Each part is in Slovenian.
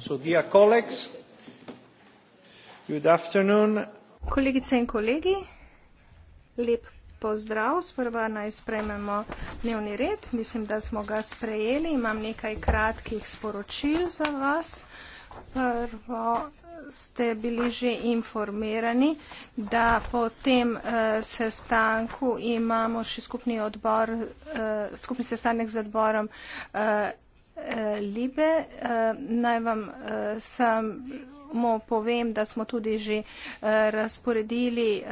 So, dear colleagues, good afternoon. Kolegice in kolegi, lep pozdrav. Sprva naj sprejmemo dnevni red. Mislim, da smo ga sprejeli. Imam nekaj kratkih sporočil za vas. Prvo ste bili že informirani, da po tem uh, sestanku imamo še skupni, odbor, uh, skupni sestanek z odborom uh, Libe. Eh, naj vam eh, samo povem, da smo tudi že eh, razporedili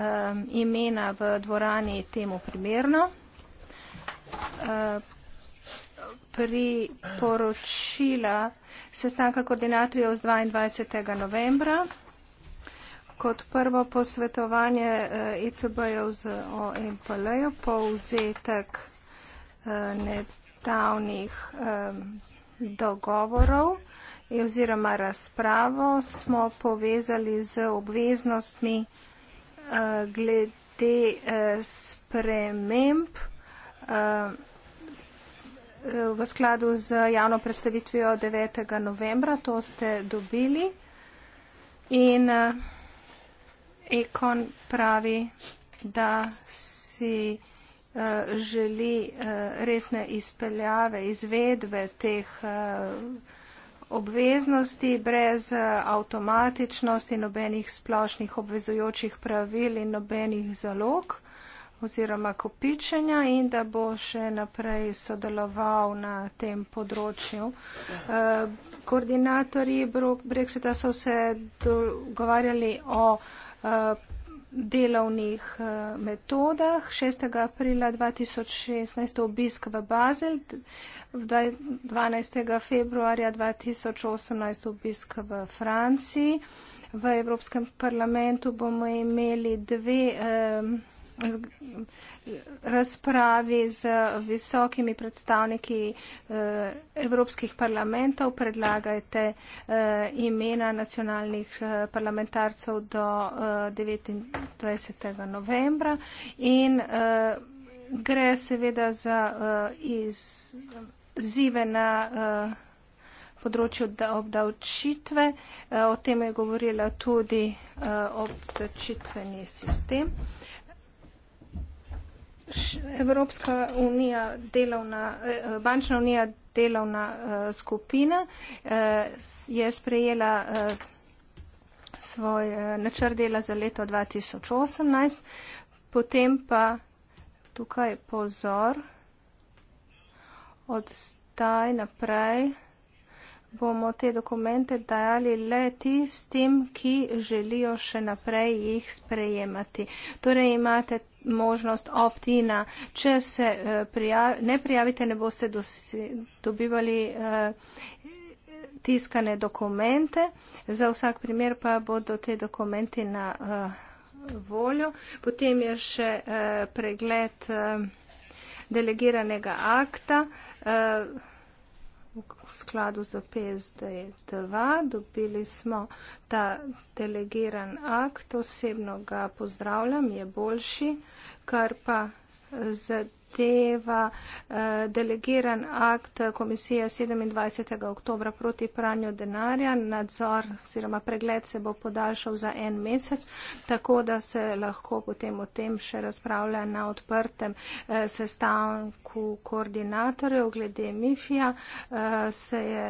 imena v dvorani temu primerno. Pri poročila sestanka koordinatorjev z 22. novembra. Kot prvo posvetovanje ECB-jev z OMPL-jev, povzetek nedavnih dogovorov oziroma razpravo smo povezali z obveznostmi eh, glede eh, sprememb eh, v skladu z javno predstavitvijo 9. novembra, to ste dobili. In Ekon pravi, da si Eh, želi eh, resne izpeljave, izvedbe teh eh, obveznosti brez avtomatičnosti, nobenih splošnih obvezujočih pravil in nobenih zalog oziroma kopičenja in da bo še naprej sodeloval na tem področju. Koordinatorji Brexita so se dogovarjali o delovnih eh, metodah. 6. aprila 2016 obisk v Bazel, 12. februarja 2018 obisk v Franciji. V Evropskem parlamentu bomo imeli dve. Um, razpravi z visokimi predstavniki eh, evropskih parlamentov, predlagajte eh, imena nacionalnih eh, parlamentarcev do 29. novembra in gre seveda za izzive na področju obdavčitve. O tem je govorila tudi obdavčitveni sistem. Evropska unija delovna, eh, eh, bančna unija delovna eh, skupina je sprejela svoj načrt dela za leto 2018, potem pa tukaj pozor, od staj naprej bomo te dokumente dajali le tistim, ki želijo še naprej jih sprejemati. Torej imate možnost opt-ina. Če se eh, prijavi, ne prijavite, ne boste dosi, dobivali eh, tiskane dokumente. Za vsak primer pa bodo te dokumenti na eh, voljo. Potem je še pregled delegiranega akta v skladu z PSDTV. Dobili smo ta delegiran akt, osebno ga pozdravljam, je boljši, kar pa zdaj zahteva eh, delegiran akt komisije 27. oktobra proti pranju denarja. Nadzor oziroma pregled se bo podaljšal za en mesec, tako da se lahko potem o tem še razpravlja na odprtem eh, sestanku koordinatorjev glede MIFIA. Eh, se je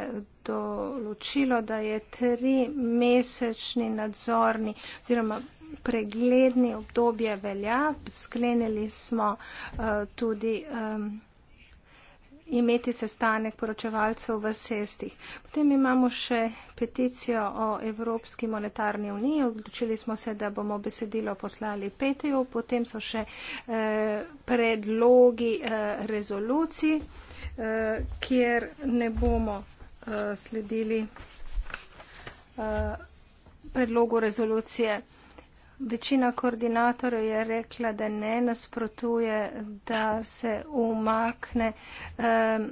določilo, da je tri mesečni nadzorni oziroma pregledni obdobje velja. Sklenili smo uh, tudi um, imeti sestanek poročevalcev v sestih. Potem imamo še peticijo o Evropski monetarni uniji. Odločili smo se, da bomo besedilo poslali petju. Potem so še uh, predlogi uh, eh, rezoluciji, uh, kjer ne bomo uh, sledili uh, predlogu rezolucije. Večina koordinatorjev je rekla, da ne nasprotuje, da se umakne um,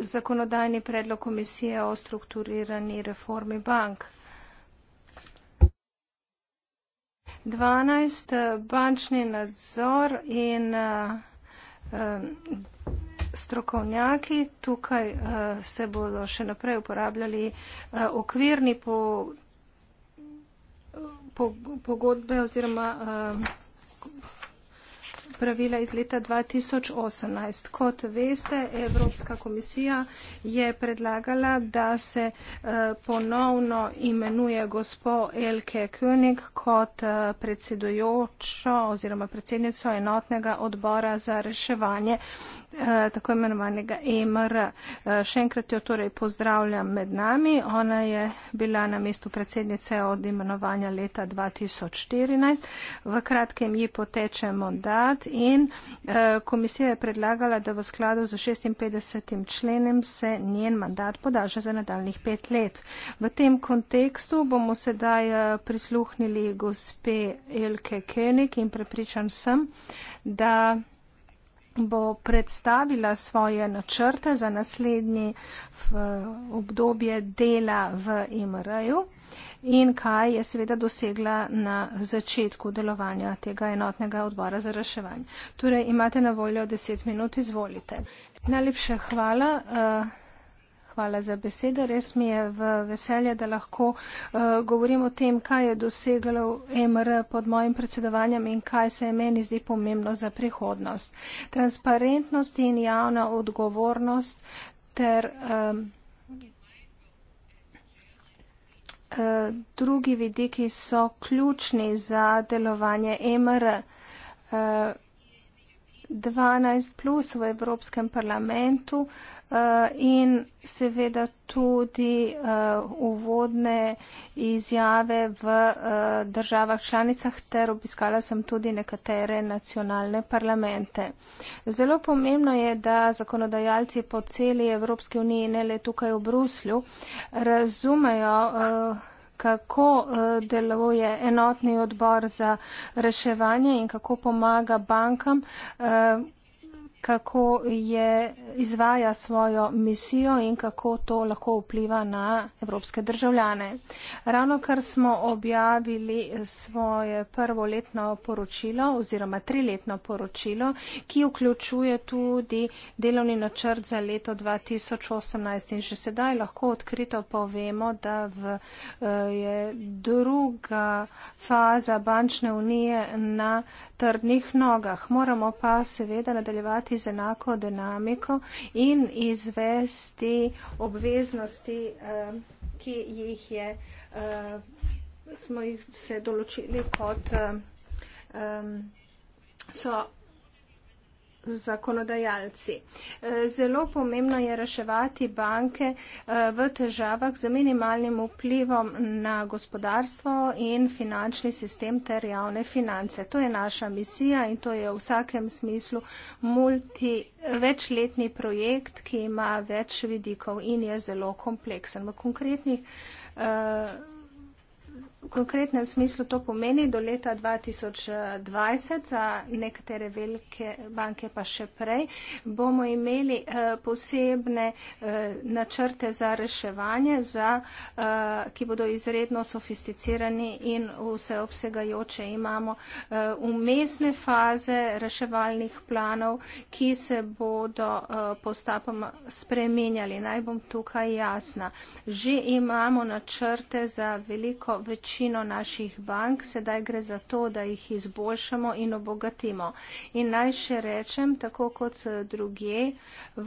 zakonodajni predlog komisije o strukturirani reformi bank. 12. Eh, bančni nadzor in uh, um, strokovnjaki. Tukaj uh, se bodo še naprej uporabljali uh, okvirni po pogodbe oziroma eh, pravila iz leta 2018. Kot veste, Evropska komisija je predlagala, da se eh, ponovno imenuje gospo Elke König kot eh, predsedujočo oziroma predsednico enotnega odbora za reševanje Eh, tako imenovanega EMR. Eh, še enkrat jo torej pozdravljam med nami. Ona je bila na mestu predsednice od imenovanja leta 2014. V kratkem ji poteče mandat in eh, komisija je predlagala, da v skladu z 56. členem se njen mandat podaže za nadaljnih pet let. V tem kontekstu bomo sedaj prisluhnili gospe Elke König in prepričan sem, da bo predstavila svoje načrte za naslednji obdobje dela v IMR-ju in kaj je seveda dosegla na začetku delovanja tega enotnega odbora za reševanje. Torej, imate na voljo deset minut, izvolite. Najlepša hvala. Uh, Hvala za besedo. Res mi je v veselje, da lahko uh, govorim o tem, kaj je doseglo MR pod mojim predsedovanjem in kaj se je meni zdi pomembno za prihodnost. Transparentnost in javna odgovornost ter. Um, Drugi vidiki so ključni za delovanje MR. 12 eh, plus v Evropskem parlamentu Eh, in seveda tudi eh, uvodne izjave v eh, državah članicah ter obiskala sem tudi nekatere nacionalne parlamente. Zelo pomembno je, da zakonodajalci po celi Evropske unije in ne le tukaj v Bruslju razumejo, kako deluje enotni odbor za reševanje in kako pomaga bankam kako je izvaja svojo misijo in kako to lahko vpliva na evropske državljane. Ravno kar smo objavili svoje prvoletno poročilo oziroma triletno poročilo, ki vključuje tudi delovni načrt za leto 2018 in že sedaj lahko odkrito povemo, da v, eh, je druga faza bančne unije na trdnih nogah. Moramo pa seveda nadaljevati delovati z enako dinamiko in izvesti obveznosti, eh, ki jih je, eh, smo jih se določili kot eh, so zakonodajalci. E, zelo pomembno je reševati banke e, v težavah z minimalnim vplivom na gospodarstvo in finančni sistem ter javne finance. To je naša misija in to je v vsakem smislu multi, večletni projekt, ki ima več vidikov in je zelo kompleksen. V konkretnih e, konkretnem smislu to pomeni do leta 2020, za nekatere velike banke pa še prej, bomo imeli eh, posebne eh, načrte za reševanje, za, eh, ki bodo izredno sofisticirani in vseobsegajoče. Imamo umestne faze reševalnih planov, ki se bodo postapoma spremenjali. Naj bom tukaj jasna. Že imamo načrte za veliko večino večino naših bank, sedaj gre za to, da jih izboljšamo in obogatimo. In naj še rečem, tako kot eh, druge,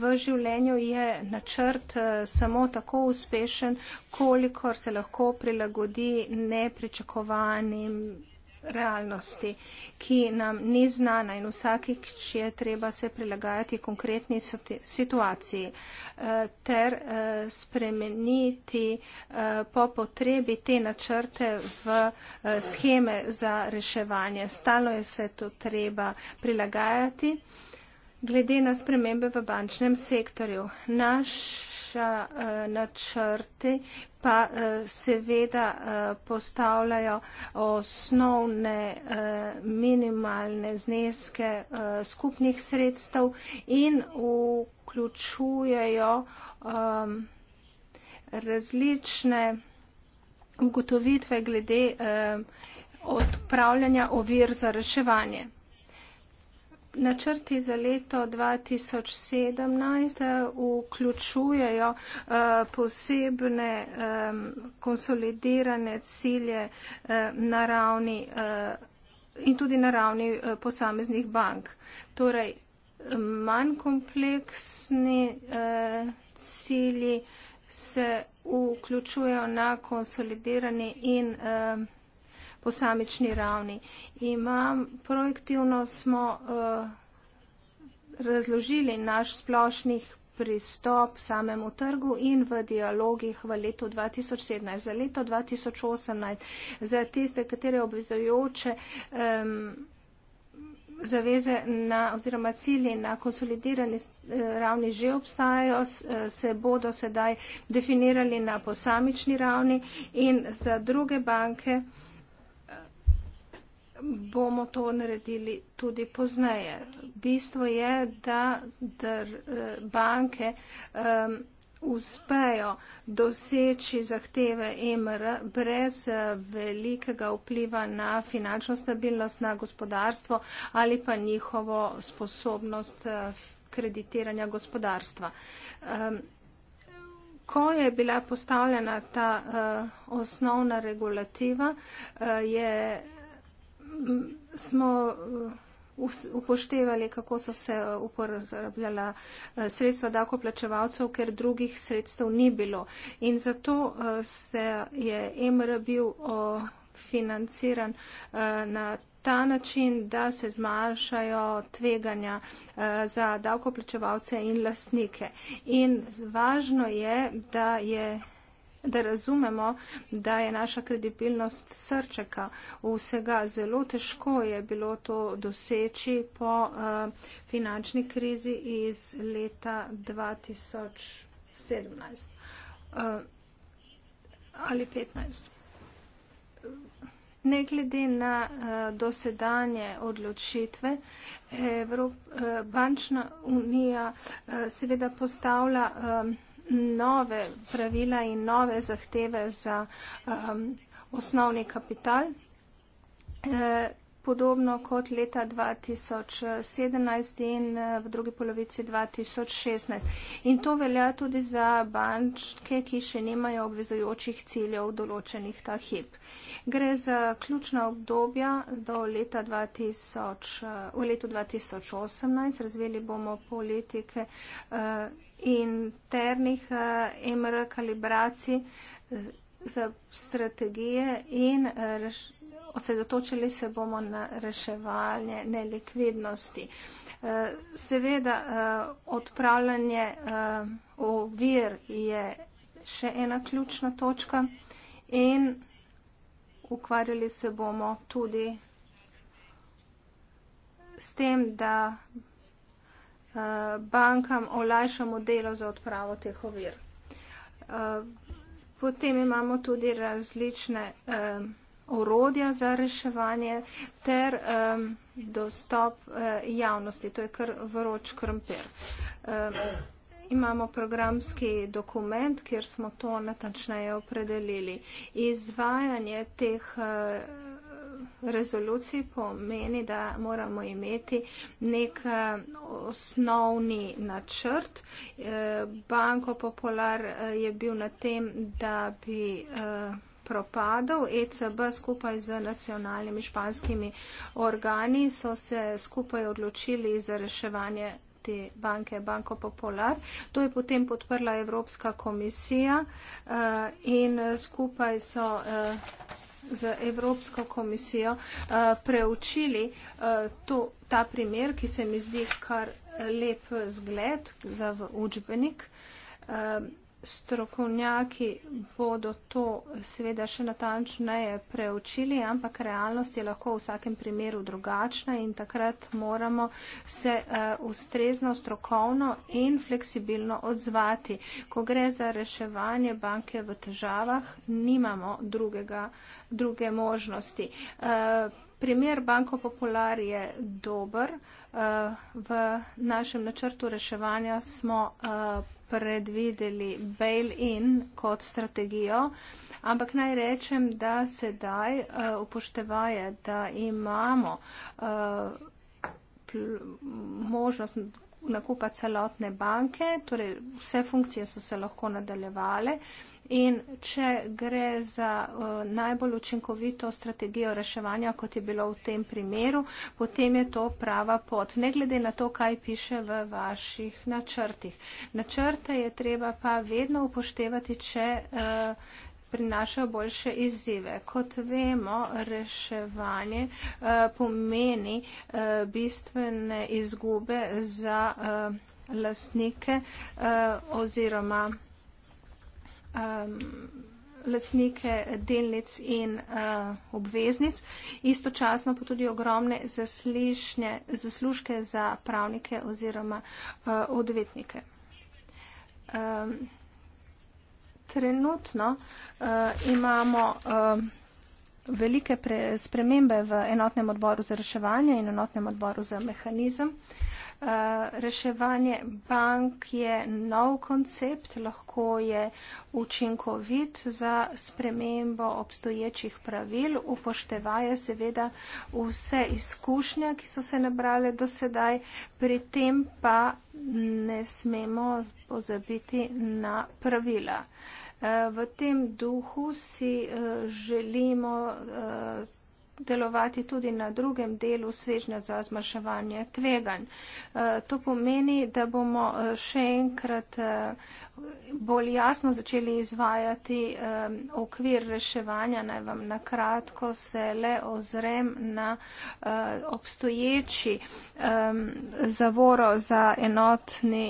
v življenju je načrt eh, samo tako uspešen, kolikor se lahko prilagodi nepričakovanim realnosti, ki nam ni znana in vsakič je treba se prilagajati konkretni situaciji eh, ter eh, spremeniti eh, po potrebi te načrte v scheme za reševanje. Stalo je vse to treba prilagajati glede na spremembe v bančnem sektorju. Naš vaša uh, eh, načrti, pa uh, seveda uh, postavljajo osnovne uh, minimalne zneske uh, skupnih sredstev in vključujejo um, različne ugotovitve glede uh, odpravljanja ovir za reševanje. Načrti za leto 2017 eh, vključujejo eh, posebne konsolidirane cilje eh, na ravni in tudi na ravni posameznih bank. Torej, manj kompleksni cilji se vključujejo na konsolidirani in posamični ravni. Imam um, projektivno smo uh, razložili naš splošnih pristop samemu trgu in v dialogih v letu 2017. Za leto 2018, za tiste, katere obvezojoče um, zaveze na, oziroma cilji na konsolidirani uh, ravni že obstajajo, uh, se bodo sedaj definirali na posamični ravni in za druge banke bomo to naredili tudi pozneje. Bistvo je, da dr, eh, banke um, uspejo doseči zahteve EMR brez eh, velikega vpliva na finančno stabilnost, na gospodarstvo ali pa njihovo sposobnost eh, kreditiranja gospodarstva. Um, Ko je bila postavljena ta uh, osnovna regulativa, uh, je smo uh, upoštevali, kako so se uh, uporabljala uh, sredstva davkoplačevalcev, ker drugih sredstev ni bilo. In zato se je MR bil financiran na ta način, da se zmanjšajo tveganja za davkoplačevalce in lastnike. In važno je, da je da razumemo, da je naša kredibilnost srčeka vsega. Zelo težko je bilo to doseči po uh, finančni krizi iz leta 2017 uh, eh, ali 2015. Ne glede na uh, dosedanje odločitve, Evrop, uh, bančna unija uh, seveda postavlja. Uh, nove pravila in nove zahteve za um, osnovni kapital. E, podobno kot leta 2017 in eh, v drugi polovici 2016. In to velja tudi za banke, ki še nimajo obvezujočih ciljev določenih ta hip. Gre za ključna obdobja do leta 2000, eh, v letu 2018. Razvili bomo politike. Uh, internih eh, MR kalibracij eh, za strategije in eh, osredotočili se bomo na reševanje nelikvidnosti. Seveda odpravljanje ovir je še ena ključna točka in ukvarjali se bomo tudi s tem, da Eh, bankam olajšamo delo za odpravo teh ovir. Eh, potem imamo tudi različne eh, orodja za reševanje ter dostop javnosti. To je kar vroč krmpir. Imamo programski dokument, kjer smo to natančneje opredelili. Izvajanje teh rezoluciji pomeni, da moramo imeti nek eh, osnovni načrt. Eh, Banko Popular eh, je bil na tem, da bi propadal. ECB skupaj z nacionalnimi španskimi organi so se skupaj odločili za reševanje te banke Banko Popular. To je potem podprla Evropska komisija in skupaj so z Evropsko komisijo eh, preučili eh, to, ta primer, ki se mi zdi kar lep zgled za v učbenik. Eh, strokovnjaki bodo to seveda še natančneje preučili, ampak realnost je lahko v vsakem primeru drugačna in takrat moramo se uh, ustrezno, strokovno in fleksibilno odzvati. Ko gre za reševanje banke v težavah, nimamo drugega, druge možnosti. Uh, primer Banko Popular je dober. Uh, v našem načrtu reševanja smo uh, predvideli bail-in kot strategijo, ampak naj rečem, da sedaj uh, upoštevaje, da imamo uh, možnost nakupa celotne banke, torej vse funkcije so se lahko nadaljevale. Uh, In če gre za uh, najbolj učinkovito strategijo reševanja, kot je bilo v tem primeru, potem je to prava pot. Ne glede na to, kaj piše v vaših načrtih. Načrte je treba pa vedno upoštevati, če. Uh, prinašajo boljše izzive. Kot vemo, reševanje uh, pomeni uh, bistvene izgube za uh, lastnike uh, oziroma um, lastnike delnic in uh, obveznic, istočasno pa tudi ogromne zaslišnje, zaslužke za pravnike oziroma uh, odvetnike. Um, trenutno uh, imamo um, velike pre, spremembe v enotnem odboru za reševanje in enotnem odboru za mehanizem. Uh, Eh, reševanje bank je nov koncept, lahko je učinkovit za spremembo obstoječih pravil, upoštevaje seveda vse izkušnje, ki so se nabrale do sedaj, pri tem pa ne smemo pozabiti na pravila. Eh, v tem duhu si eh, želimo delovati tudi na drugem delu svežnja za zmanjševanje tveganj. E, to pomeni, da bomo e, še enkrat e, bolj jasno začeli izvajati okvir reševanja. Naj vam na kratko se le ozrem na obstoječi zavoro za enotni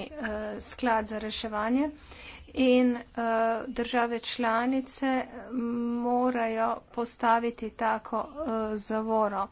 sklad za reševanje in uh, države članice morajo postaviti tako uh, zavoro.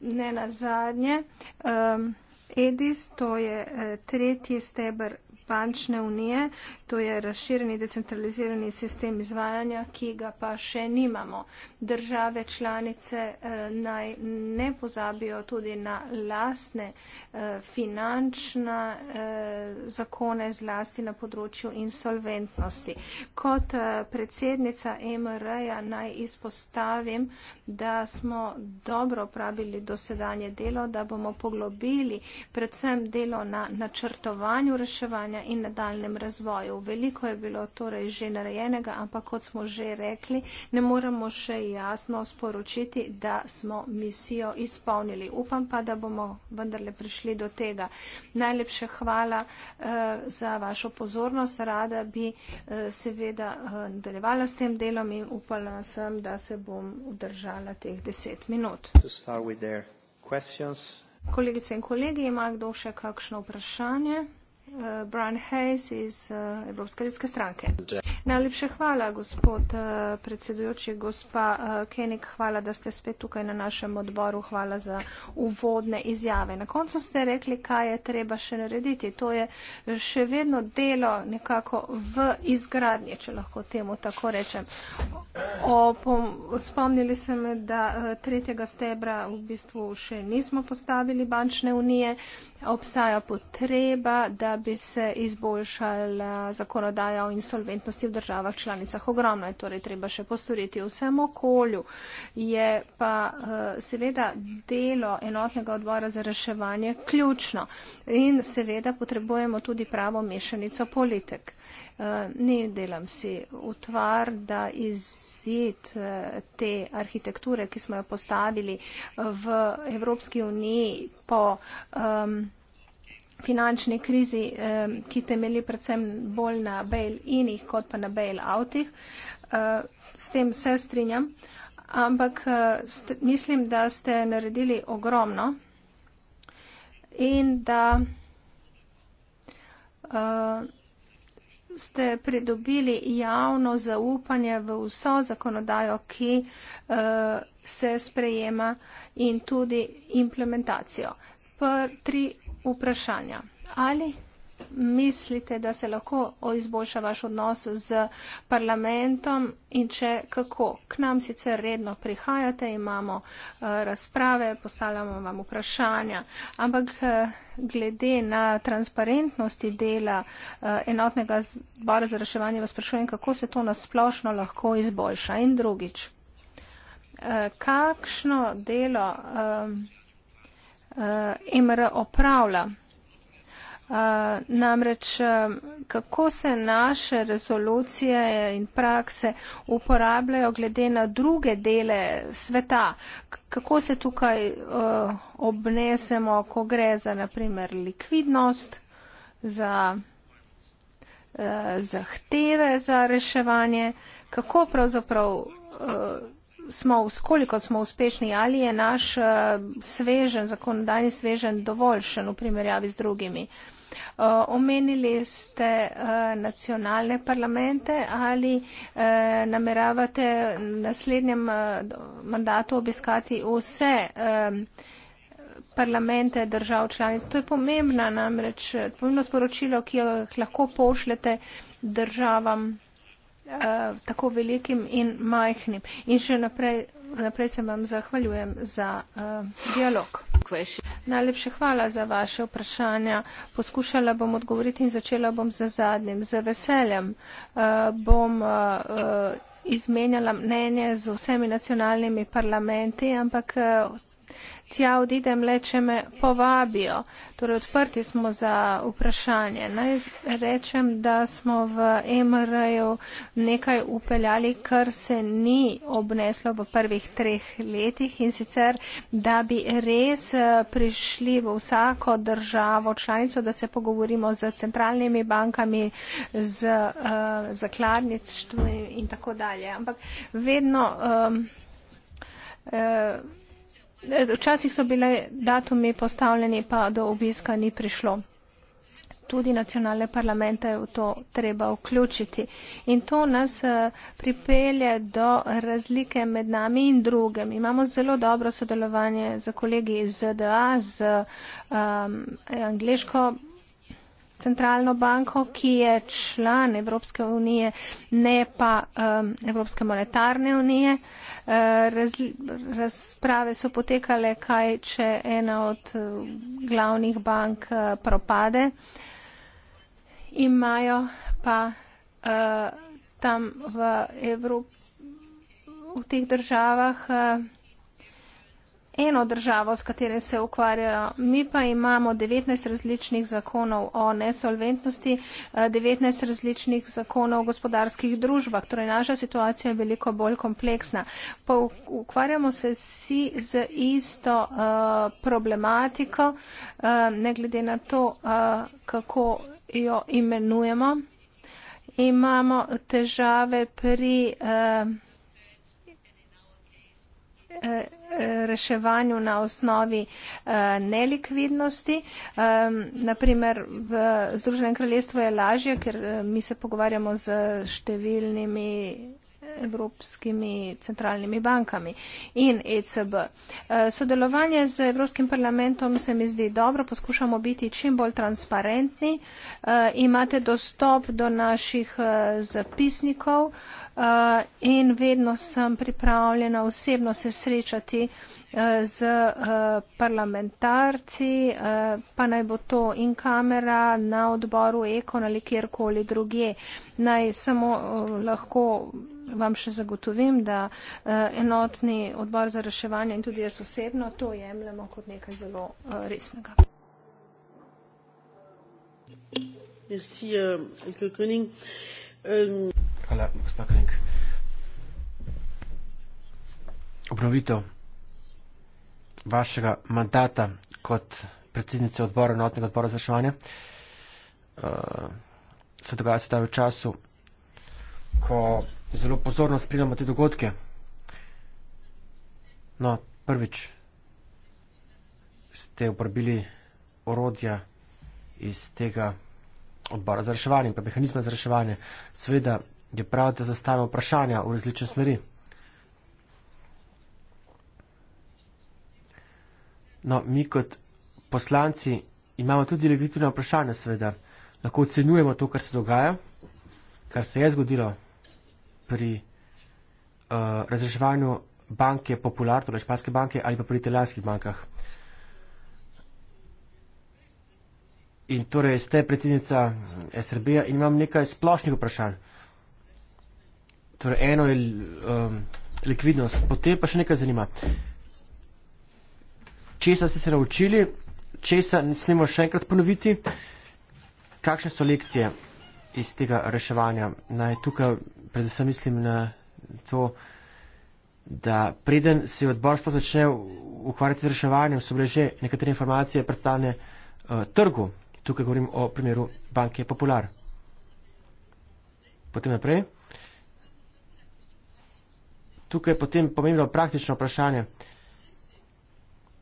Ne na zadnje, um, eh, EDIS, to je uh, tretji steber bančne unije, to je razširjeni decentralizirani sistem izvajanja, ki ga pa še nimamo. Države članice eh, naj ne pozabijo tudi na lastne eh, finančne eh, zakone zlasti na področju insolventnosti. Kot eh, predsednica MR-ja naj izpostavim, da smo dobro upravili dosedanje delo, da bomo poglobili predvsem delo na načrtovanju reševanja in nadaljnem razvoju zadev. Veliko je bilo torej že narejenega, ampak kot smo že rekli, ne moremo še jasno sporočiti, da smo misijo izpolnili. Upam pa, da bomo vendarle prišli do tega. Najlepše hvala eh, za vašo pozornost. Rada bi eh, seveda eh, nadaljevala eh, s tem delom in upala sem, da se bom udržala teh deset minut. Kolegice in kolegi, ima kdo še kakšno vprašanje? Eh, Brian Hayes iz eh, Evropske ljudske stranke. Najlepša hvala, gospod eh, predsedujoči, gospa eh, Kenik, hvala, da ste spet tukaj na našem odboru, hvala za uvodne izjave. Na koncu ste rekli, kaj je treba še narediti. To je še vedno delo nekako v izgradnje, če lahko temu tako rečem. O, pom, spomnili se me, da eh, tretjega stebra v bistvu še nismo postavili bančne unije. Obstaja potreba, da bi se izboljšala zakonodaja o insolventnosti v državah članicah. Ogromno je torej treba še postoriti v vsem okolju. Je pa eh, seveda delo enotnega odbora za reševanje ključno in seveda potrebujemo tudi pravo mešanico politik. Eh, ne delam si utvar, da izid eh, te arhitekture, ki smo jo postavili v Evropski uniji po. Um, finančni krizi, eh, ki temelji predvsem bolj na bail-inih kot pa na bail-outih. Eh, s tem se strinjam, ampak eh, st mislim, da ste naredili ogromno in da eh, ste pridobili javno zaupanje v vso zakonodajo, ki eh, se sprejema in tudi implementacijo. Pr tri vprašanja. Ali mislite, da se lahko izboljša vaš odnos z parlamentom in če kako? K nam sicer redno prihajate, imamo eh, razprave, postavljamo vam vprašanja, ampak eh, glede na transparentnosti dela eh, enotnega zbora za reševanje vas sprašujem, kako se to nasplošno lahko izboljša. In drugič, kakšno delo uh, eh, MR opravlja. Uh, namreč, eh, kako se naše rezolucije in prakse uporabljajo glede na druge dele sveta, kako se tukaj uh, obnesemo, ko gre za naprimer likvidnost, za uh, zahteve za reševanje, kako pravzaprav. Uh, smo, koliko smo uspešni, ali je naš eh, svežen, zakonodajni svežen dovoljšen v primerjavi z drugimi. Eh, omenili ste eh, nacionalne parlamente ali nameravate v naslednjem mandatu obiskati vse parlamente držav članic. To je pomembno namreč, pomembno sporočilo, ki jo lahko pošljete državam Eh, tako velikim in majhnim. In še naprej, naprej se vam zahvaljujem za uh, dialog. Najlepše hvala za vaše vprašanja. Poskušala bom odgovoriti in začela bom za zadnjim. Za veseljem uh, bom. Uh, uh, izmenjala mnenje z vsemi nacionalnimi parlamenti, ampak tja odidem le, če me povabijo. Torej, odprti smo za vprašanje. Naj rečem, da smo v MR-ju nekaj upeljali, kar se ni obneslo v prvih treh letih in sicer, da bi res eh, prišli v vsako državo članico, da se pogovorimo z centralnimi bankami, z uh, zakladništvom in tako dalje. Ampak vedno. Um, uh, Včasih so bile datumi postavljeni, pa do obiska ni prišlo. Tudi nacionalne parlamente je v to treba vključiti. In to nas eh, pripelje do razlike med nami in drugim. Imamo zelo dobro sodelovanje z kolegi iz ZDA, z um, Angliško centralno banko, ki je član Evropske unije, ne pa um, Evropske monetarne unije. Uh, Eh, raz, razprave so potekale, kaj če ena od eh, glavnih bank eh, propade, imajo pa uh, tam v, Evrop, v teh državah. Uh, eno državo, s katerim se ukvarjajo. Mi pa imamo 19 različnih zakonov o nesolventnosti, 19 eh, različnih zakonov o gospodarskih družbah. Torej, naša situacija je veliko bolj kompleksna. Pa ukvarjamo se vsi z isto uh, problematiko, uh, ne glede na to, uh, kako jo imenujemo. Imamo težave pri. Uh, reševanju na osnovi eh, nelikvidnosti. Naprimer, v Združenem kraljestvu je lažje, ker eh, mi se pogovarjamo z številnimi evropskimi centralnimi bankami in ECB. Eh, sodelovanje z Evropskim parlamentom se mi zdi dobro, poskušamo biti čim bolj transparentni. Imate dostop do naših zapisnikov. Eh, in vedno sem pripravljena osebno se srečati eh, z eh, parlamentarci, pa naj bo to in kamera na odboru Ekon ali kjerkoli druge. Naj samo lahko vam še zagotovim, da enotni odbor za reševanje in tudi jaz osebno to jemljemo kot nekaj zelo resnega. Merci, euh, Hvala, gospa Krenk. Obnovitev vašega mandata kot predsednice odbora, notnega odbora za šovanje, uh, eh, se dogaja sedaj v času, ko zelo pozorno spremljamo te dogodke. No, prvič ste uporabili orodja iz tega odbora za reševanje, pa mehanizma za reševanje. Seveda je prav, da zastavi vprašanja v različne smeri. No, mi kot poslanci imamo tudi legitimna vprašanja, seveda. Lahko ocenjujemo to, kar se dogaja, kar se je zgodilo pri uh, razreševanju banke Popular, torej španske banke ali pa pri italijanskih bankah. In torej ste predsednica SRB-ja in imam nekaj splošnih vprašanj. Uh, Torej, eno je um, likvidnost, potem pa še nekaj zanima. Česa ste se naučili, česa ne smemo še enkrat ponoviti, kakšne so lekcije iz tega reševanja? Naj tukaj predvsem mislim na to, da preden se je odbor sploh začne ukvarjati z reševanjem, so bile že nekatere informacije predstavljene uh, trgu. Tukaj govorim o primeru banke Popular. Potem naprej tukaj je potem pomembno praktično vprašanje.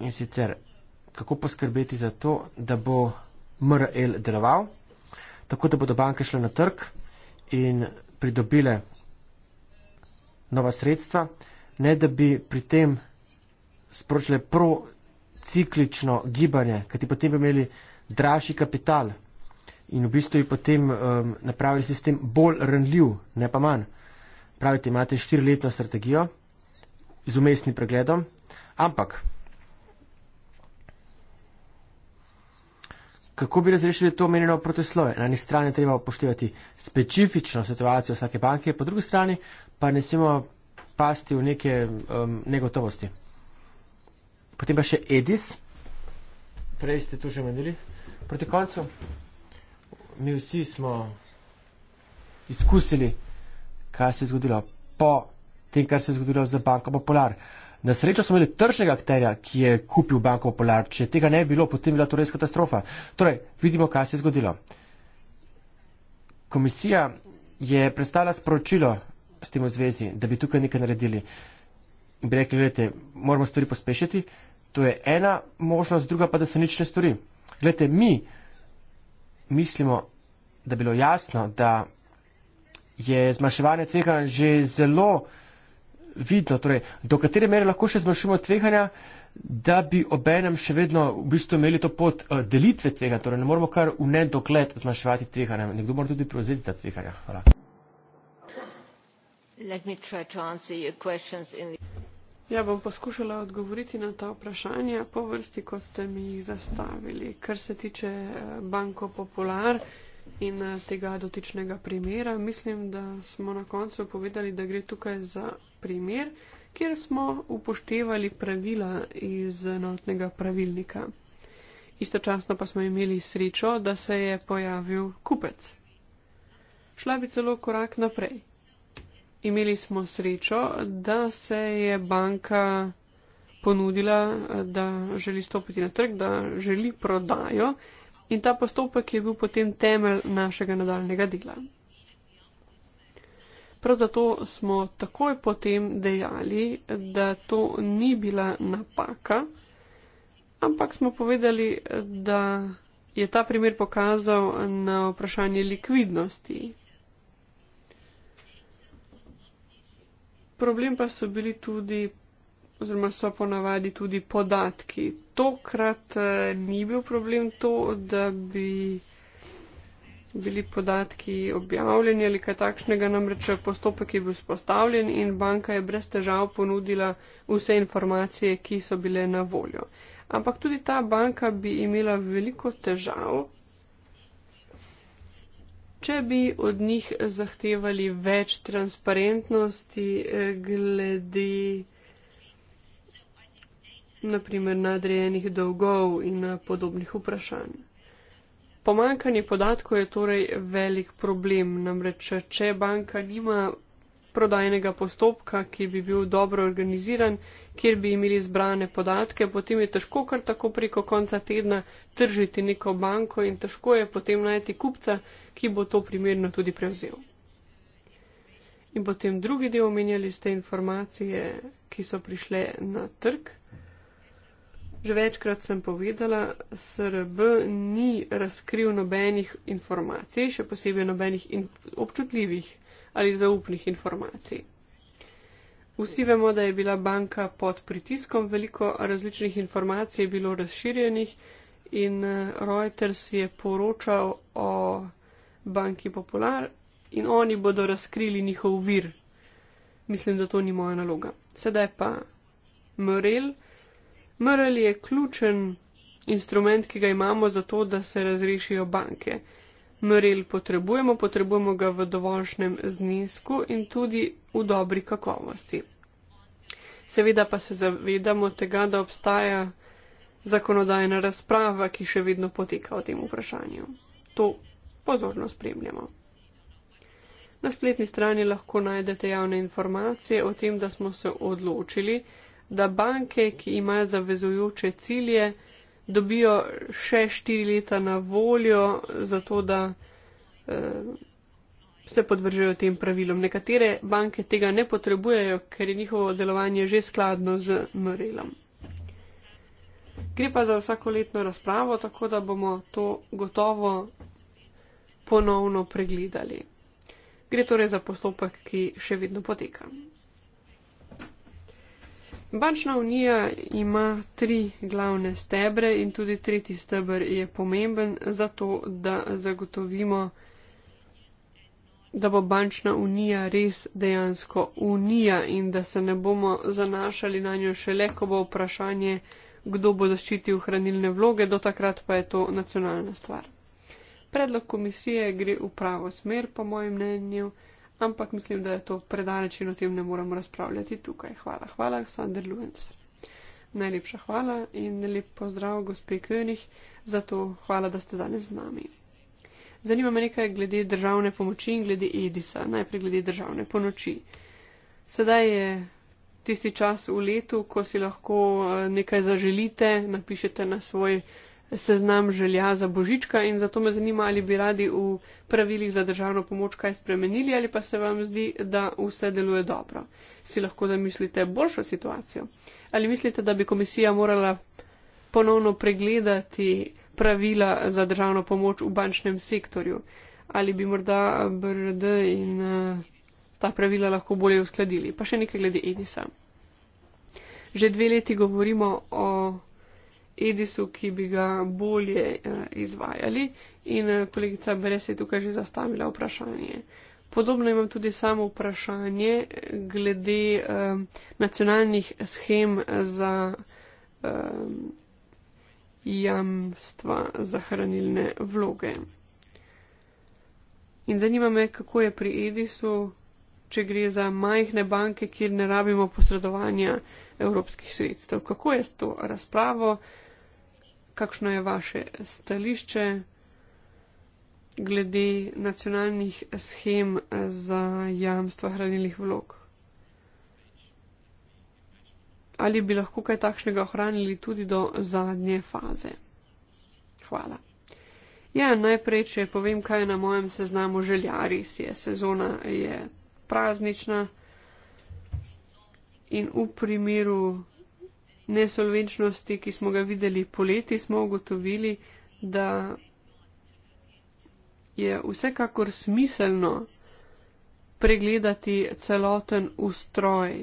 In sicer, kako poskrbeti za to, da bo MRL deloval, tako da bodo banke šle na trg in pridobile nova sredstva, ne da bi pri tem sporočile prociklično gibanje, kajti potem bi imeli dražji kapital in v bistvu bi potem um, napravili sistem bolj renljiv, ne pa manj pravite, imate štiriletno strategijo z umestnim pregledom, ampak kako bi razrešili to omenjeno protislove? Na eni strani treba upoštevati specifično situacijo vsake banke, po drugi strani pa ne smemo pasti v neke um, negotovosti. Potem pa še Edis, prej ste tu že omenili, proti koncu. Mi vsi smo izkusili kaj se je zgodilo po tem, kar se je zgodilo za Banko Popular. Na srečo smo imeli tržnega akterja, ki je kupil Banko Popular. Če tega ne bi bilo, potem bi bila to res katastrofa. Torej, vidimo, kaj se je zgodilo. Komisija je predstavila sporočilo s tem v zvezi, da bi tukaj nekaj naredili. In bi rekli, gledajte, moramo stvari pospešiti. To je ena možnost, druga pa, da se nič ne stori. Glede, mi mislimo, da bi bilo jasno, da je zmanjševanje tveganja že zelo vidno. Torej, do katere mere lahko še zmanjšujemo tveganja, da bi obenem še vedno v bistvu imeli to pot eh, delitve tveganja. Torej, ne moramo kar v nedogled zmanjševati tveganja. Nekdo mora tudi prevzeti ta tveganja. Hvala. Ja, bom poskušala odgovoriti na ta vprašanja po vrsti, kot ste mi jih zastavili. Kar se tiče eh, Banko Popular, in eh, tega dotičnega primera. Mislim, da smo na koncu povedali, da gre tukaj za primer, kjer smo upoštevali pravila iz notnega pravilnika. Istočasno pa smo imeli srečo, da se je pojavil kupec. Šla bi celo korak naprej. Imeli smo srečo, da se je banka ponudila, eh, da želi stopiti na trg, da želi prodajo in ta postopek je bil potem temelj našega nadaljnega dela. Prav zato smo takoj potem dejali, da to ni bila napaka, ampak smo povedali, da je ta primer pokazal na vprašanje likvidnosti. Problem pa so bili tudi, oziroma so ponavadi tudi podatki, tokrat eh, ni bil problem to, da bi bili podatki objavljeni ali kaj takšnega, namreč eh, postopek je bil spostavljen in banka je brez težav ponudila vse informacije, ki so bile na voljo. Ampak tudi ta banka bi imela veliko težav, če bi od njih zahtevali več transparentnosti eh, glede naprimer nadrejenih dolgov in eh, podobnih vprašanj. Pomankanje podatkov je torej velik problem, namreč eh, če banka nima prodajnega postopka, ki bi bil dobro organiziran, kjer bi imeli zbrane podatke, potem je težko kar tako preko konca tedna tržiti neko banko in težko je potem najti kupca, ki bo to primerno tudi prevzel. In potem drugi del omenjali ste informacije, ki so prišle na trg že večkrat sem povedala, SRB ni razkril nobenih informacij, še posebej nobenih in občutljivih ali zaupnih informacij. Vsi vemo, da je bila banka pod pritiskom, veliko različnih informacij je bilo razširjenih in eh, Reuters je poročal o banki Popular in oni bodo razkrili njihov vir. Mislim, da to ni moja naloga. Sedaj pa Morel. MRL je ključen instrument, ki ga imamo za to, da se razrešijo banke. MRL potrebujemo, potrebujemo ga v dovoljšnem znesku in tudi v dobri kakovosti. Seveda pa se zavedamo tega, da obstaja zakonodajna razprava, ki še vedno poteka o tem vprašanju. To pozorno spremljamo. Na spletni strani lahko najdete javne informacije o tem, da smo se odločili, da banke, ki imajo zavezujoče cilje, dobijo še štiri leta na voljo, zato da eh, se podvržejo tem pravilom. Nekatere banke tega ne potrebujejo, ker je njihovo delovanje že skladno z mrelom. Gre pa za vsakoletno razpravo, tako da bomo to gotovo ponovno pregledali. Gre torej za postopek, ki še vedno poteka. Bančna unija ima tri glavne stebre in tudi tretji stebr je pomemben za to, da zagotovimo, da bo bančna unija res dejansko unija in da se ne bomo zanašali na njo šele, ko bo vprašanje, kdo bo zaščitil hranilne vloge, do takrat pa je to nacionalna stvar. Predlog komisije gre v pravo smer, po mojem mnenju ampak mislim, da je to predaleč in o tem ne moramo razpravljati tukaj. Hvala, hvala, Sander Luenc. Najlepša hvala in lep pozdrav, gospe König, za to hvala, da ste danes z nami. Zanima me nekaj glede državne pomoči in glede Edisa, najprej glede državne pomoči. Sedaj je tisti čas v letu, ko si lahko eh, nekaj zaželite, napišete na svoj seznam želja za božička in zato me zanima, ali bi radi v pravilih za državno pomoč kaj spremenili ali pa se vam zdi, da vse deluje dobro. Si lahko zamislite boljšo situacijo? Ali mislite, da bi komisija morala ponovno pregledati pravila za državno pomoč v bančnem sektorju? Ali bi morda BRD in uh, ta pravila lahko bolje uskladili? Pa še nekaj glede Edisa. Že dve leti govorimo o Edisu, ki bi ga bolje eh, izvajali. In eh, kolegica Beres je tukaj že zastavila vprašanje. Podobno imam tudi samo vprašanje eh, glede nacionalnih schem za jamstva za hranilne vloge. In zanima me, kako je pri Edisu, če gre za majhne banke, kjer ne rabimo posredovanja uh, evropskih sredstev. Kako je s to razpravo, kakšno je vaše stališče glede nacionalnih schem za jamstva hranilnih vlog? Ali bi lahko kaj takšnega ohranili tudi do zadnje faze? Hvala. Ja, najprej, če povem, kaj je na mojem seznamu želja, res je, sezona je praznična. In v primeru nesolvenčnosti, ki smo ga videli poleti, smo ugotovili, da je vsekakor smiselno pregledati celoten ustroj.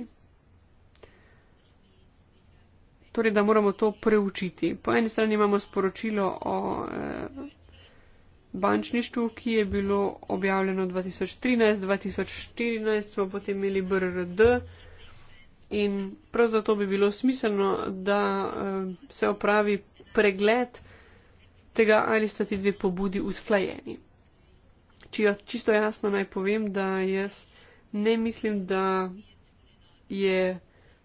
Torej, da moramo to preučiti. Po eni strani imamo sporočilo o eh, bančništvu, ki je bilo objavljeno 2013-2014, smo potem imeli BRRD, eh, In prav zato bi bilo smiselno, da uh, se opravi pregled tega, ali sta ti dve pobudi usklajeni. Če jo čisto jasno naj povem, da jaz ne mislim, da je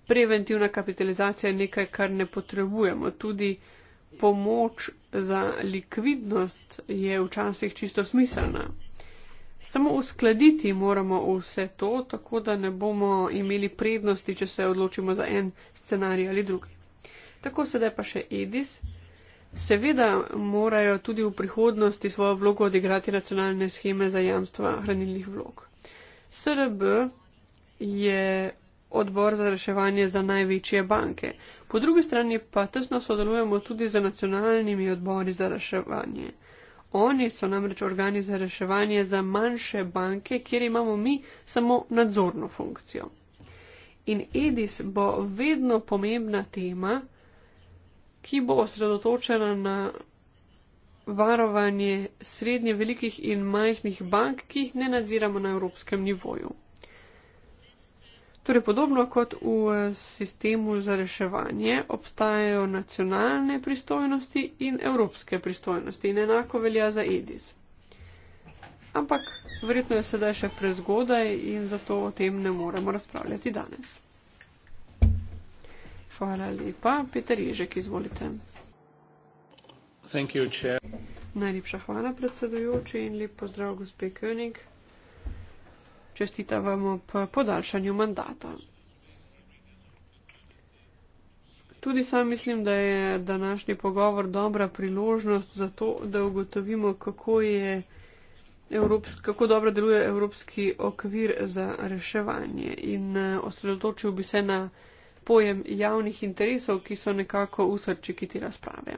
preventivna kapitalizacija nekaj, kar ne potrebujemo. Tudi pomoč za likvidnost je včasih čisto smiselna. Samo uskladiti moramo vse to, tako da ne bomo imeli prednosti, če se odločimo za en scenarij ali drugi. Tako sedaj pa še Edis. Seveda morajo tudi v prihodnosti svojo vlogo odigrati nacionalne scheme za jamstva hranilnih vlog. SRB je odbor za reševanje za največje banke. Po drugi strani pa tesno sodelujemo tudi z nacionalnimi odbori za reševanje. Oni so namreč organi za reševanje za manjše banke, kjer imamo mi samo nadzorno funkcijo. In Edis bo vedno pomembna tema, ki bo osredotočena na varovanje srednje velikih in majhnih bank, ki jih ne nadziramo na evropskem nivoju. Torej, podobno kot v eh, sistemu za reševanje, obstajajo nacionalne pristojnosti in evropske pristojnosti in enako velja za EDIS. Ampak verjetno je sedaj še prezgodaj in zato o tem ne moremo razpravljati danes. Hvala lepa. Peter Ježek, izvolite. You, Najlepša hvala predsedujoči in lep pozdrav gospe König čestita vam ob podaljšanju mandata. Tudi sam mislim, da je današnji pogovor dobra priložnost za to, da ugotovimo, kako, evropski, kako dobro deluje evropski okvir za reševanje. In eh, osredotočil bi se na pojem javnih interesov, ki so nekako v srčiki te razprave.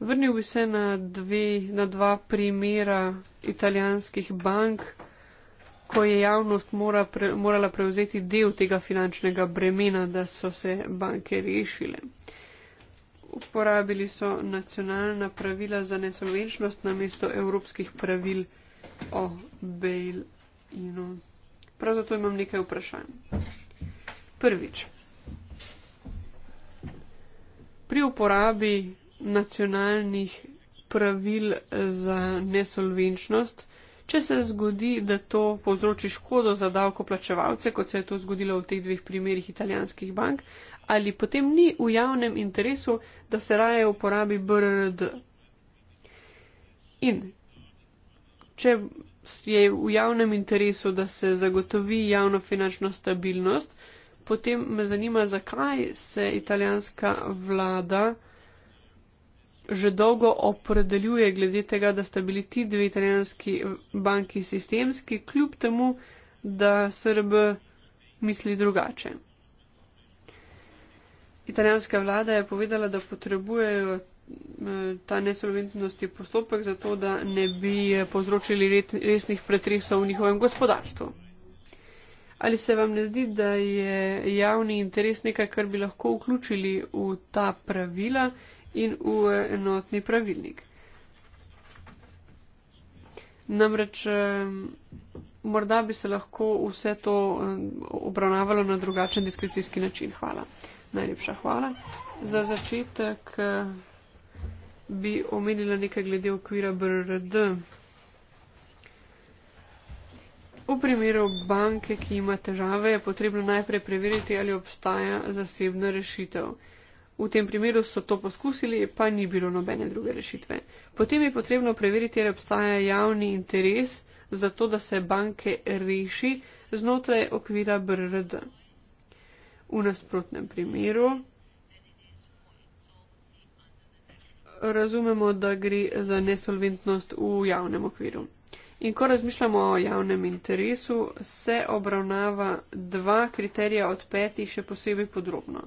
Vrnil bi se na, dve, na dva primera italijanskih bank, ko je javnost mora pre, morala prevzeti del tega finančnega bremena, da so se banke rešile. Uporabili so nacionalna pravila za nesolvenčnost na mesto evropskih pravil o bail-inu. Prav zato imam nekaj vprašanj. Prvič. Pri uporabi nacionalnih pravil za nesolvenčnost, če se zgodi, da to povzroči škodo za davkoplačevalce, kot se je to zgodilo v teh dveh primerjih italijanskih bank, ali potem ni v javnem interesu, da se raje uporabi BRRD. In če je v javnem interesu, da se zagotovi javno finančno stabilnost, potem me zanima, zakaj se italijanska vlada že dolgo opredeljuje glede tega, da sta bili ti dve italijanski banki sistemski, kljub temu, da Srb misli drugače. Italijanska vlada je povedala, da potrebujejo eh, ta nesolventnosti postopek zato, da ne bi eh, povzročili resnih pretresov v njihovem gospodarstvu. Ali se vam ne zdi, da je javni interes nekaj, kar bi lahko vključili v ta pravila? in v enotni pravilnik. Namreč morda bi se lahko vse to obravnavalo na drugačen diskrecijski način. Hvala. Najlepša hvala. Za začetek bi omenila nekaj glede okvira BRD. V primeru banke, ki ima težave, je potrebno najprej preveriti, ali obstaja zasebna rešitev. V tem primeru so to poskusili, pa ni bilo nobene druge rešitve. Potem je potrebno preveriti, ali obstaja javni interes za to, da se banke reši znotraj okvira BRRD. V nasprotnem primeru razumemo, da gre za nesolventnost v javnem okviru. In ko razmišljamo o javnem interesu, se obravnava dva kriterija od petih še posebej podrobno.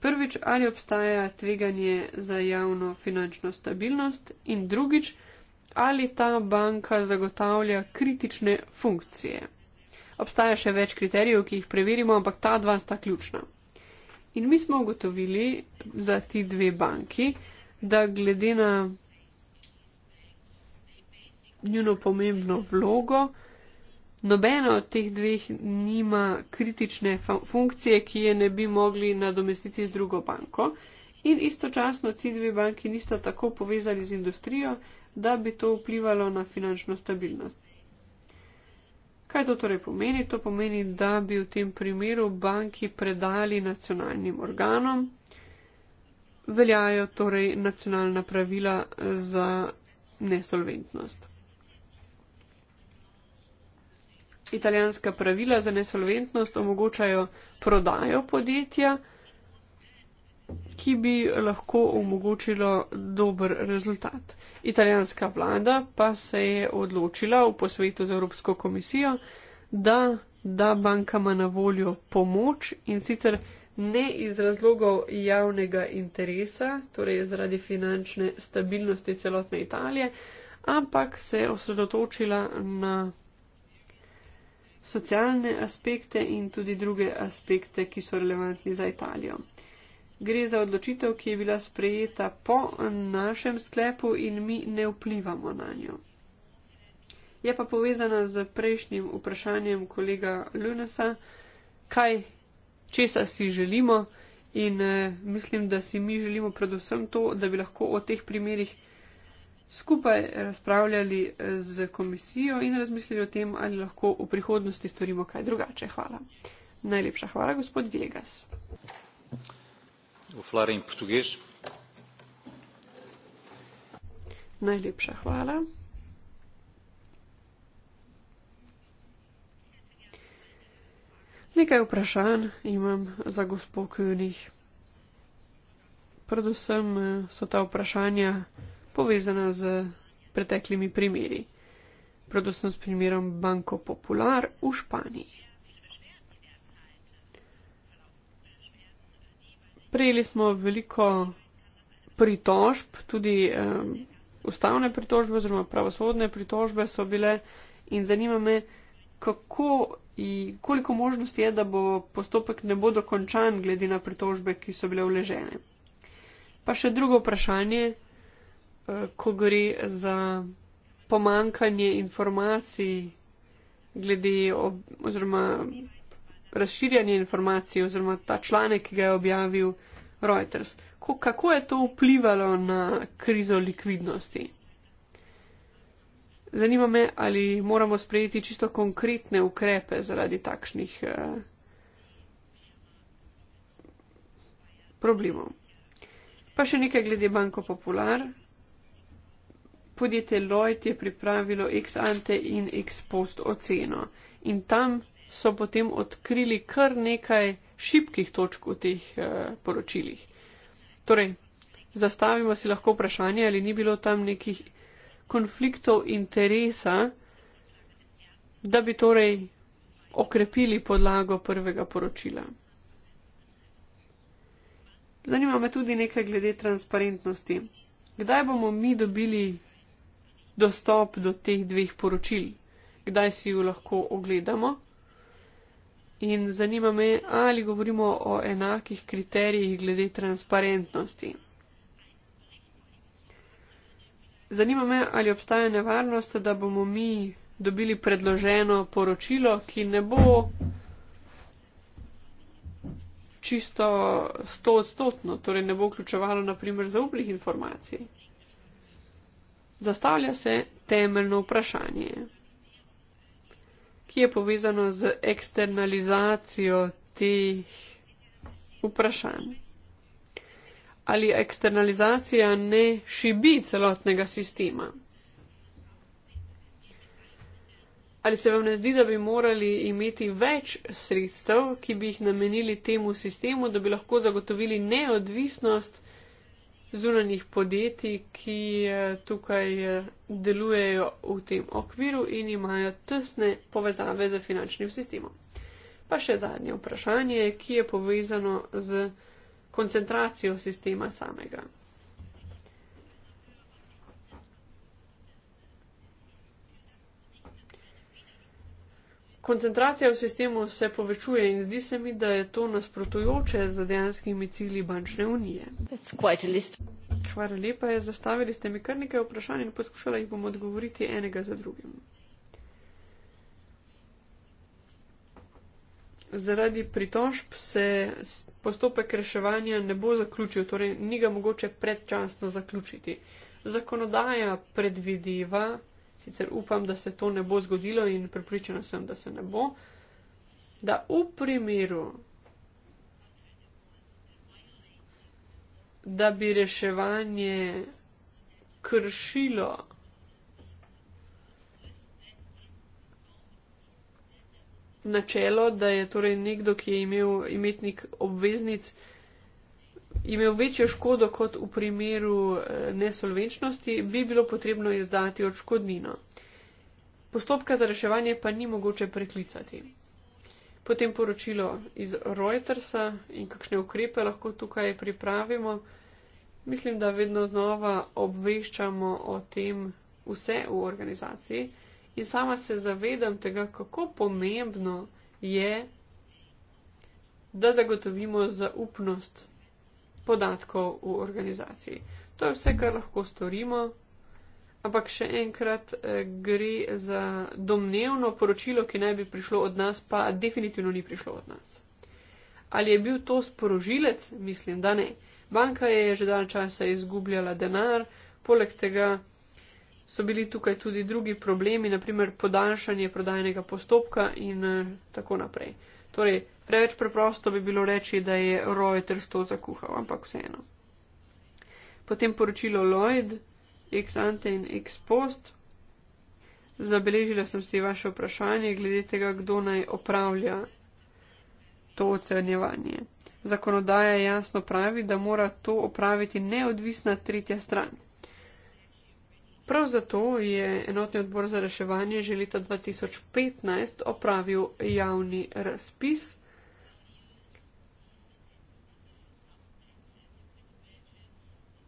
Prvič, ali obstaja tveganje za javno finančno stabilnost in drugič, ali ta banka zagotavlja kritične funkcije. Obstaja še več kriterijev, ki jih preverimo, ampak ta dva sta ključna. In mi smo ugotovili za ti dve banki, da glede na njuno pomembno vlogo, nobeno od teh dveh nima kritične funkcije, ki je ne bi mogli nadomestiti z drugo banko. In istočasno ti dve banki nista tako povezali z industrijo, da bi to vplivalo na finančno stabilnost. Kaj to torej pomeni? To pomeni, da bi v tem primeru banki predali nacionalnim organom. Veljajo torej nacionalna pravila za nesolventnost. italijanska pravila za nesolventnost omogočajo prodajo podjetja, ki bi lahko omogočilo dober rezultat. Italijanska vlada pa se je odločila v posvetu z Evropsko komisijo, da da bankama na voljo pomoč in sicer ne iz razlogov javnega interesa, torej zaradi finančne stabilnosti celotne Italije, ampak se je osredotočila na socialne aspekte in tudi druge aspekte, ki so relevantni za Italijo. Gre za odločitev, ki je bila sprejeta po našem sklepu in mi ne vplivamo na njo. Je pa povezana z prejšnjim vprašanjem kolega Lunesa, kaj česa si želimo in eh, mislim, da si mi želimo predvsem to, da bi lahko o teh primerih skupaj razpravljali eh, z komisijo in razmislili o tem, ali lahko v prihodnosti storimo kaj drugače. Hvala. Najlepša hvala, gospod Vegas. Najlepša hvala. Nekaj vprašanj imam za gospod Kunih. Predvsem eh, so ta vprašanja povezana z preteklimi primeri, predvsem s primerom Banko Popular v Španiji. Prejeli smo veliko pritožb, tudi um, ustavne pritožbe oziroma pravosodne pritožbe so bile in zanima me, kako in koliko možnosti je, da bo postopek ne bo dokončan glede na pritožbe, ki so bile vležene. Pa še drugo vprašanje, Eh, ko gre za pomankanje informacij glede ob, oziroma razširjanje informacij oziroma ta članek, ki ga je objavil Reuters. Ko, kako je to vplivalo na krizo likvidnosti? Zanima me, ali moramo sprejeti čisto konkretne ukrepe zaradi takšnih eh, problemov. Pa še nekaj glede Banko Popular podjetje Lloyd je pripravilo ex ante in ex post oceno. In tam so potem odkrili kar nekaj šibkih točk v teh uh, poročilih. Torej, zastavimo si lahko vprašanje, ali ni bilo tam nekih konfliktov interesa, da bi torej okrepili podlago prvega poročila. Zanima me tudi nekaj glede transparentnosti. Kdaj bomo mi dobili dostop do teh dveh poročil, kdaj si jo lahko ogledamo. In zanima me, ali govorimo o enakih kriterijih glede transparentnosti. Zanima me, ali obstaja nevarnost, da bomo mi dobili predloženo poročilo, ki ne bo čisto stoodstotno, torej ne bo vključevalo naprimer zaupnih informacij zastavlja se temeljno vprašanje, ki je povezano z eksternalizacijo teh vprašanj. Ali eksternalizacija ne šibi celotnega sistema? Ali se vam ne zdi, da bi morali imeti več sredstev, ki bi jih namenili temu sistemu, da bi lahko zagotovili neodvisnost zunanjih podjetij, ki eh, tukaj eh, delujejo v tem okviru in imajo tesne povezave z finančnim sistemom. Pa še zadnje vprašanje, ki je povezano z koncentracijo sistema samega. koncentracija v sistemu se povečuje in zdi se mi, da je to nasprotujoče z dejanskimi cilji bančne unije. Hvala lepa, zastavili ste mi kar nekaj vprašanj in poskušala jih bom odgovoriti enega za drugim. Zaradi pritožb se postopek reševanja ne bo zaključil, torej ni ga mogoče predčasno zaključiti. Zakonodaja predvideva sicer upam, da se to ne bo zgodilo in prepričana sem, da se ne bo, da v primeru, da bi reševanje kršilo načelo, da je torej nekdo, ki je imel imetnik obveznic, imel večjo škodo kot v primeru eh, nesolvenčnosti, bi bilo potrebno izdati odškodnino. Postopka za reševanje pa ni mogoče preklicati. Potem poročilo iz Reutersa in kakšne ukrepe lahko tukaj pripravimo. Mislim, da vedno znova obveščamo o tem vse v organizaciji in sama se zavedam tega, kako pomembno je, da zagotovimo zaupnost podatkov v organizaciji. To je vse, kar lahko storimo. Ampak še enkrat eh, gre za domnevno poročilo, ki naj bi prišlo od nas, pa definitivno ni prišlo od nas. Ali je bil to sporožilec? Mislim, da ne. Banka je že dalj časa izgubljala denar, poleg tega so bili tukaj tudi drugi problemi, naprimer podaljšanje prodajnega postopka in eh, tako naprej. Torej, Preveč preprosto bi bilo reči, da je Roy trsto zakuhal, ampak vseeno. Potem poročilo Lloyd, ex ante in ex post. Zabeležila sem si vaše vprašanje glede tega, kdo naj opravlja to ocenjevanje. Zakonodaja jasno pravi, da mora to opraviti neodvisna tretja stran. Prav zato je enotni odbor za reševanje že leta 2015 opravil javni razpis.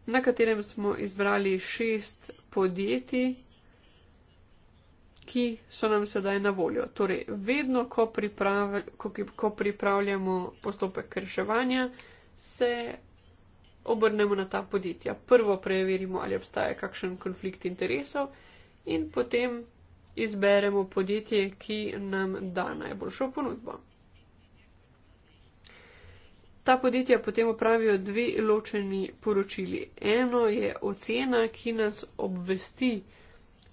na katerem smo izbrali šest podjetij, ki so nam sedaj na voljo. Torej, vedno, ko, priprav, ko, ko pripravljamo postopek krševanja, se obrnemo na ta podjetja. Prvo preverimo, ali obstaja kakšen konflikt interesov in potem izberemo podjetje, ki nam da najboljšo ponudbo. Ta podjetja potem upravijo dve ločeni poročili. Eno je ocena, ki nas obvesti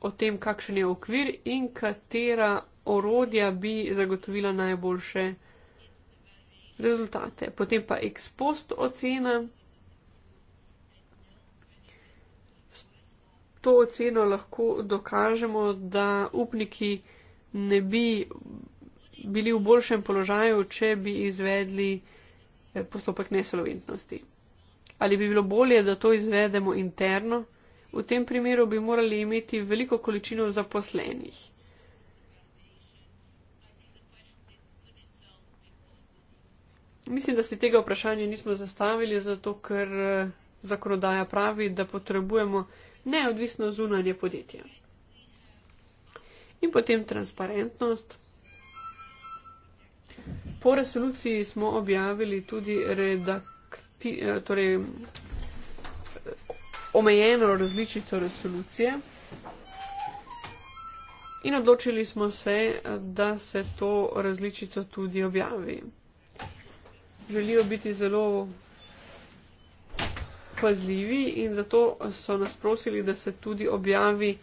o tem, kakšen je okvir in katera orodja bi zagotovila najboljše rezultate. Potem pa ex post ocena. S to oceno lahko dokažemo, da upniki ne bi bili v boljšem položaju, če bi izvedli postopek nesolventnosti. Ali bi bilo bolje, da to izvedemo interno? V tem primeru bi morali imeti veliko količino zaposlenih. Mislim, da si tega vprašanja nismo zastavili, zato ker eh, zakonodaja pravi, da potrebujemo neodvisno zunanje podjetja. In potem transparentnost po resoluciji smo objavili tudi redakti, eh, torej, eh, omejeno različico resolucije. In odločili smo se, eh, da se to različico tudi objavi. Želijo biti zelo pazljivi in zato so nas prosili, da se tudi objavi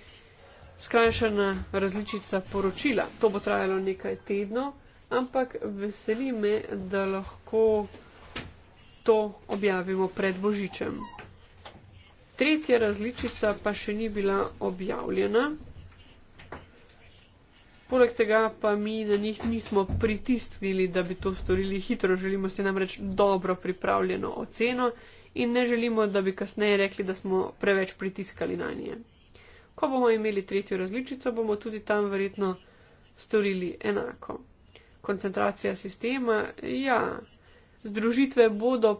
skrajšana različica poročila. To bo trajalo nekaj tednov ampak veseli me, da lahko to objavimo pred Božičem. Tretja različica pa še ni bila objavljena. Poleg tega pa mi na njih nismo pritistvili, da bi to storili hitro, želimo si namreč dobro pripravljeno oceno in ne želimo, da bi kasneje rekli, da smo preveč pritiskali na nje. Ko bomo imeli tretjo različico, bomo tudi tam verjetno storili enako koncentracija sistema, ja, združitve bodo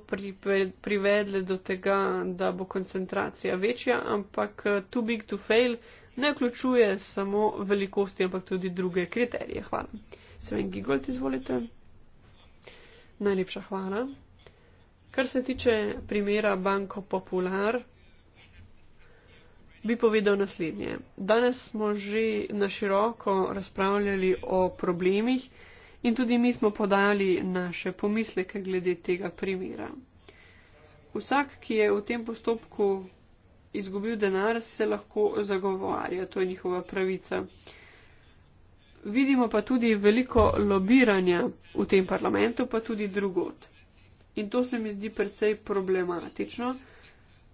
privedle do tega, da bo koncentracija večja, ampak eh, too big to fail ne vključuje samo velikosti, ampak tudi druge kriterije. Hvala. Sven Gigolt, izvolite. Najlepša hvala. Kar se tiče primera Banko Popular, bi povedal naslednje. Danes smo že na široko razpravljali o problemih, in tudi mi smo podajali naše pomisleke glede tega primera. Vsak, ki je v tem postopku izgubil denar, se lahko zagovarja, to je njihova pravica. Vidimo pa tudi veliko lobiranja v tem parlamentu, pa tudi drugot. In to se mi zdi precej problematično,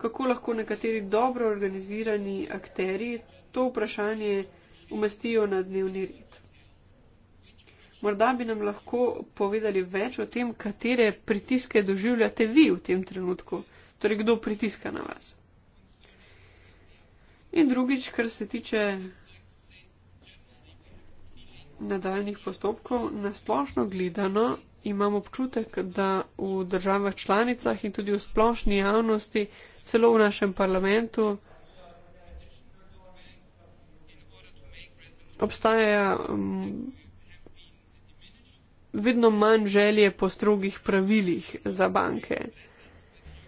kako lahko nekateri dobro organizirani akteri to vprašanje umestijo na dnevni red. Morda bi nam lahko povedali več o tem, katere pritiske doživljate vi v tem trenutku, torej kdo pritiska na vas. In drugič, kar se tiče nadaljnih postopkov, nasplošno gledano imam občutek, da v državah članicah in tudi v splošni javnosti, celo v našem parlamentu, obstaja. Um, vedno manj želje po strogih pravilih za banke.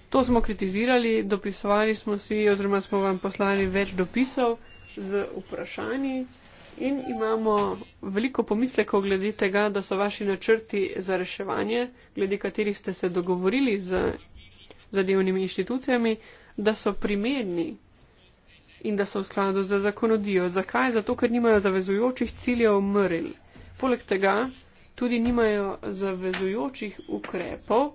To smo kritizirali, dopisovali smo si oziroma smo vam poslali več dopisov z vprašanji in imamo veliko pomislekov glede tega, da so vaši načrti za reševanje, glede katerih ste se dogovorili z zadevnimi inštitucijami, da so primerni in da so v skladu z zakonodijo. Zakaj? Zato, ker nimajo zavezujočih ciljev mrl. Poleg tega, tudi nimajo zavezujočih ukrepov.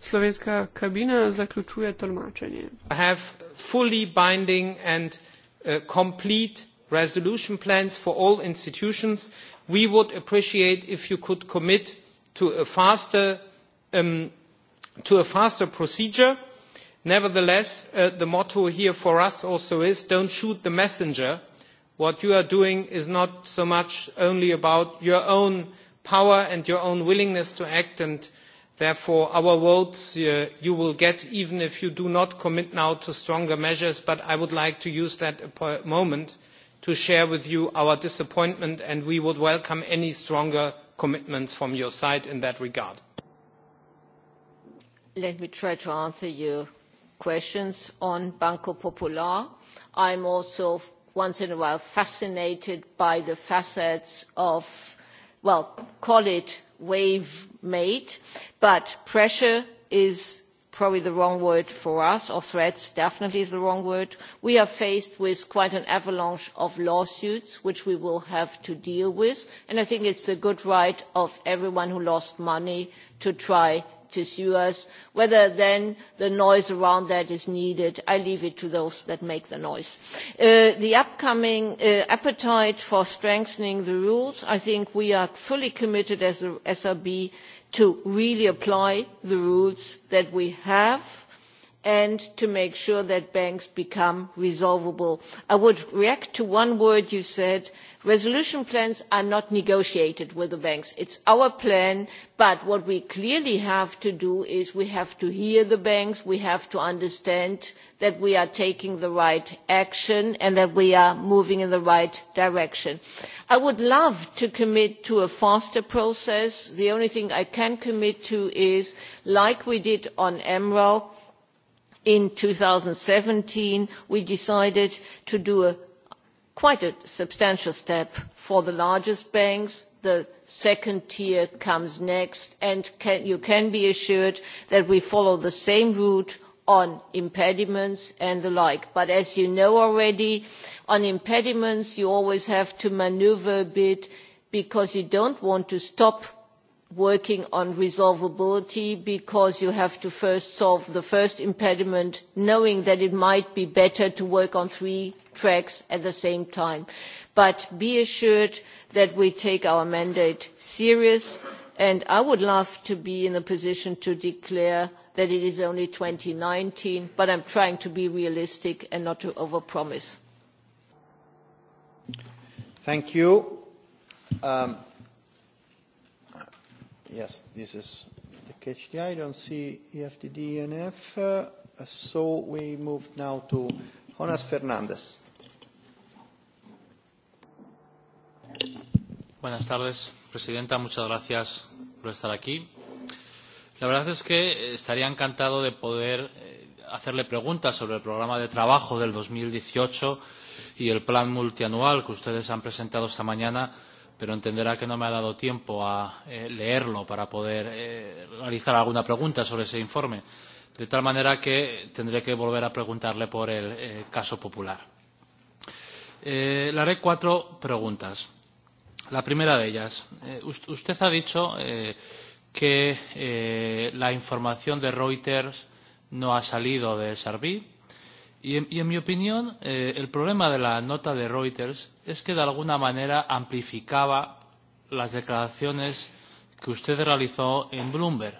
Slovenska kabina zaključuje tolmačenje. Have fully binding and uh, complete resolution plans for all institutions. We would appreciate if you could commit to a faster, um, to a faster procedure nevertheless uh, the motto here for us also is don't shoot the messenger what you are doing is not so much only about your own power and your own willingness to act and therefore our votes uh, you will get even if you do not commit now to stronger measures but i would like to use that moment to share with you our disappointment and we would welcome any stronger commitments from your side in that regard let me try to answer your questions on banco popular. i am also once in a while fascinated by the facets of well call it wave mate' but pressure is probably the wrong word for us or threats definitely is the wrong word. we are faced with quite an avalanche of lawsuits which we will have to deal with and i think it is a good right of everyone who lost money to try pursue us. whether then the noise around that is needed i leave it to those that make the noise. Uh, the upcoming uh, appetite for strengthening the rules i think we are fully committed as the srb to really apply the rules that we have and to make sure that banks become resolvable. i would react to one word you said mr resolution plans are not negotiated with the banks it is our plan but what we clearly have to do is we have to hear the banks we have to understand that we are taking the right action and that we are moving in the right direction. i would love to commit to a faster process the only thing i can commit to is like we did on emerald in two thousand and seventeen we decided to do quite a substantial step for the largest banks the second tier comes next and can, you can be assured that we follow the same route on impediments and the like but as you know already on impediments you always have to maneuver a bit because you don't want to stop working on resolvability because you have to first solve the first impediment knowing that it might be better to work on three tracks at the same time but be assured that we take our mandate seriously and i would love to be in a position to declare that it is only two thousand and nineteen but i am trying to be realistic and not to over promise. thank you. Um, yes, this is the KHDI. i don't see efdd and e f. Uh, so we move now to jonas fernandez. Buenas tardes, presidenta. Muchas gracias por estar aquí. La verdad es que estaría encantado de poder eh, hacerle preguntas sobre el programa de trabajo del 2018 y el plan multianual que ustedes han presentado esta mañana, pero entenderá que no me ha dado tiempo a eh, leerlo para poder eh, realizar alguna pregunta sobre ese informe, de tal manera que tendré que volver a preguntarle por el caso popular. Eh, le haré cuatro preguntas. La primera de ellas. Eh, usted ha dicho eh, que eh, la información de Reuters no ha salido de Sarbí. Y, y en mi opinión, eh, el problema de la nota de Reuters es que de alguna manera amplificaba las declaraciones que usted realizó en Bloomberg.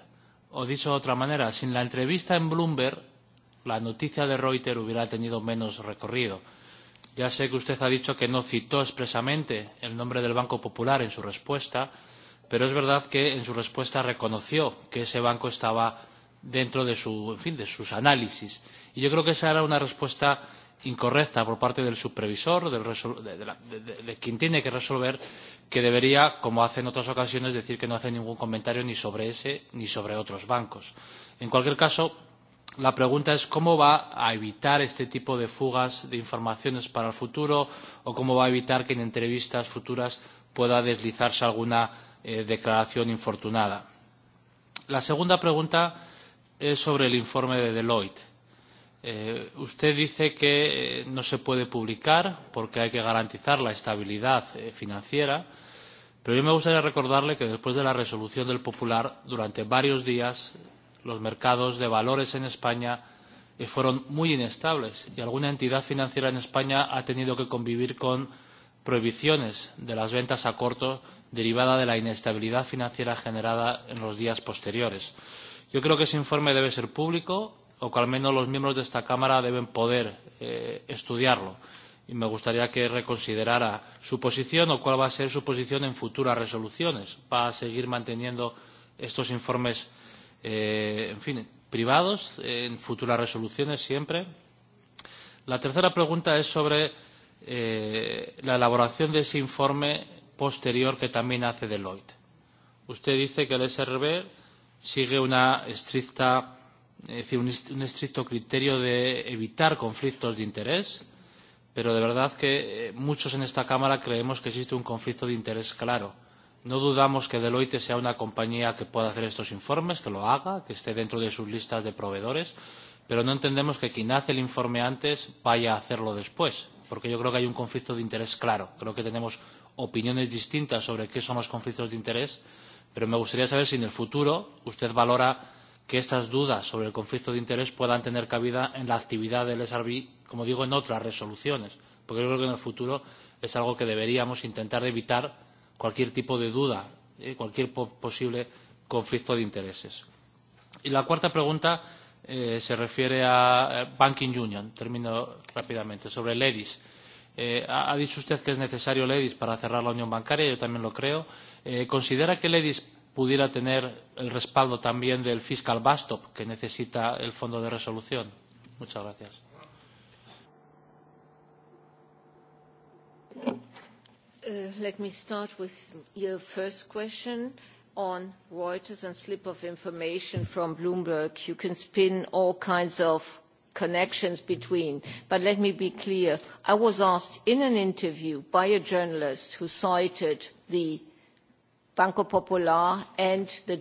O dicho de otra manera, sin la entrevista en Bloomberg, la noticia de Reuters hubiera tenido menos recorrido. Ya sé que usted ha dicho que no citó expresamente el nombre del Banco Popular en su respuesta, pero es verdad que en su respuesta reconoció que ese banco estaba dentro de, su, en fin, de sus análisis. Y yo creo que esa era una respuesta incorrecta por parte del supervisor, del resol, de, de, la, de, de, de quien tiene que resolver, que debería, como hace en otras ocasiones, decir que no hace ningún comentario ni sobre ese ni sobre otros bancos. En cualquier caso, La pregunta es cómo va a evitar este tipo de fugas de informaciones para el futuro o cómo va a evitar que en entrevistas futuras pueda deslizarse alguna eh, declaración infortunada. La segunda pregunta es sobre el informe de Deloitte. Eh, usted dice que eh, no se puede publicar porque hay que garantizar la estabilidad eh, financiera, pero yo me gustaría recordarle que después de la resolución del Popular, durante varios días, los mercados de valores en España eh, fueron muy inestables y alguna entidad financiera en España ha tenido que convivir con prohibiciones de las ventas a corto derivada de la inestabilidad financiera generada en los días posteriores. Yo creo que ese informe debe ser público o que al menos los miembros de esta Cámara deben poder eh, estudiarlo. Y me gustaría que reconsiderara su posición o cuál va a ser su posición en futuras resoluciones. ¿Va a seguir manteniendo estos informes eh, en fin, privados en futuras resoluciones siempre. La tercera pregunta es sobre eh, la elaboración de ese informe posterior que también hace Deloitte. Usted dice que el SRB sigue una estricta, es decir, un estricto criterio de evitar conflictos de interés, pero de verdad que eh, muchos en esta Cámara creemos que existe un conflicto de interés claro. No dudamos que Deloitte sea una compañía que pueda hacer estos informes, que lo haga, que esté dentro de sus listas de proveedores, pero no entendemos que quien hace el informe antes vaya a hacerlo después, porque yo creo que hay un conflicto de interés claro. Creo que tenemos opiniones distintas sobre qué son los conflictos de interés, pero me gustaría saber si en el futuro usted valora que estas dudas sobre el conflicto de interés puedan tener cabida en la actividad del SRB, como digo, en otras resoluciones, porque yo creo que en el futuro es algo que deberíamos intentar evitar cualquier tipo de duda, eh, cualquier po posible conflicto de intereses. Y la cuarta pregunta eh, se refiere a eh, Banking Union, termino rápidamente, sobre el EDIS. Eh, ha dicho usted que es necesario el EDIS para cerrar la unión bancaria, yo también lo creo. Eh, ¿Considera que el EDIS pudiera tener el respaldo también del fiscal backstop que necesita el fondo de resolución? Muchas gracias. Thank you. Uh, let me start with your first question on Reuters and slip of information from Bloomberg. You can spin all kinds of connections between. But let me be clear. I was asked in an interview by a journalist who cited the Banco Popular and the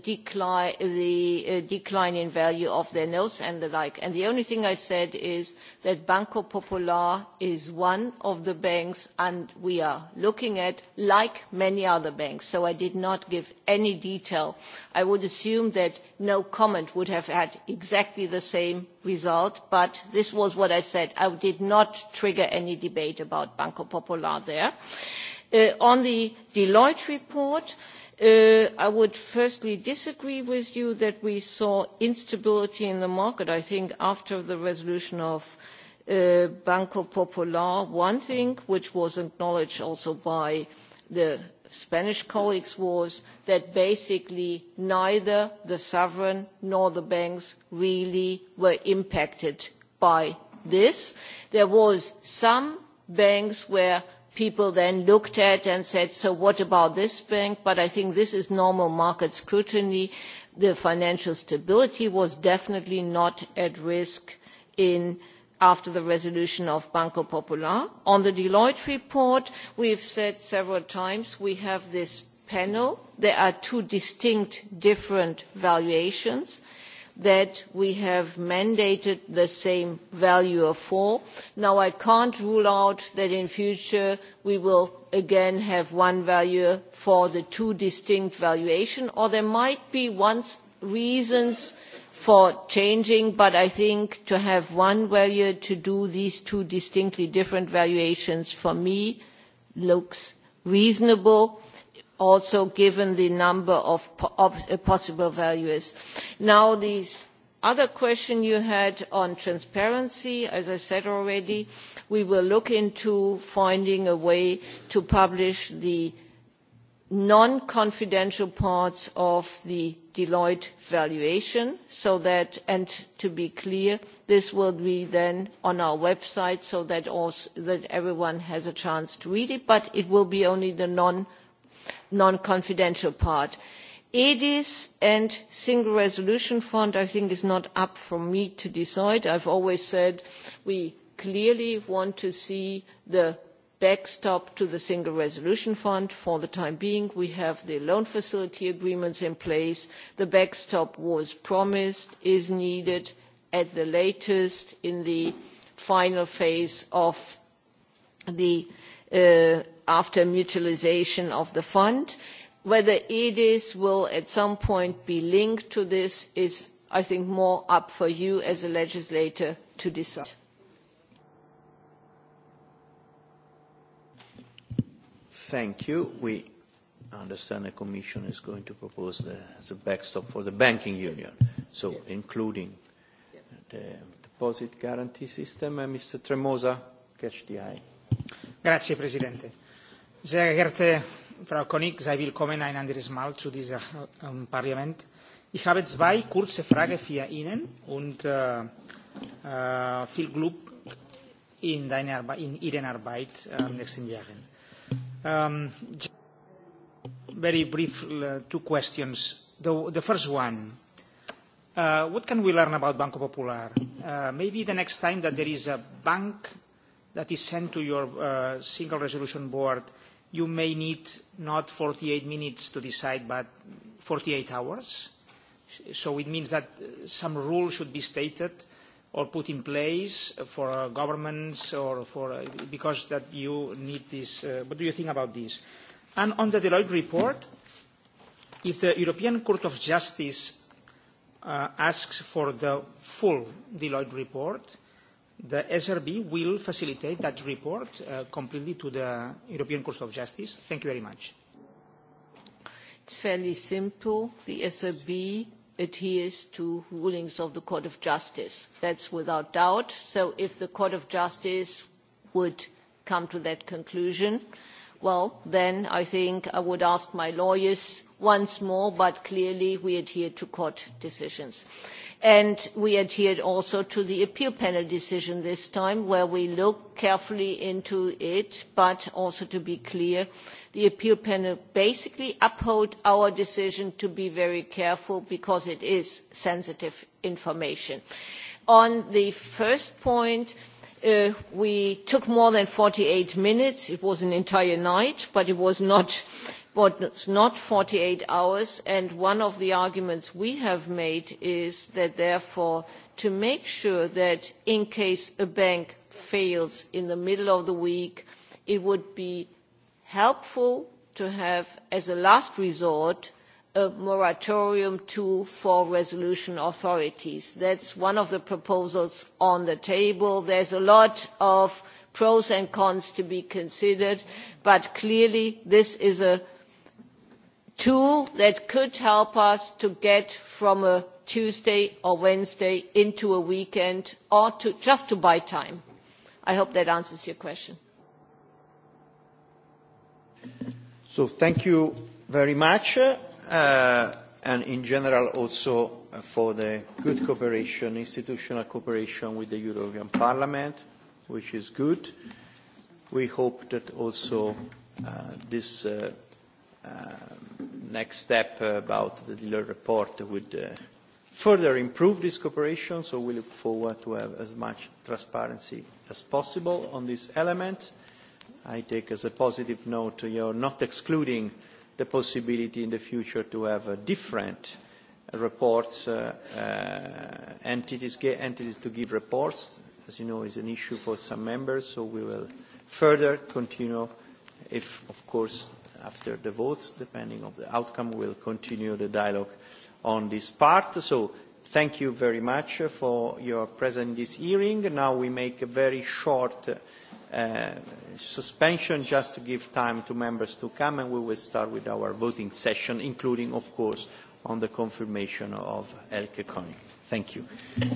uh, decline in value of their notes and the like. And the only thing I said is that Banco Popular is one of the banks, and we are looking at, like many other banks, so I did not give any detail. I would assume that no comment would have had exactly the same result, but this was what I said. I did not trigger any debate about Banco Popular there. Uh, on the Deloitte report, Uh, i would firstly disagree with you that we saw instability in the market. i think after the resolution of uh, banco popular one thing which was acknowledged also by the spanish colleagues was that basically neither the sovereign nor the banks really were impacted by this. there were some banks where people then looked at and said, so what about this bank? But I think this is normal market scrutiny. The financial stability was definitely not at risk in after the resolution of Banco Popular. On the Deloitte report, we've said several times we have this panel. There are two distinct different valuations that we have mandated the same value of four. Now I can't rule out that in future we will again have one value for the two distinct valuation or there might be once reasons for changing but I think to have one value to do these two distinctly different valuations for me looks reasonable also given the number of uh, possible valuers. Now, the other question you had on transparency, as I said already, we will look into finding a way to publish the non-confidential parts of the Deloitte valuation so that, and to be clear, this will be then on our website so that everyone has a chance to read it, but it will be only the non-confidential non confidential part. edis and single resolution fund i think is not up for me to decide. i have always said we clearly want to see the backstop to the single resolution fund for the time being. we have the loan facility agreements in place. the backstop was promised and is needed at the latest in the final phase of the uh, after mutualisation of the fund. Whether EDIS will at some point be linked to this is, I think, more up for you as a legislator to decide. Thank you. We understand the Commission is going to propose the, the backstop for the banking union, so yeah. including yeah. the deposit guarantee system. Uh, Mr. Tremosa, catch the eye. Grazie, Presidente. Sehr geehrte Frau König, sei willkommen ein anderes Mal zu diesem ähm, Parlament. Ich habe zwei kurze Fragen für Ihnen und äh, äh, viel Glück in, deine Arbe in Ihren Arbeit in äh, den nächsten Jahren. Um, very brief uh, two questions. The, the first one, uh, what can we learn about Banco Popular? Uh, maybe the next time that there is a bank that is sent to your uh, single resolution board you may need not 48 minutes to decide, but 48 hours. So it means that uh, some rule should be stated or put in place for governments or for, uh, because that you need this. Uh, what do you think about this? And on the Deloitte report, if the European Court of Justice uh, asks for the full Deloitte report, uh, the SRB will facilitate that report uh, completely to the European Court of Justice. Thank you very much. It's fairly simple. The SRB adheres to rulings of the Court of Justice. That's without doubt. So if the Court of Justice would come to that conclusion, well, then I think I would ask my lawyers once more, but clearly we adhere to court decisions. And we adhered also to the appeal panel decision this time, where we look carefully into it, but also to be clear, the appeal panel basically uphold our decision to be very careful because it is sensitive information. On the first point, uh, we took more than 48 minutes. It was an entire night, but it was not it's not 48 hours. One of the arguments we have made is that therefore, to make sure that in case a bank fails in the middle of the week, it would be helpful to have, as a last resort, a moratorium tool for resolution authorities. That's one of the proposals on the table. There's a lot of pros and cons to be considered, but clearly this is a tool that could help us to get from a tuesday or wednesday into a weekend or to just to buy time i hope that answers your question so thank you very much uh, and in general also for the good cooperation institutional cooperation with the european parliament which is good we hope that also uh, this uh, Uh, next step about the Diller report would uh, further improve this cooperation, so we look forward to have as much transparency as possible on this element. I take as a positive note uh, you're not excluding the possibility in the future to have a uh, different reports, uh, uh, entities, get entities to give reports, as you know, is an issue for some members, so we will further continue if, of course, after the vote depending on the outcome we will continue the dialogue on this part. so thank you very much for your presence in this hearing. now we make a very short uh, suspension just to give time to members to come and we will start with our voting session including of course on the confirmation of Elke Koenig. Thank you. Mm-hmm.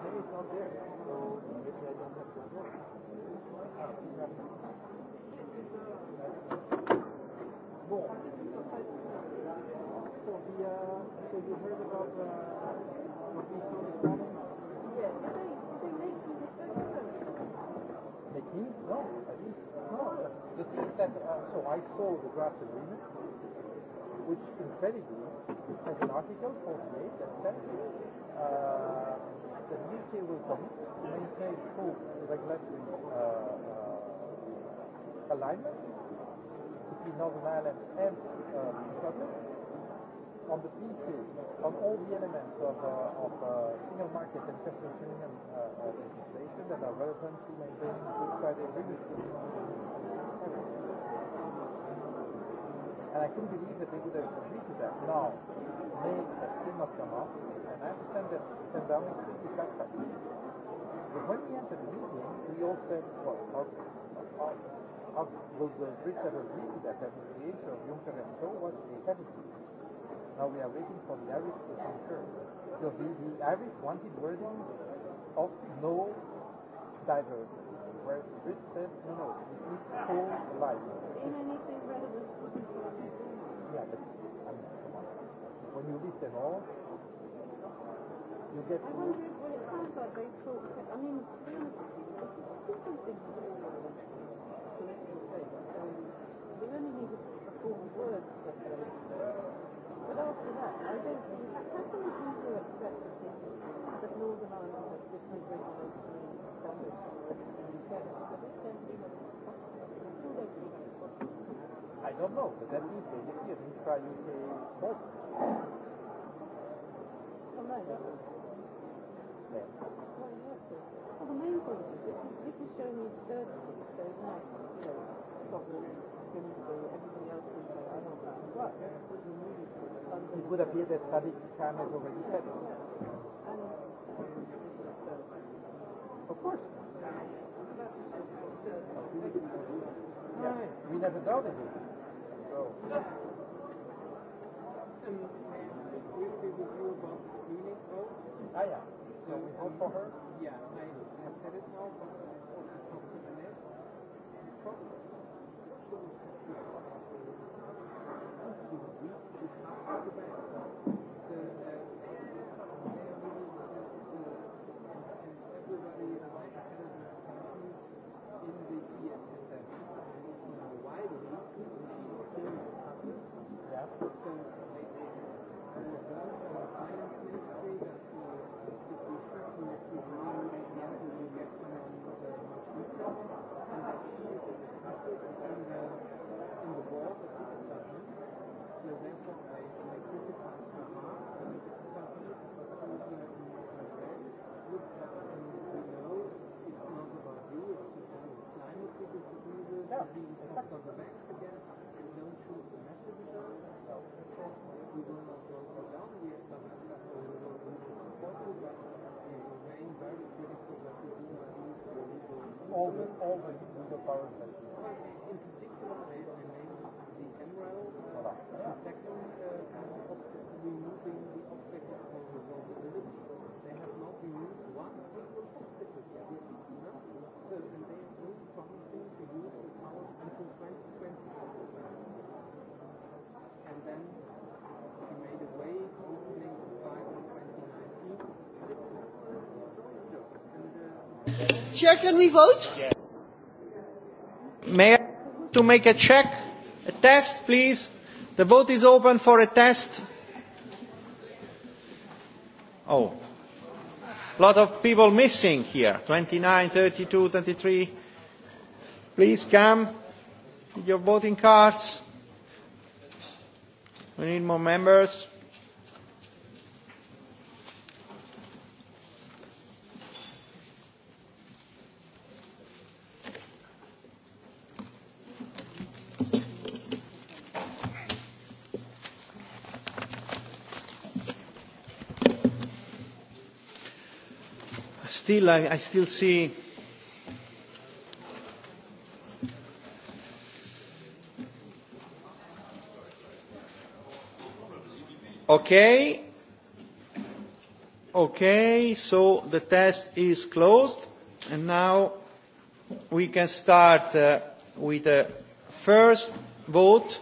Pedigree uh, has an article called Made that says uh, the new deal will come, to maintain full regulatory uh, uh, alignment between Northern Ireland and uh, the on the pieces, on all the elements of, uh, of uh, single market and customs union uh, legislation that are relevant to maintaining good credit agreements. No. And I couldn't believe that they would have agreed to that. Now, May has still not come up, and I understand that Sam Downing could be back that week. But when we entered the meeting, we all said, well, how, how, how will the Brits have agreed to that? That the age of Juncker and Co. was a heavy Now we are waiting for the Irish to concur. So the, the Irish wanted wording of no divergence, where the Brits said, no, no, we need full alignment yeah, but I mean, come on. When you list them all, you get. I wonder if what it sounds like they talk. I mean, different things. We only need a form of words. But after that, I don't think that's something we do accept that Northern Ireland has different regulations. don't know, but that uh, is basically a new try UK bolt. It would appear that Sadiq Khan has already said it. Uh, of course. Yeah. We never doubted it. Ah, yeah. So we hope for her? Yeah, I, I said it now, but. over over the the power section. In particular, they remain the MRL second uh, of removing the obstacle for resolvability. They have not removed one single obstacle yet. This is enough. So, and they are only promising to use the power until 2020. And then. chair, can we vote? Yeah. May I to make a check, a test, please? The vote is open for a test. Oh, a lot of people missing here. 29, 32, 23. Please come with your voting cards. We need more members. still I, I still see okay okay so the test is closed and now we can start uh, with the first vote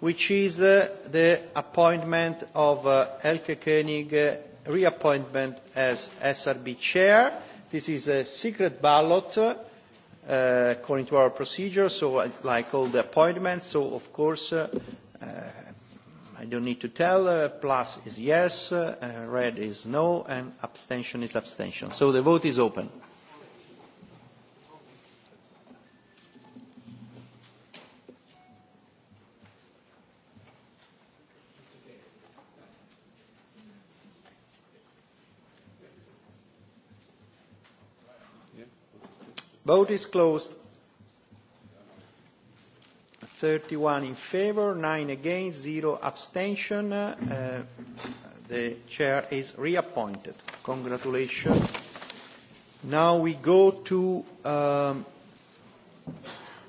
which is uh, the appointment of uh, Elke Koenig uh, reappointment as SRB chair. This is a secret ballot uh, according to our procedure, so uh, like all the appointments, so of course uh, uh, I don't need to tell, uh, plus is yes, uh, red is no, and abstention is abstention. So the vote is open. Vote is closed. 31 in favor, 9 against, 0 abstention. Uh, the chair is reappointed. Congratulations. Now we go to um,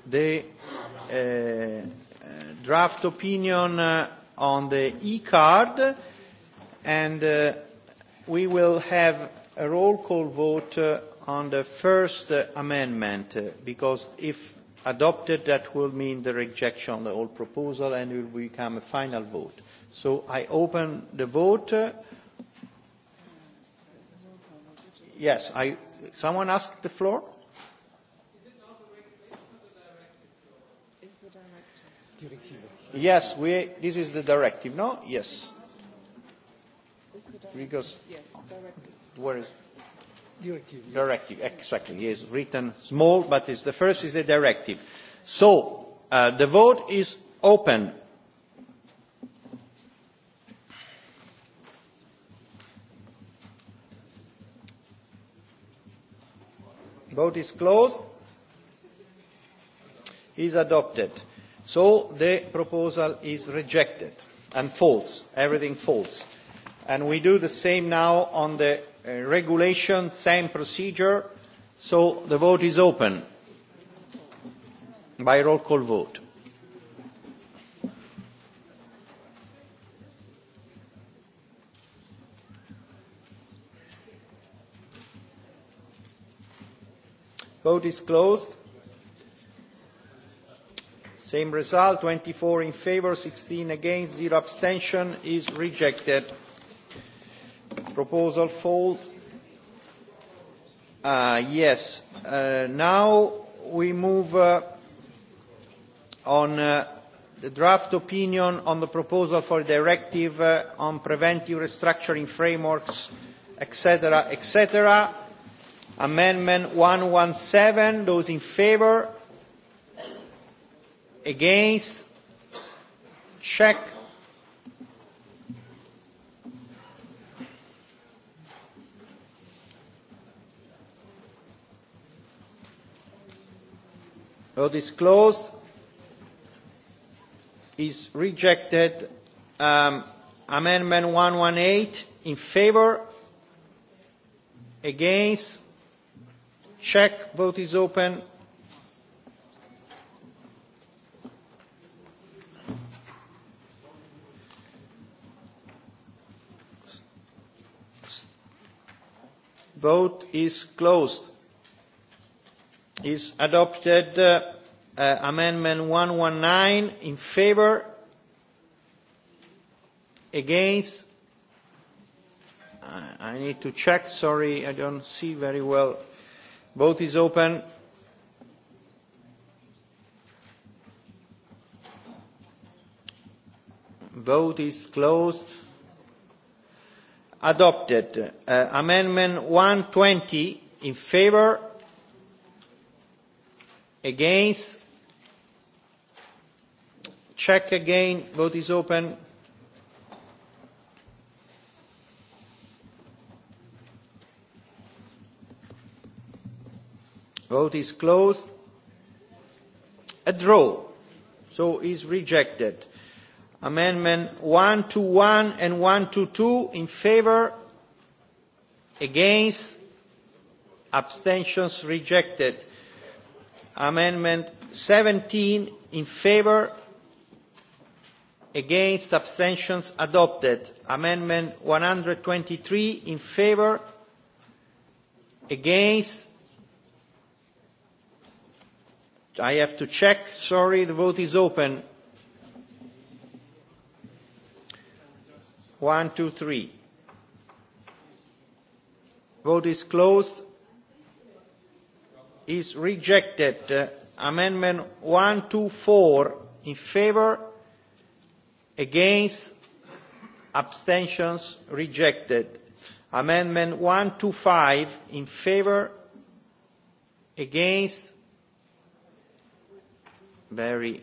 the uh, uh, draft opinion uh, on the e-card and uh, we will have a roll call vote uh, on the first amendment because if adopted that will mean the rejection of the whole proposal and it will become a final vote. So I open the vote. Yes, I, someone asked the floor? Yes, we, this is the directive, no? Yes. Is the directive? Because, yes, directive. Where is it? directive. Yes. Directive, exactly. Yes, written small, but it's the first is the directive. So uh, the vote is open. Vote is closed. Is adopted. So the proposal is rejected and false. Everything false. And we do the same now on the Uh, regulation, same procedure. So the vote is open by roll call vote. Vote is closed. Same result, 24 in favor, 16 against, 0 abstention is rejected proposal fold? Uh, yes. Uh, now we move uh, on uh, the draft opinion on the proposal for a directive uh, on preventive restructuring frameworks, etc., etc. Amendment 117. Those in favour? Against? Check. vote is closed. Is rejected. Um, amendment 118 in favor. Against. Check. Vote is open. Vote is closed is adopted uh, uh, amendment 119 in favor against uh, I need to check sorry I don't see very well vote is open vote is closed adopted uh, amendment 120 in favor against check again vote is open vote is closed a draw so is rejected amendment 1 to 1 and 1 to 2 in favor against abstentions rejected amendment 17 in favor against abstentions adopted amendment 123 in favor against I have to check sorry the vote is open 1 2 3 vote is closed is rejected. Uh, amendment 124 in favor, against, abstentions rejected. Amendment 125 in favor, against, very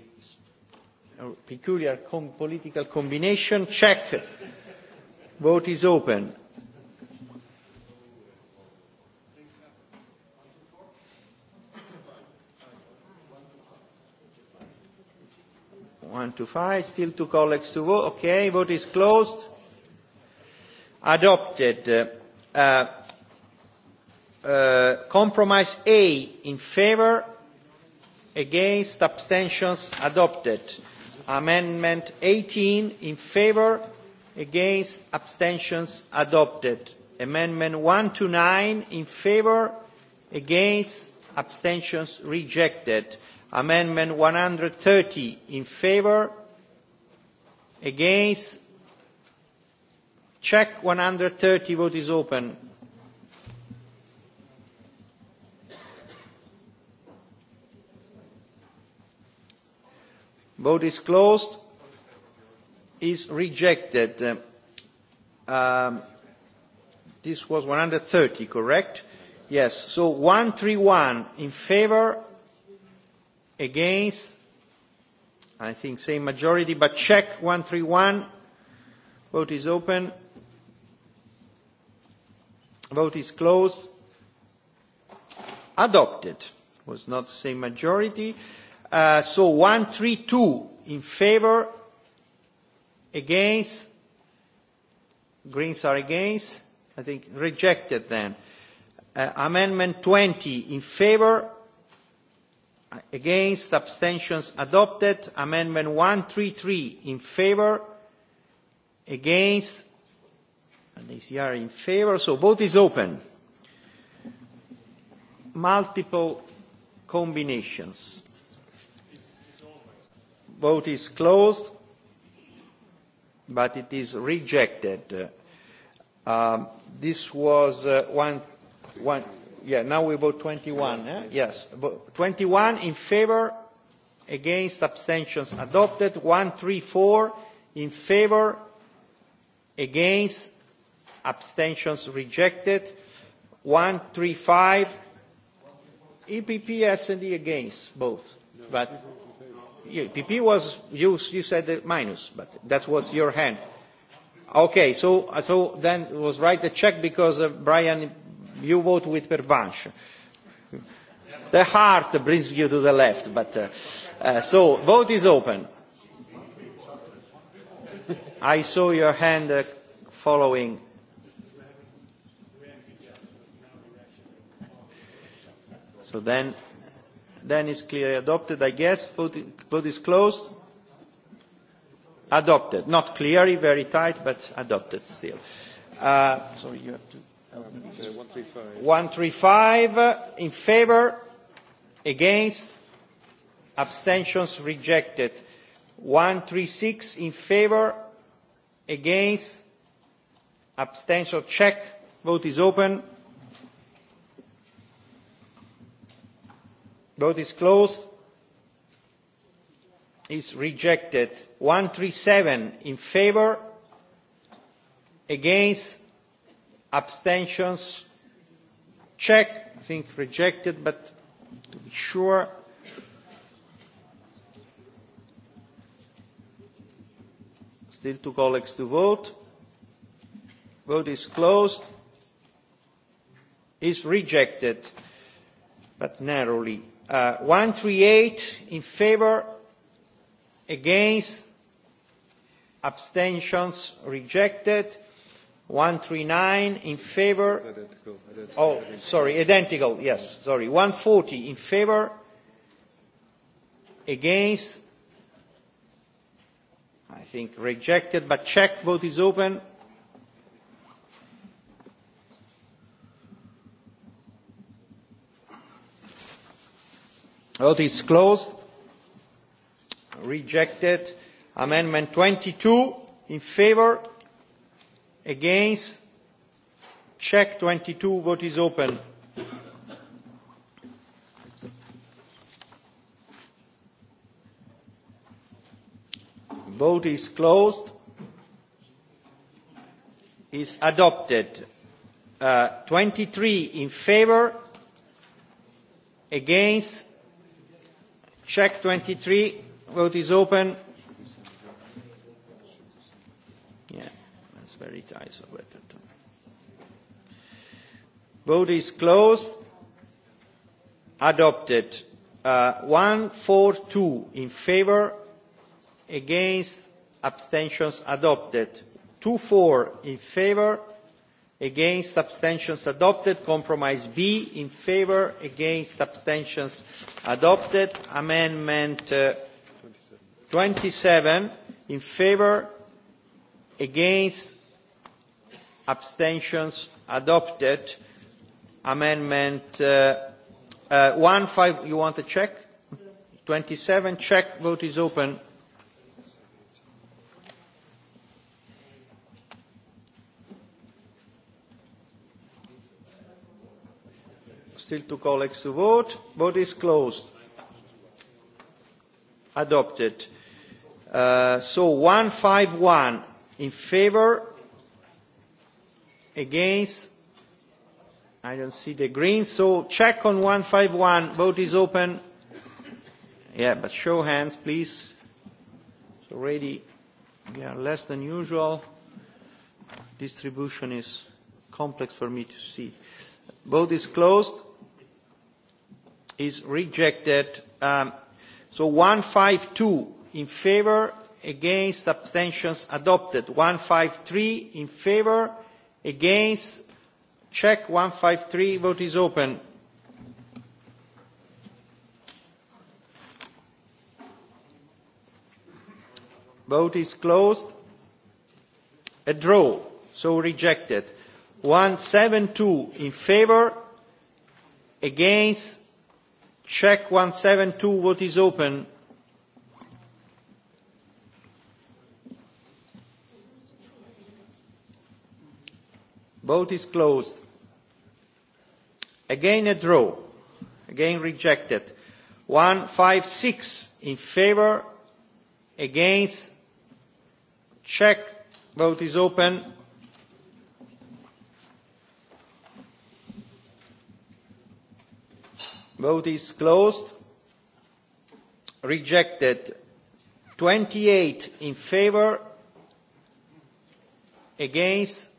peculiar com- political combination, check. Vote is open. one to five. Still two colleagues to vote. Okay, vote is closed. Adopted. Uh, uh, uh compromise A in favour. Against abstentions adopted. Amendment 18 in favour. Against abstentions adopted. Amendment 1 to 9 in favour. Against abstentions rejected amendment 130 in favor against check 130 vote is open vote is closed is rejected uh, um, this was 130 correct yes so 131 in favor against, I think same majority, but check 131. Vote is open. Vote is closed. Adopted. Was not the same majority. Uh, so 132 in favor, against, Greens are against. I think rejected then. Uh, amendment 20 in favor, against abstentions adopted amendment 133 in favor against and ACR in favor so vote is open multiple combinations vote is closed but it is rejected uh, this was uh, one one yeah, now we vote 21. Yeah, eh? Yes, but 21 in favor, against abstentions adopted. 1, 3, 4 in favor, against abstentions rejected. 1, 3, 5 EPP, SD against both. No, but EPP e was, you, you said the minus, but that was your hand. Okay, so, so then it was right the check because uh, Brian you vote with pervenche. the heart brings you to the left, but uh, uh, so vote is open. i saw your hand uh, following. so then, then it's clearly adopted, i guess. vote, vote is closed. Adopted, not clearly very tight, but adopted still. Uh, sorry, you have to. 135 uh, in favor against abstentions rejected 136 in favor against abstention check vote is open vote is closed is rejected 137 in favor against abstentions check i think rejected but to be sure still two colleagues to vote vote is closed is rejected but narrowly uh, 138 in favor against abstentions rejected 139 in favor. Identical. Identical. Oh, sorry, identical, yes, sorry. 140 in favor against. I think rejected, but check, vote is open. Vote is closed. Rejected. Amendment 22 in favor against check 22 vote is open vote is closed is adopted uh, 23 in favor against check 23 vote is open very tight. So better to. Vote is closed. Adopted. Uh, one four two in favour. Against. Abstentions. Adopted. Two four in favour. Against abstentions adopted. Compromise B in favour. Against abstentions adopted. Amendment uh, 27 in favour. Against abstentions adopted amendment uh, uh, one five you want to check 27 check vote is open still two colleagues to vote vote is closed adopted uh, so 151 in favor against I don't see the green so check on 151 vote is open yeah but show hands please it's already we yeah, are less than usual distribution is complex for me to see vote is closed is rejected um, so 152 in favor against abstentions adopted 153 in favor Against, check 153, vote is open. Vote is closed. A draw, so rejected. 172 in favor. Against, check 172, vote is open. vote is closed. Again a draw. Again rejected. One five six in favor. Against. Check. Vote is open. Vote is closed. Rejected. Twenty eight in favor. Against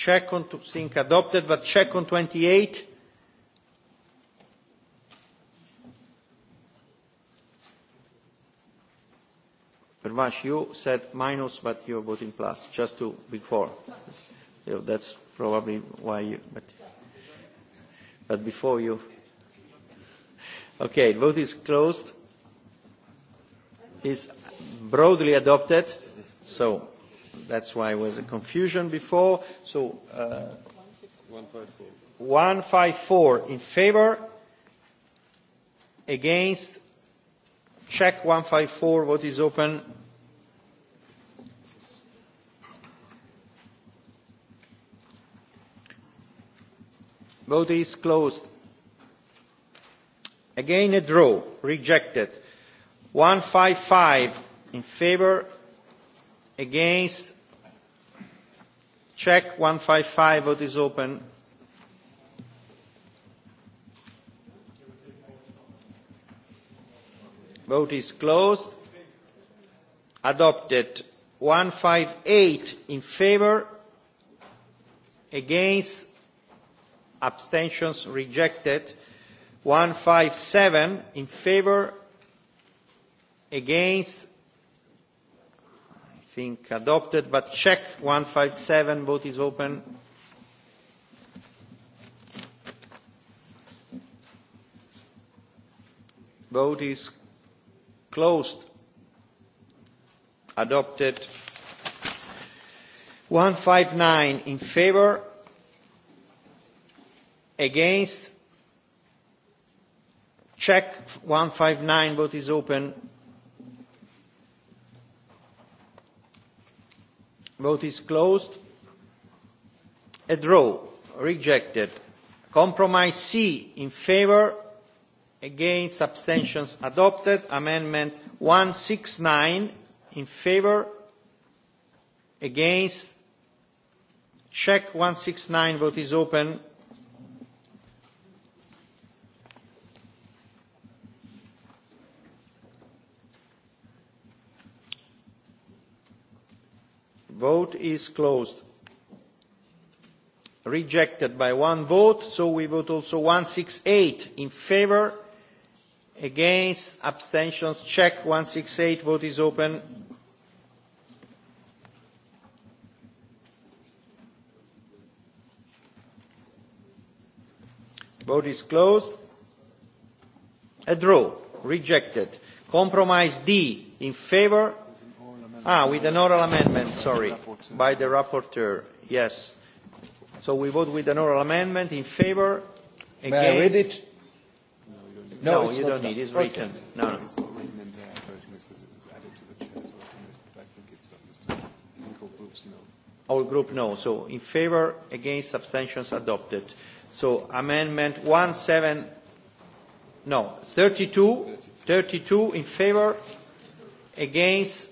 check on to think adopted, but check on 28. Pervash, you said minus, but you are voting plus, just to be before. Yeah, that's probably why you, but, but before you. Okay, vote is closed. Is broadly adopted. So that's why there was a confusion before. So, uh, 154 in favor, against, check 154, vote is open. Vote is closed. Again, a draw, rejected. 155 in favor, against check 155 vote is open vote is closed adopted 158 in favor against abstentions rejected 157 in favor against think adopted but check one five seven vote is open vote is closed adopted one five nine in favor against check one five nine vote is open vote is closed. A draw, rejected. Compromise C, in favour, against, abstentions adopted. Amendment 169, in favour, against, check 169, vote is open. vote is closed. rejected by one vote. so we vote also 168 in favour. against abstentions. check 168. vote is open. vote is closed. a draw. rejected. compromise d in favour. Ah, with an oral amendment, sorry, by the rapporteur, yes. So we vote with an oral amendment in favor, against... May I read it? No, no you don't need it, it's written. Okay. No, no. Our um, no. group, no. So in favor, against, abstentions adopted. So amendment 17, no, 32, 32 in favor, against,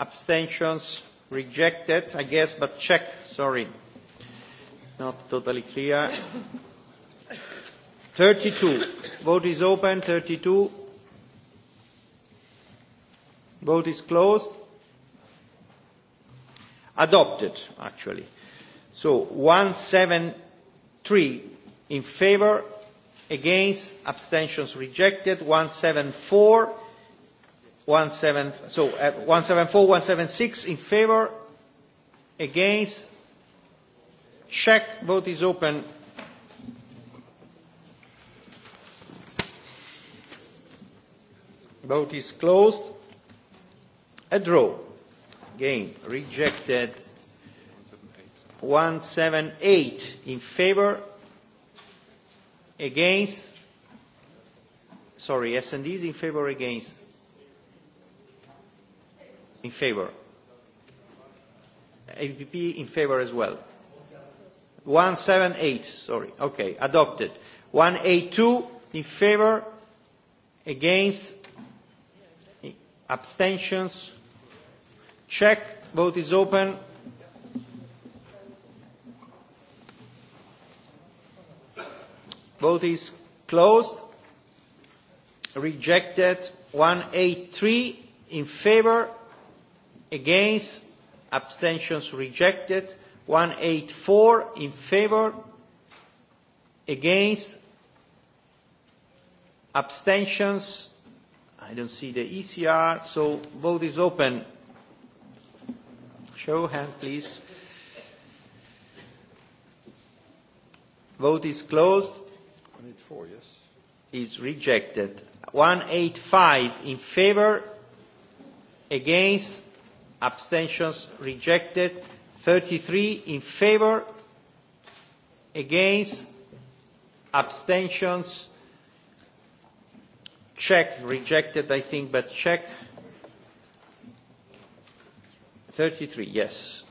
abstentions rejected i guess but check sorry not totally clear 32 vote is open 32 vote is closed adopted actually so 173 in favor against abstentions rejected 174 17, so uh, 174, 176 in favor, against, check, vote is open. Vote is closed. A draw. Again, rejected. 178 in favor. Against. Sorry, S&D is in favor against in favor. APP in favor as well. 178, sorry. Okay, adopted. 182 in favor, against, abstentions. Check, vote is open. Vote is closed. Rejected. 183 in favor, against, abstentions rejected, 184 in favor, against, abstentions, I don't see the ECR, so vote is open. Show hand, please. Vote is closed. 184, yes. Is rejected. 185 in favor, against, abstentions rejected 33 in favor against abstentions check rejected i think but check 33 yes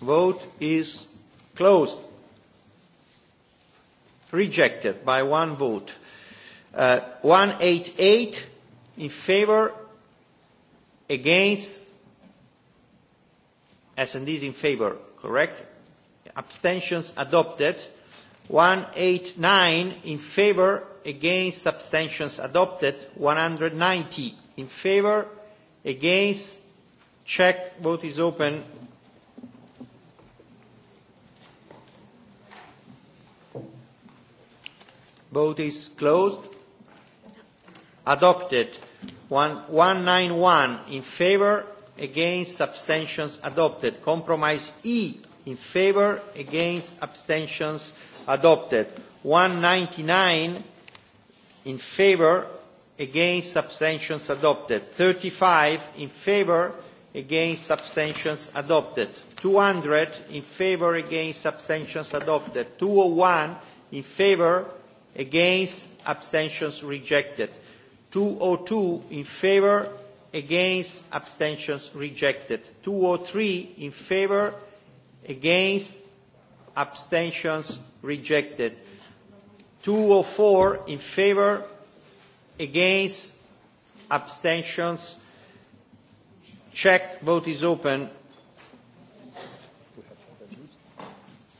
vote is closed rejected by one vote uh, 188 in favor against sds in favour correct abstentions adopted 189 in favour against abstentions adopted 190 in favour against check vote is open vote is closed adopted 191 in favor, against abstentions adopted. Compromise E in favor, against abstentions adopted. 199 in favor, against abstentions adopted. 35 in favor, against abstentions adopted. 200 in favor, against abstentions adopted. 201 in favor, against abstentions rejected. 202 in favor against abstentions rejected 203 in favor against abstentions rejected 204 in favor against abstentions check vote is open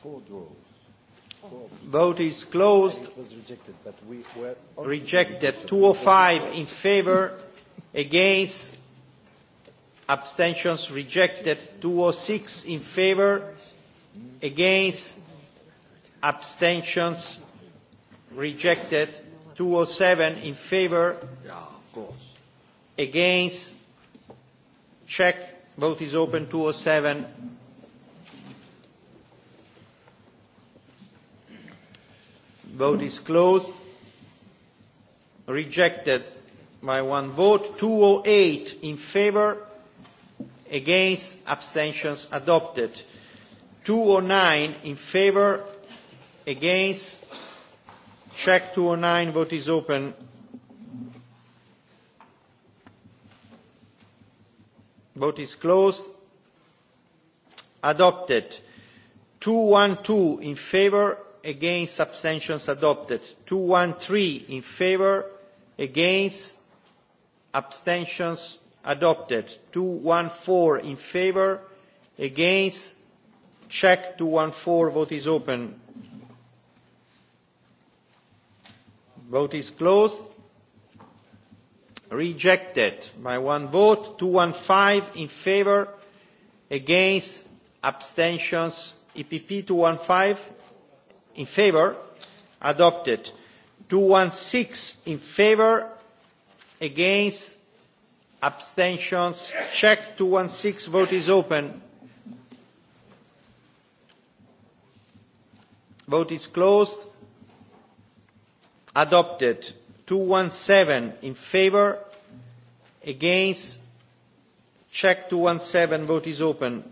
four draw vote is closed. Rejected. 205 in favor, against, abstentions rejected. 206 in favor, against, abstentions rejected. 207 in favor, against, check, vote is open, 207 vote is closed. Rejected by one vote. 208 in favor. Against abstentions adopted. 209 in favor. Against. Check 209. Vote is open. Vote is closed. Adopted. 212 in favor against abstentions adopted 213 in favor against abstentions adopted 214 in favor against check 214 vote is open vote is closed rejected by one vote 215 in favor against abstentions EPP 215 in favor adopted 216 in favor against abstentions check 216 vote is open vote is closed adopted 217 in favor against check 217 vote is open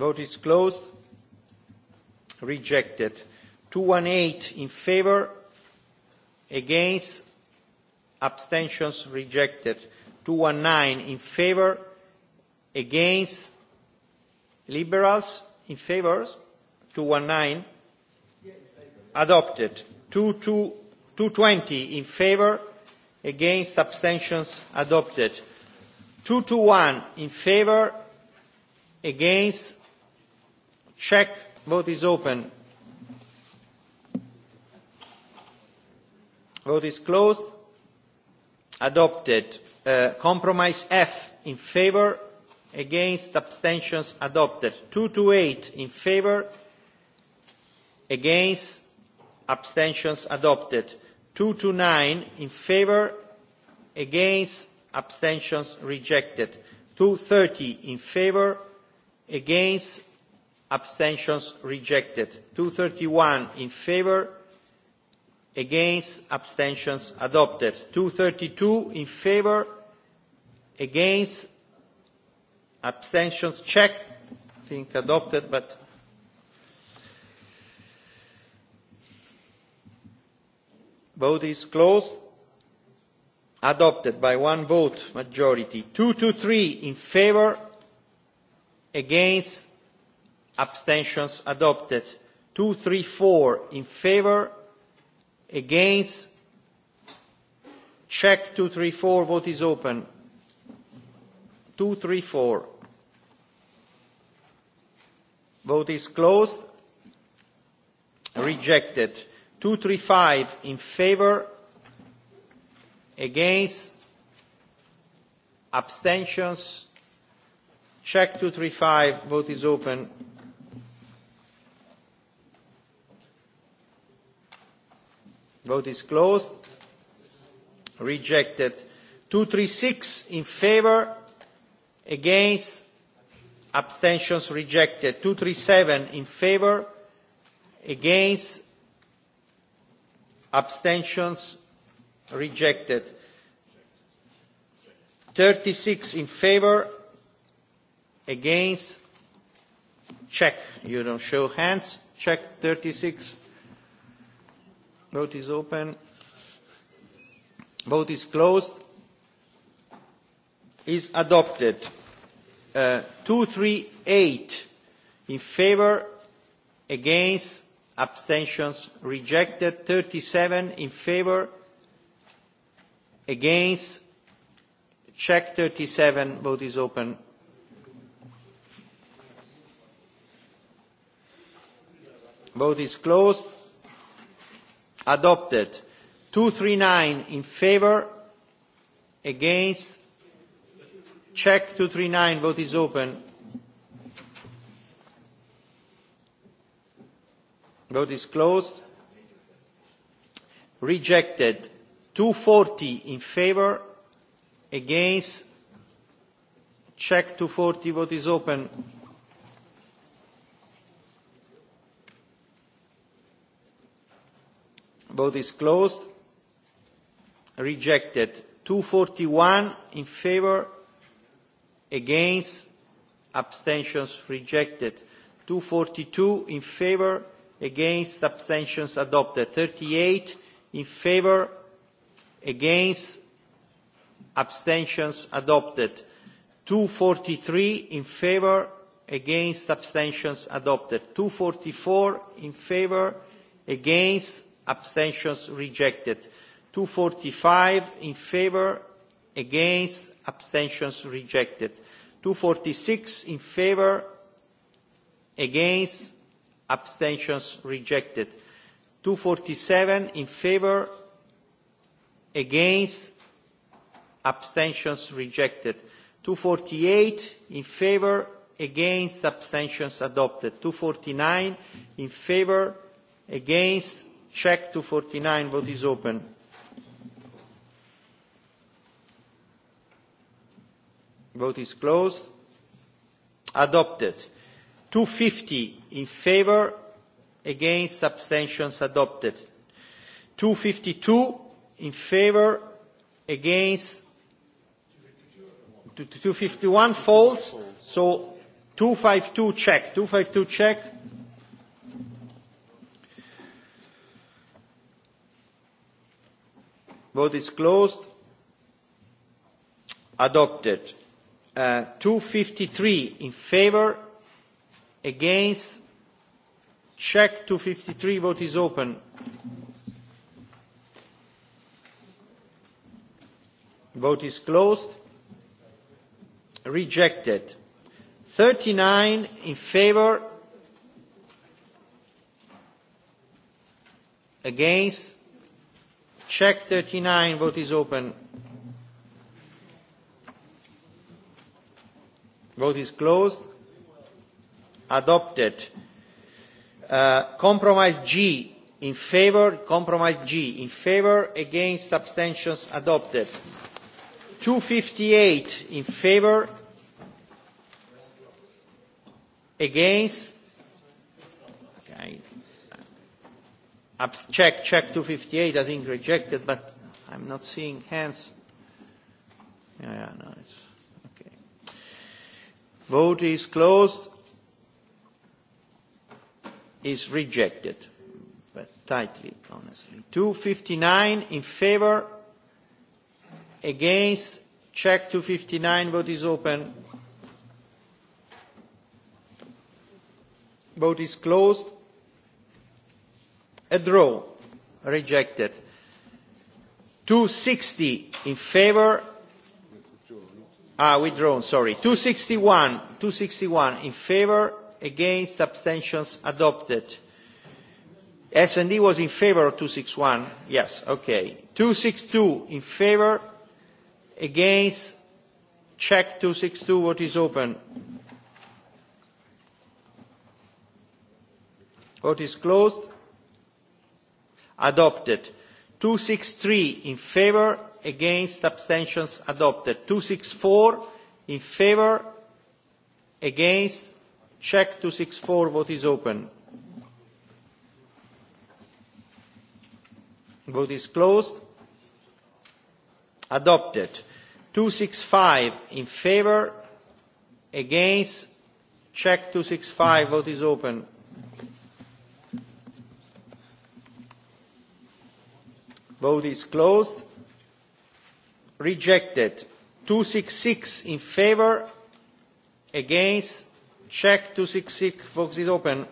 vote is closed rejected 218 in favor against abstentions rejected 219 in favor against liberals in favors 219 adopted 220 in favor against abstentions adopted 221 in favor against check vote is open vote is closed adopted uh, compromise f in favor against abstentions adopted 2 to 8 in favor against abstentions adopted 2 to 9 in favor against abstentions rejected 230 in favor against abstentions rejected. 231 in favour, against, abstentions adopted. 232 in favour, against, abstentions check, I think adopted, but. 2 is closed adopted by one vote majority 223 in favor against abstentions adopted two three four in favor against check two three four vote is open two three four vote is closed rejected two three five in favor against abstentions check two three five vote is open Vote is closed. Rejected. 236 in favor. Against. Abstentions rejected. 237 in favor. Against. Abstentions rejected. 36 in favor. Against. Check. You don't show hands. Check 36. Vote is open. Vote is closed. Is adopted. Uh, 238 in favor, against, abstentions, rejected. 37 in favor, against, check 37, vote is open. Vote is closed adopted 239 in favor against check 239 vote is open vote is closed rejected 240 in favor against check 240 vote is open vote is closed rejected 241 in favor against abstentions rejected 242 in favor against abstentions adopted 38 in favor against abstentions adopted 243 in favor against abstentions adopted 244 in favor against abstentions rejected two forty five in favour against abstentions rejected two forty six in favour against abstentions rejected two forty seven in favour against abstentions rejected two forty eight in favour against abstentions adopted two forty nine in favour against check 249 vote is open vote is closed adopted 250 in favor against abstentions adopted 252 in favor against 251 false so 252 check 252 check vote is closed. adopted. Uh, 253 in favor. against. check 253. vote is open. vote is closed. rejected. 39 in favor. against. Check 39, vote is open. Vote is closed. Adopted. Uh, compromise G in favor, compromise G in favor, against abstentions adopted. 258 in favor, against check, check 258, I think rejected, but I'm not seeing hands. Yeah, yeah, no, it's okay. Vote is closed. Is rejected, but tightly, honestly. 259 in favor. Against, check 259, vote is open. Vote is closed a draw rejected 260 in favor ah withdrawn sorry 261 261 in favor against abstentions adopted S&D was in favor of 261 yes okay 262 in favor against check 262 what is open what is closed adopted. 263 in favor, against abstentions adopted. 264 in favor, against, check 264, vote is open. Vote is closed. Adopted. 265 in favor, against, check 265, vote is open. vote is closed rejected 266 in favor against check 266 votes is open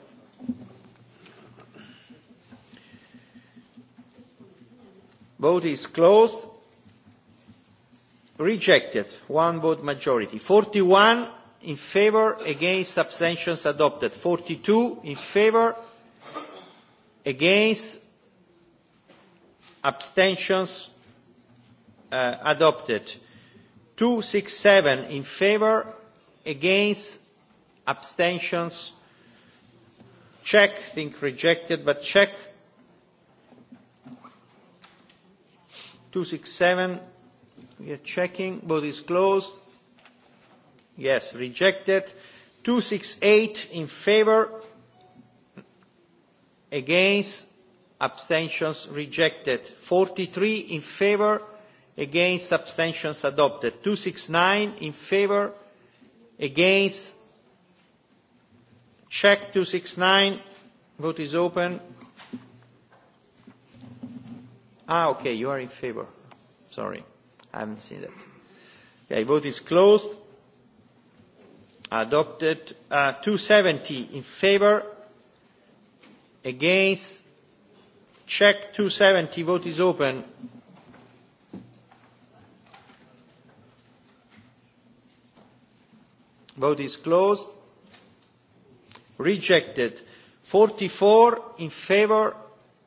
vote is closed rejected one vote majority 41 in favor against abstentions adopted 42 in favor against abstentions uh, adopted two six seven in favor against abstentions check think rejected but check two six seven we are checking vote is closed yes rejected two six eight in favor against abstentions rejected 43 in favor against abstentions adopted 269 in favor against check 269 vote is open ah okay you are in favor sorry i haven't seen that okay vote is closed adopted uh, 270 in favor against check 270 vote is open vote is closed rejected 44 in favor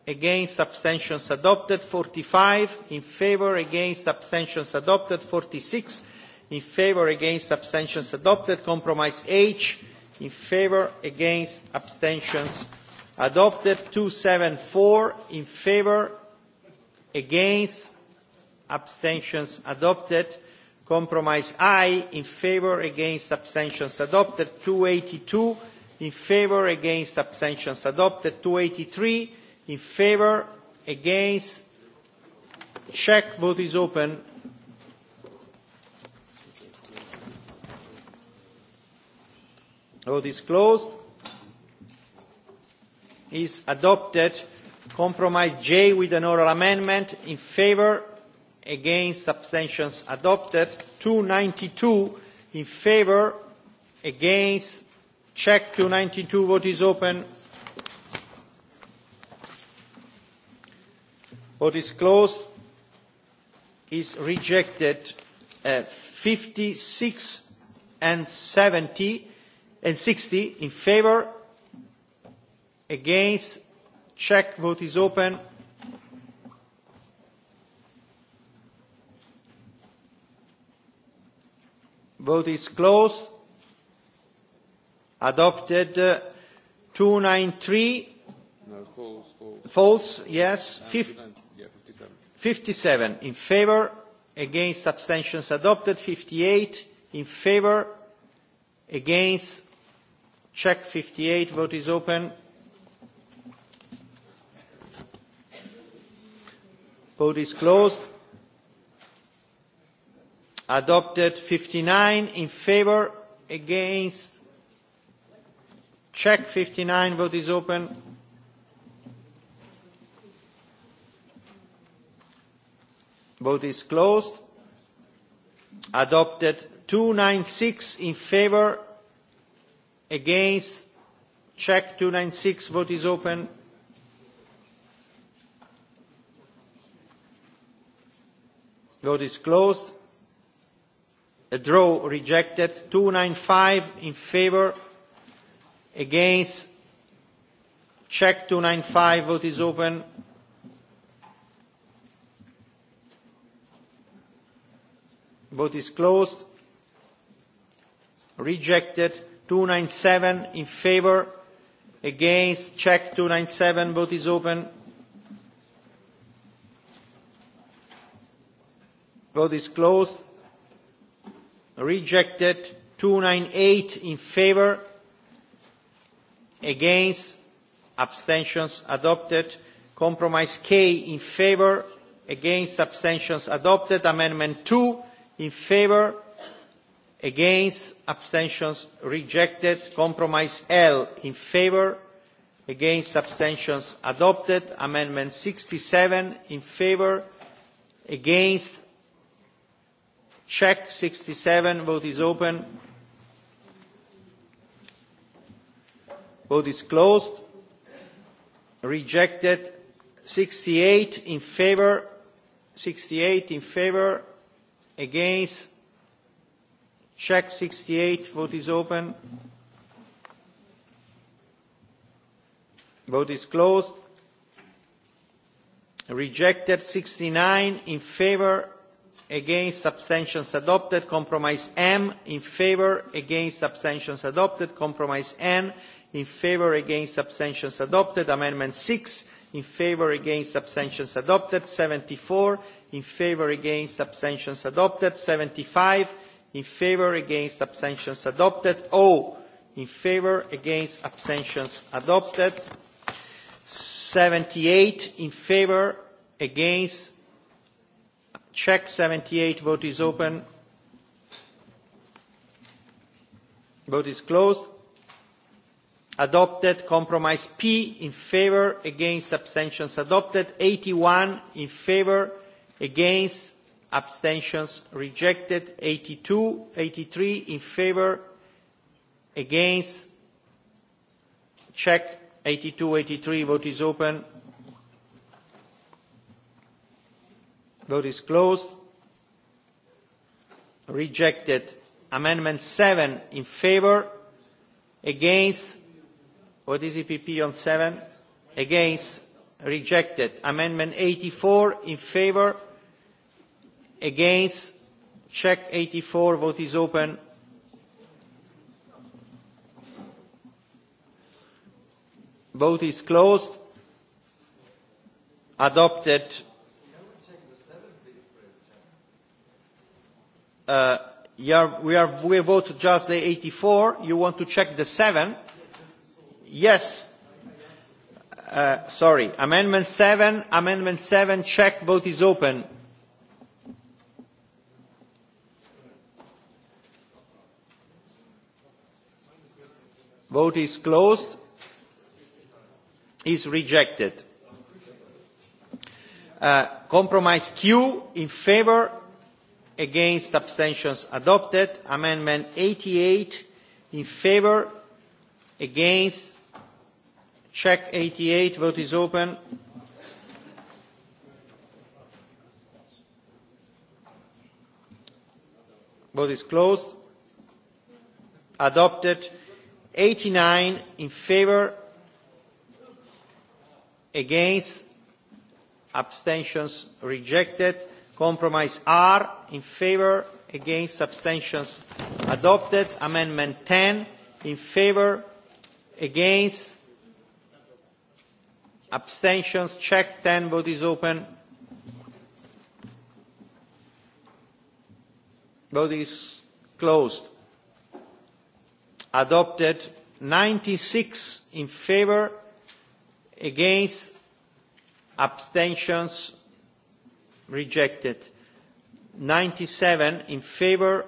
against abstentions adopted 45 in favor against abstentions adopted 46 in favor against abstentions adopted compromise h in favor against abstentions adopted adopted two hundred and seventy four in favour against abstentions adopted compromise i in favour against abstentions adopted two hundred and eighty two in favour against abstentions adopted two hundred and eighty three in favour against check vote is open vote is closed is adopted. Compromise J with an oral amendment in favour, against abstentions adopted. 292 in favour, against. Check 292. Vote is open. Vote is closed. Is rejected. Uh, 56 and 70 and 60 in favour, Against, check, vote is open. Vote is closed. Adopted uh, 293. No, false, false. false, yes. No, Fif- yeah, 57. 57 in favor. Against abstentions adopted. 58 in favor. Against check 58. Vote is open. vote is closed adopted fifty nine in favour against check fifty nine vote is open vote is closed adopted two nine six in favour against check two nine six vote is open Vote is closed. A draw rejected. 295 in favour. Against. Check 295. Vote is open. Vote is closed. Rejected. 297 in favour. Against. Check 297. Vote is open. vote is closed. rejected. 298 in favour. against. abstentions adopted. compromise k in favour. against. abstentions adopted. amendment 2 in favour. against. abstentions rejected. compromise l in favour. against. abstentions adopted. amendment 67 in favour. against check 67 vote is open vote is closed rejected 68 in favor 68 in favor against check 68 vote is open vote is closed rejected 69 in favor against abstentions adopted compromise m in favor against abstentions adopted compromise n in favor against abstentions adopted amendment 6 in favor against abstentions adopted 74 in favor against abstentions adopted 75 in favor against abstentions adopted o in favor against abstentions adopted 78 in favor against check 78 vote is open vote is closed adopted compromise p in favor against abstentions adopted 81 in favor against abstentions rejected 82 83 in favor against check 82 83 vote is open Vote is closed. Rejected. Amendment 7 in favour. Against. What is EPP on 7? Against. Rejected. Amendment 84 in favour. Against. Check 84. Vote is open. Vote is closed. Adopted. uh, you are, we, are, we vote just the 84. You want to check the 7? Yes. Uh, sorry. Amendment 7. Amendment 7. Check. Vote is open. Vote is closed. Is rejected. Uh, compromise Q in favor, against abstentions adopted amendment 88 in favor against check 88 vote is open vote is closed adopted 89 in favor against abstentions rejected compromise are in favour against abstentions adopted amendment 10 in favour against abstentions check 10 vote is open vote is closed adopted 96 in favour against abstentions rejected. 97 in favor,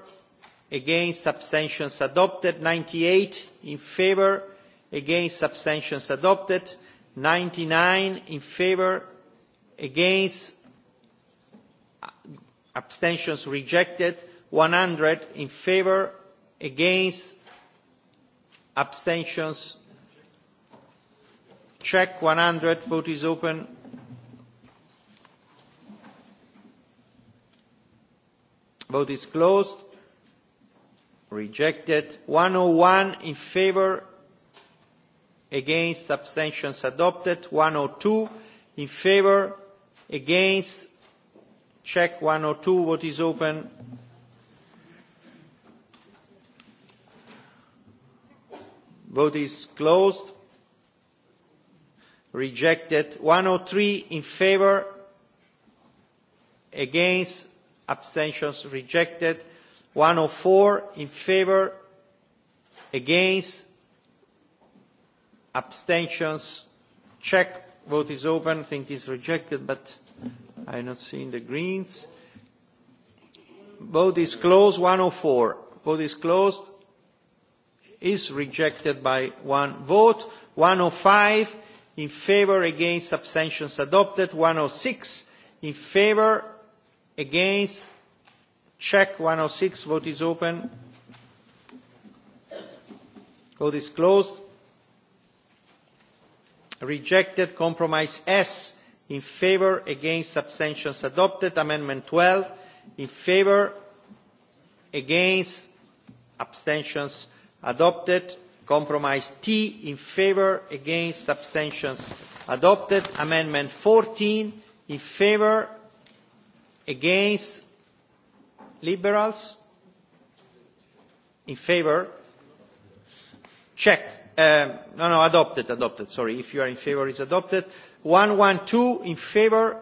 against abstentions adopted. 98 in favor, against abstentions adopted. 99 in favor, against abstentions rejected. 100 in favor, against abstentions check 100 vote is open Vote is closed. Rejected. 101 in favor. Against. Abstentions adopted. 102 in favor. Against. Check 102. Vote is open. Vote is closed. Rejected. 103 in favor. Against abstentions rejected 104 in favor against abstentions check vote is open i think is rejected but i not seeing the greens vote is closed 104 vote is closed is rejected by one vote 105 in favor against abstentions adopted 106 in favor Against, check 106, vote is open. Vote is closed. Rejected, compromise S. In favor, against, abstentions adopted. Amendment 12. In favor, against, abstentions adopted. Compromise T. In favor, against, abstentions adopted. Amendment 14. In favor, against liberals in favor check um, no no adopted adopted sorry if you are in favor it's adopted 112 in favor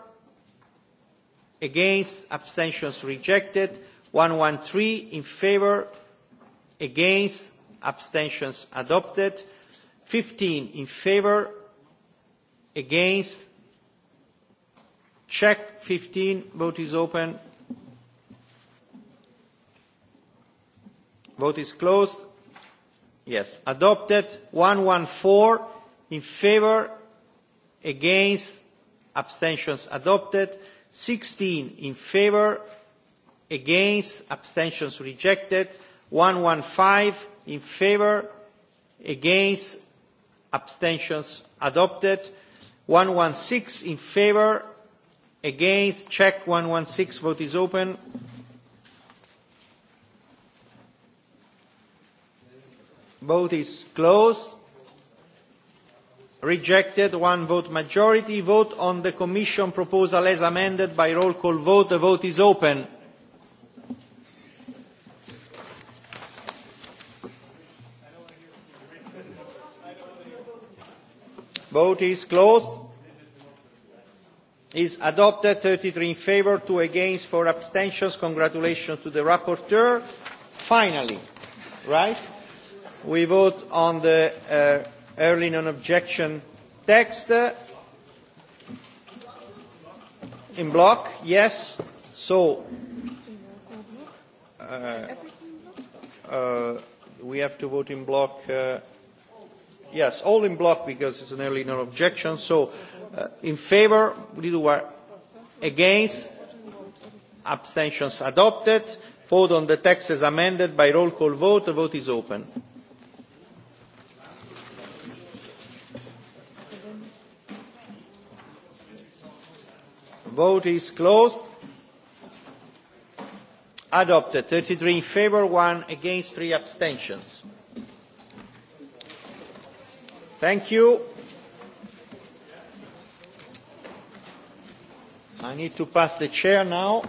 against abstentions rejected 113 in favor against abstentions adopted 15 in favor against Check 15, vote is open. Vote is closed. Yes, adopted 114 in favor, against, abstentions adopted. 16 in favor, against, abstentions rejected. 115 in favor, against, abstentions adopted. 116 in favor, against, Against, check 116, vote is open. Vote is closed. Rejected, one vote majority. Vote on the Commission proposal as amended by roll call vote. The vote is open. Vote is closed is adopted thirty three in favour two against four abstentions congratulations to the rapporteur finally right we vote on the uh, early non objection text in block yes so uh, uh, we have to vote in block uh, yes, all in block because it's an early non-objection. So, uh, in favour, we do are against. Abstentions adopted. Vote on the text as amended by roll call vote. The vote is open. Vote is closed. Adopted. 33 in favour, 1 against, 3 abstentions thank you. I need to pass the chair now.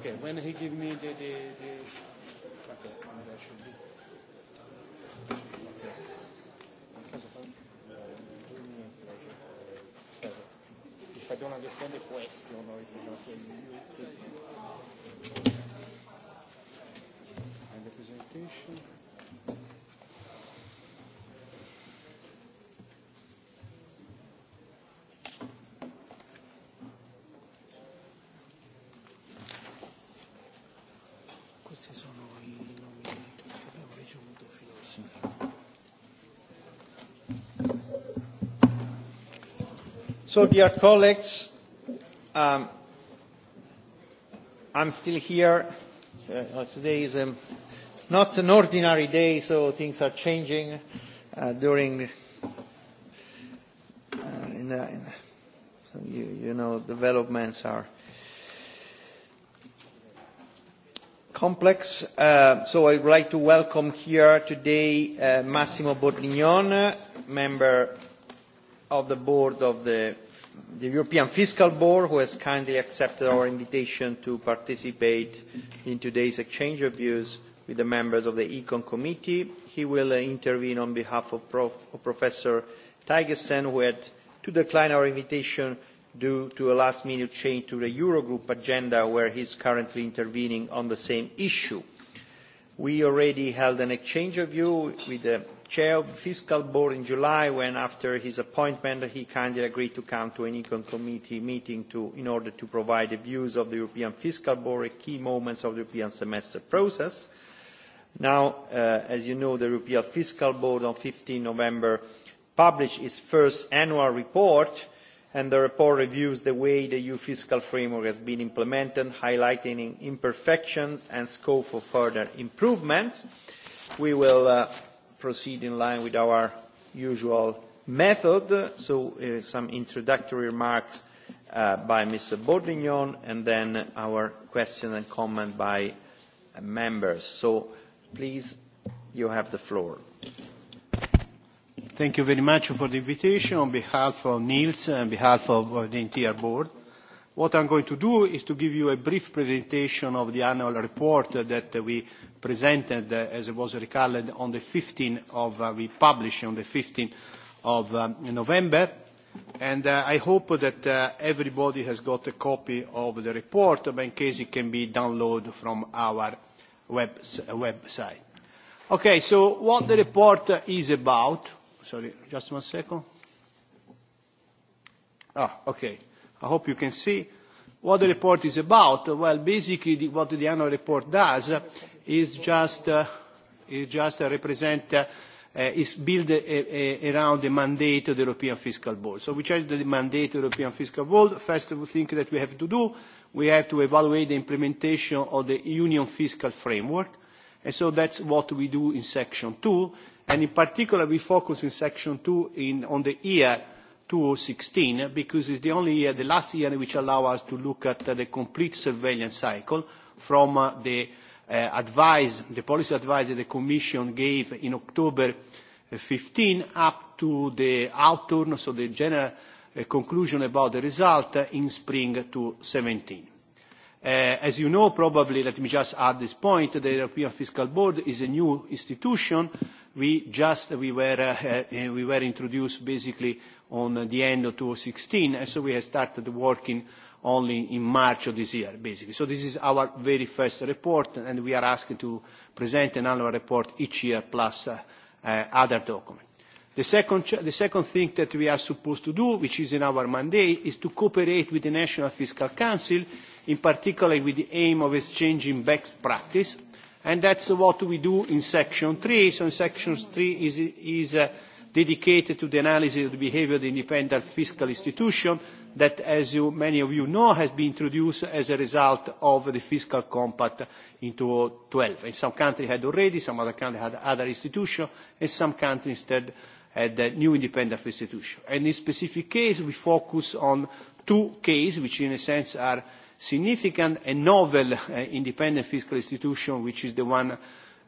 Okay, when he give me the, the, the okay, that should be. Okay. If I don't understand the question or if you don't understand the presentation. So, dear colleagues, um, I'm still here. Uh, today is a, um, not an ordinary day, so things are changing uh, during. Uh, in the, in, so you, you know, developments are complex. Uh, so, I'd like to welcome here today uh, Massimo Bordignone, member of the board of the, the European Fiscal Board, who has kindly accepted our invitation to participate in today's exchange of views with the members of the Econ Committee. He will uh, intervene on behalf of, Prof, of Professor Tigesen, who had to decline our invitation due to a last-minute change to the Eurogroup agenda, where he's currently intervening on the same issue. We already held an exchange of view with the chair of the fiscal board in July when after his appointment he kindly agreed to come to an econ committee meeting to, in order to provide the views of the European fiscal board at key moments of the European semester process. Now, uh, as you know, the European fiscal board on 15 November published its first annual report and the report reviews the way the EU fiscal framework has been implemented, highlighting imperfections and scope for further improvements. We will uh, proceed in line with our usual method. So uh, some introductory remarks uh, by Mr. Bourguignon, and then our question and comment by members. So please, you have the floor. Thank you very much for the invitation. On behalf of Nils and on behalf of uh, the entire board, What I'm going to do is to give you a brief presentation of the annual report that we presented, uh, as it was recalled, on the 15th of, uh, we published on the 15th of um, November. Uh, I hope that everybody has got a copy of the report, but in case it can be downloaded from our website. Okay, so what the report is about. Sorry, just one second. Ah, okay. I hope you can see what the report is about. Well, basically, the, what the annual report does is just, uh, is just uh, represent, uh, is build a, a, around the mandate of the European Fiscal Board. So we charge the mandate of the European Fiscal Board. First of all, thing that we have to do, we have to evaluate the implementation of the Union Fiscal Framework. And so that's what we do in Section 2. And in particular, we focus in Section 2 in, on the year 2016 because it's the only year, the last year which allow us to look at the complete surveillance cycle from uh, the uh, advice, the policy advice that the Commission gave in October 2015 uh, up to the outturn, so the general conclusion about the result in spring 2017. As you know, probably, let me just add this point, the European Fiscal Board is a new institution. We were introduced basically on the end of 2016, so we have started working only in March of this year, basically. This is our very first report, and we are asking to present an annual report each year, plus uh, uh, other document. The second thing that we are supposed to do, which is in our mandate, is to cooperate with the National Fiscal Council, in particular with the aim of exchanging best practice, and that's what we do in Section 3. Section 3 is uh, dedicated to the analysis of the behaviour of the independent fiscal institution that, as you, many of you know, has been introduced as a result of the fiscal compact in 2012. And some countries had already, some other countries had other institutions, and some countries instead had a new independent institution. And in specific case, we focus on two cases, which in a sense are significant and novel uh, independent fiscal institution, which is the one uh,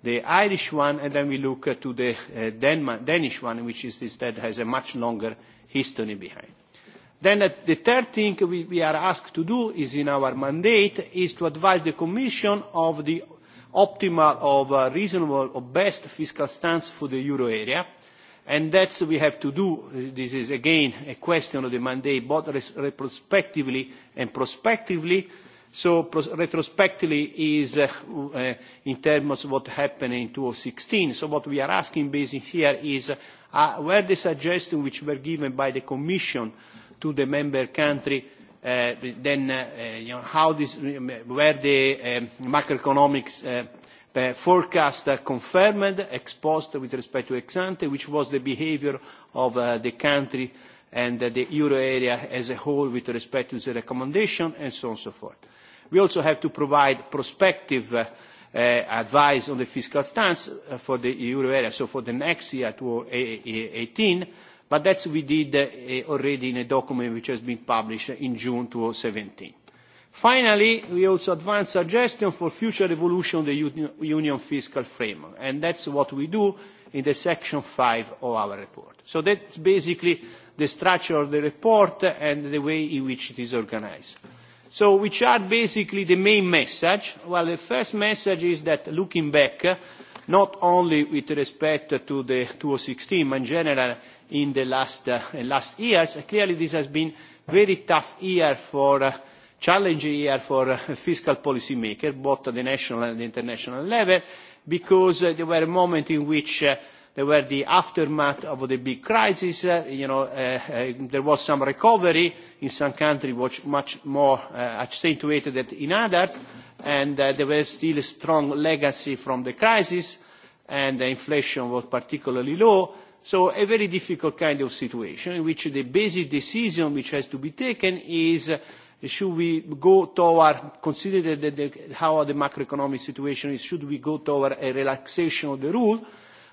the Irish one, and then we look to the uh, Danish one, which instead has a much longer history behind. Then uh, the third thing we are asked to do is in our mandate is to advise the Commission of the optimal of uh, reasonable or best fiscal stance for the euro area. And that's what we have to do. This is, again, a question of the mandate, both retrospectively and prospectively. Retrospectively is uh, uh, in terms of what happened in 2016. What we are asking basically here is, uh, were the suggestions which were given by the commission to the member country, then um, were the um, macroeconomics forecast confirmed, exposed with respect to ex-ante, which was the behavior of the country and the euro area as a whole with respect to the recommendation, and so on and so forth. We also have to provide prospective uh, uh advice on the fiscal stance uh, for the euro area, so for the next year, 2018, e, e, but that's what we did uh, e, already in a document which has been published in June 2017. Finally, we also advance suggestions for future evolution of the Union fiscal framework, and that's what we do in the Section 5 of our report. So that's basically the structure of the report and the way in which it is organized. So which are basically the main message? Well, the first message is that looking back, not only with respect to the 2016, but in general in the uh, last years, clearly this has been very tough year for uh, challenging year for uh, fiscal policy maker, both at the national and international level, because there were a moment in which There were the aftermath of the big crisis. Uh, you know, uh, uh, there was some recovery in some countries, which much more uh, accentuated than in others, and uh, there was still a strong legacy from the crisis, and the inflation was particularly low. So a very difficult kind of situation in which the basic decision which has to be taken is uh, should we go toward, consider the, the, how the macroeconomic situation is, should we go toward a relaxation of the rule, uh,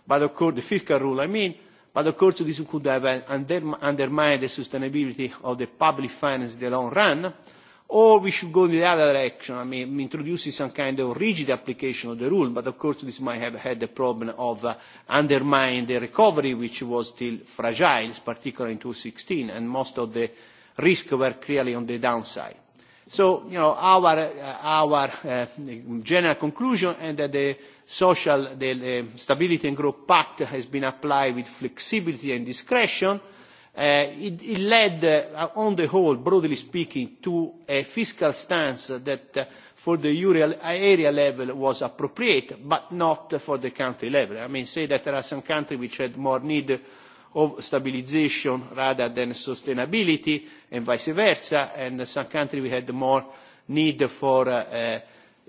by the court the fiscal rule i mean but of course this could have under, undermined the sustainability of the public finance in the long run or we should go in the other direction i mean introducing some kind of rigid application of the rule but of course this might have had the problem of uh, undermining the recovery which was still fragile particularly in 2016 and most of the risks were clearly on the downside Our uh, uh, general conclusion is that the social stability and growth pact has been applied with flexibility and discretion. Uh, it led, on the whole, broadly speaking, to a fiscal stance that for the euro area level was appropriate, but not for the country level. I mean, say that there are some countries which had more need of stabilization rather than sustainability and vice versa. And some countries we had more need for uh, uh,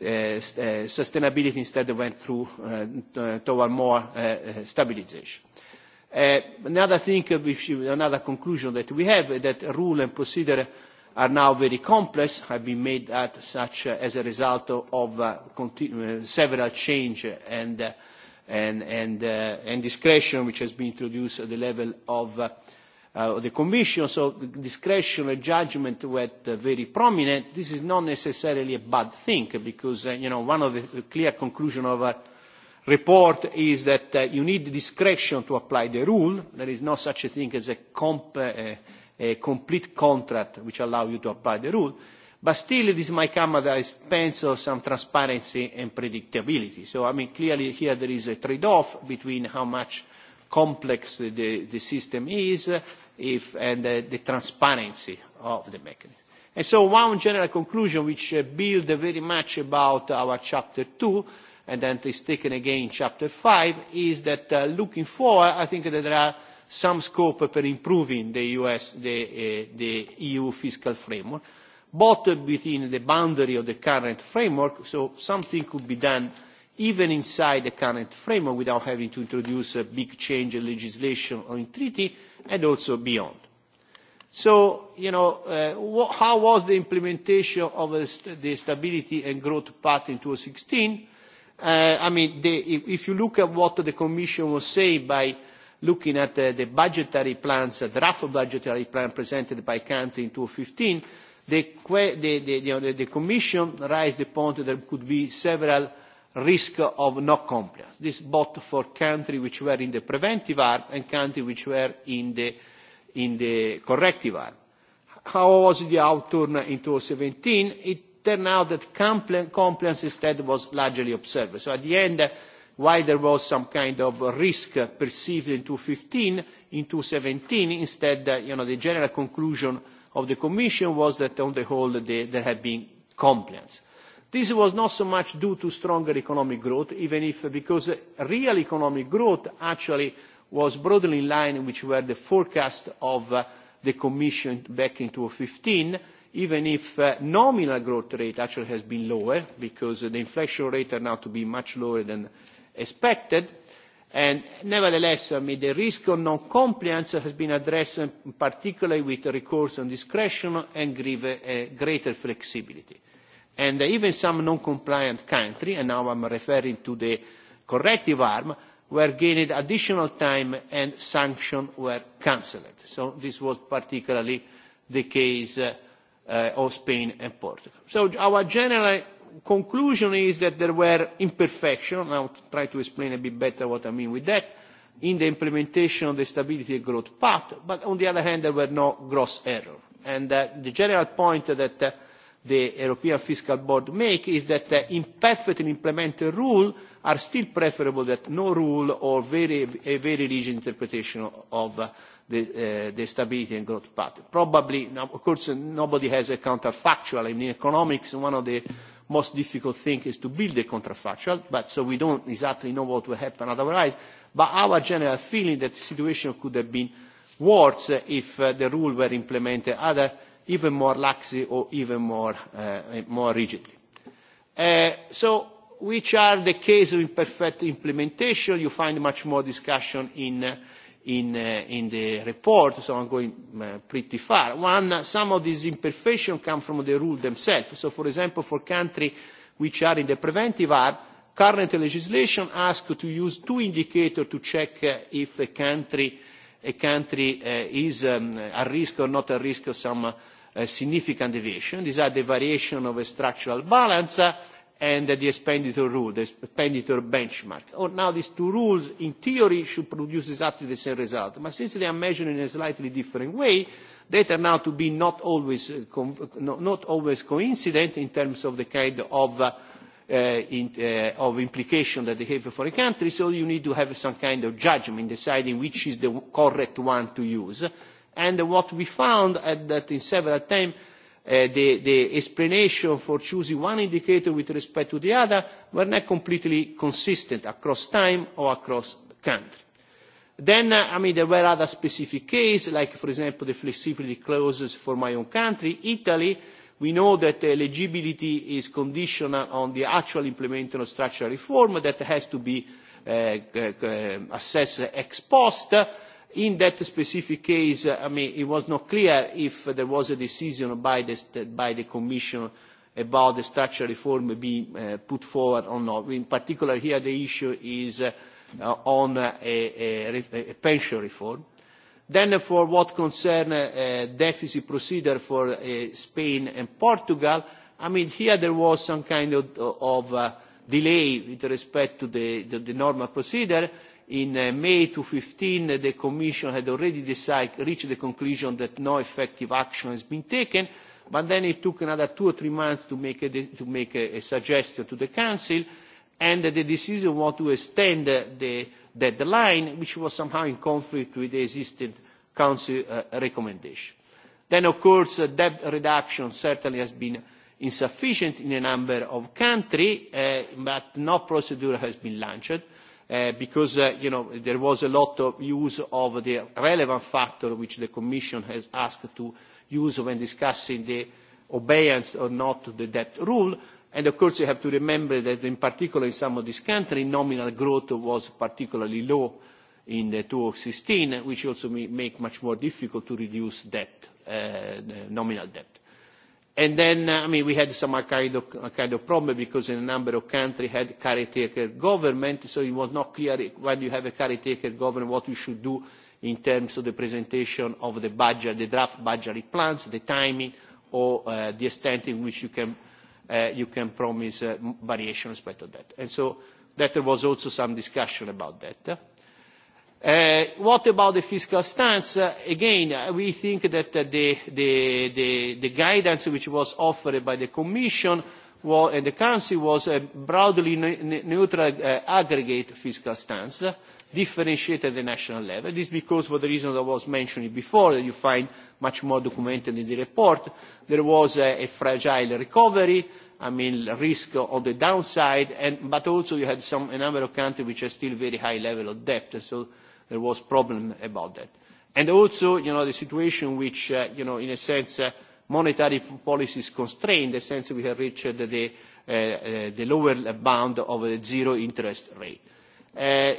uh, sustainability instead of went through uh, uh toward more uh, uh, stabilization. Uh, another thing, uh, another conclusion that we have is that rule and procedure are now very complex, have been made at such uh, as a result of uh, uh, several changes and uh, and, and, uh, and discretion which has been introduced at the level of uh, uh, the Commission. So the discretion and judgment were uh, very prominent. This is not necessarily a bad thing because, uh, you know, one of the clear conclusions of our report is that uh, you need discretion to apply the rule. There is no such a thing as a, comp- uh, a complete contract which allows you to apply the rule. But still, this might come at the expense of some transparency and predictability. So, I mean, clearly here there is a trade-off between how much complex the, the system is uh, if, and the, the transparency of the mechanism. And so one general conclusion, which uh, builds very much about our chapter two, and then is taken again in chapter five, is that uh, looking forward, I think that there are some scope for improving the, US, the, uh, the EU fiscal framework both within the boundary of the current framework, so something could be done even inside the current framework without having to introduce a big change in legislation or in treaty, and also beyond. So, you know, uh, wh how was the implementation of the, st the stability and growth path in 2016? Uh, I mean, the, if, if you look at what the Commission was saying by looking at uh, the budgetary plans, the draft budgetary plan presented by country in 2015, the, the, the, the, you know, the, the Commission raised the point that there could be several risks of non-compliance. This both for countries which were in the preventive arm and countries which were in the, in the corrective arm. How was the outturn in 2017? It turned out that compliance instead was largely observed. So at the end, while there was some kind of risk perceived in 2015, in 2017, instead, you know, the general conclusion uh, of the Commission was that on the whole they, there had been compliance. This was not so much due to stronger economic growth, even if because real economic growth actually was broadly in line with were the forecast of uh, the Commission back in 2015, even if uh, nominal growth rate actually has been lower because the inflation rate are now to be much lower than expected and nevertheless the risk of non compliance has been addressed in particular with recourse on discretion and given uh, greater flexibility and even some non compliant countries and now i am referring to the corrective arm were given additional time and sanctions were cancelled so this was particularly the case uh, uh, of spain and portugal. so our general conclusion is that there were imperfections, and I'll try to explain a bit better what I mean with that, in the implementation of the stability and growth path, but on the other hand, there were no gross errors. And uh, the general point that uh, the European Fiscal Board make is that uh, imperfectly implemented rules are still preferable than no rule or very, a very rigid interpretation of uh, the, uh, the stability and growth path. Probably, now, of course, nobody has a counterfactual. I mean, economics, one of the most difficult thing is to build a counterfactual, but so we don't exactly know what will happen otherwise. But our general feeling that the situation could have been worse uh, if uh, the rule were implemented either even more laxly or even more, uh, eh, more rigidly. Uh, so which are the cases of imperfect implementation? You find much more discussion in uh, in, uh, in the report, so I'm going uh, pretty far. One, some of these imperfections come from the rule themselves. So, for example, for countries which are in the preventive arm, current legislation asks to use two indicators to check uh, if a country, a country uh, is um, at risk or not at risk of some uh, significant deviation. These are the variation of a structural balance. Uh, and the expenditure rule, the expenditure benchmark. Oh, now these two rules, in theory, should produce exactly the same result. But since they are measured in a slightly different way, they turn out to be not always, uh, no, not always coincident in terms of the kind of, uh, uh, in, uh, of implication that they have for a country, so you need to have some kind of judgment deciding which is the correct one to use. And what we found at that in several attempts Eh, the explanation for choosing one indicator with respect to the other were not completely consistent across time or across country. then uh, there were other specific cases like for example the flexibility clauses for my own country italy. we know that eligibility is conditional on the actual implementation of structural reform that has to be uh, um, assessed ex post in that specific case it was not clear if there was a decision by the commission about the structural reform being uh, put forward or not. in particular here the issue is uh, on a pension reform. then for what concerns the uh, deficit procedure for spain and portugal here there was some kind of delay with respect to the normal procedure in eh, may two thousand and fifteen eh, the commission had already reached the conclusion that no effective action has been taken but then it took another two or three months to make a suggestion to the council and the decision was to extend eh, the deadline which was somehow in conflict with the existing council recommendation. then of course debt reduction certainly has been insufficient in a number of countries but no procedure has been launched. Uh, because uh, you know there was a lot of use of the relevant factor which the commission has asked to use when discussing the obeyance or not of the debt rule and of course you have to remember that in particular in some of these countries nominal growth was particularly low in the 2016 which also may make much more difficult to reduce debt uh, nominal debt Uh, I mean, we had some kind of problem because in a number of country had caretaker government, so it was not clear when you have a caretaker government, what you should do in terms of the presentation of the budget, the draft budgetary plans, the timing or uh, the extent in which you can uh, promise variation respect to that. That there was also some discussion about that. Uh, what about the fiscal stance? Uh, again, uh, we think that the guidance which was offered by the Commission and the Council was a broadly neutral aggregate fiscal stance, differentiated at the national level. This is because for the reason I was mentioning before, you find much more documented in the report, there was a fragile recovery, I mean, risk on the downside, but also you had a number of countries which are still very high level of debt. So there was problem about that. And also, you know, the situation which, uh, you know, in a sense, uh, monetary policy is constrained, in the sense we have reached the, uh, uh, the lower bound of the zero interest rate. Uh,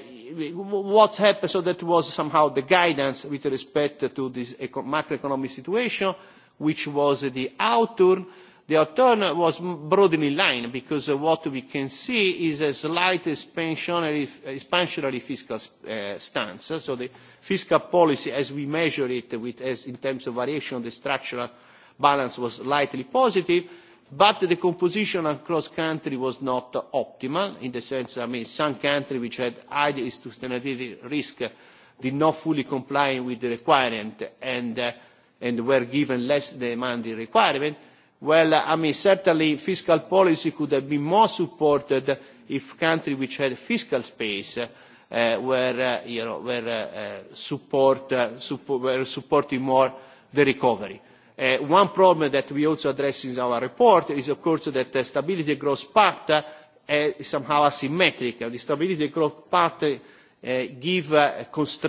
what happened, so that was somehow the guidance with respect to this macroeconomic situation, which was the outturn. The upturn was broadly in line because what we can see is a slight expansionary fiscal eh, stance. So the fiscal policy, as we measure it with, as in terms of variation, the structural balance was slightly positive, but the composition across country was not optimal in the sense, I mean, some country which had high sustainability risk did not fully comply with the requirement and, eh, and were given less demanding requirement well i mean certainly fiscal policy could have been more supported if countries which had fiscal space were supporting more the recovery. Uh, one problem that we also address in our report is of course that the stability and growth pact uh, is somehow asymmetric. the stability and growth pact uh, gives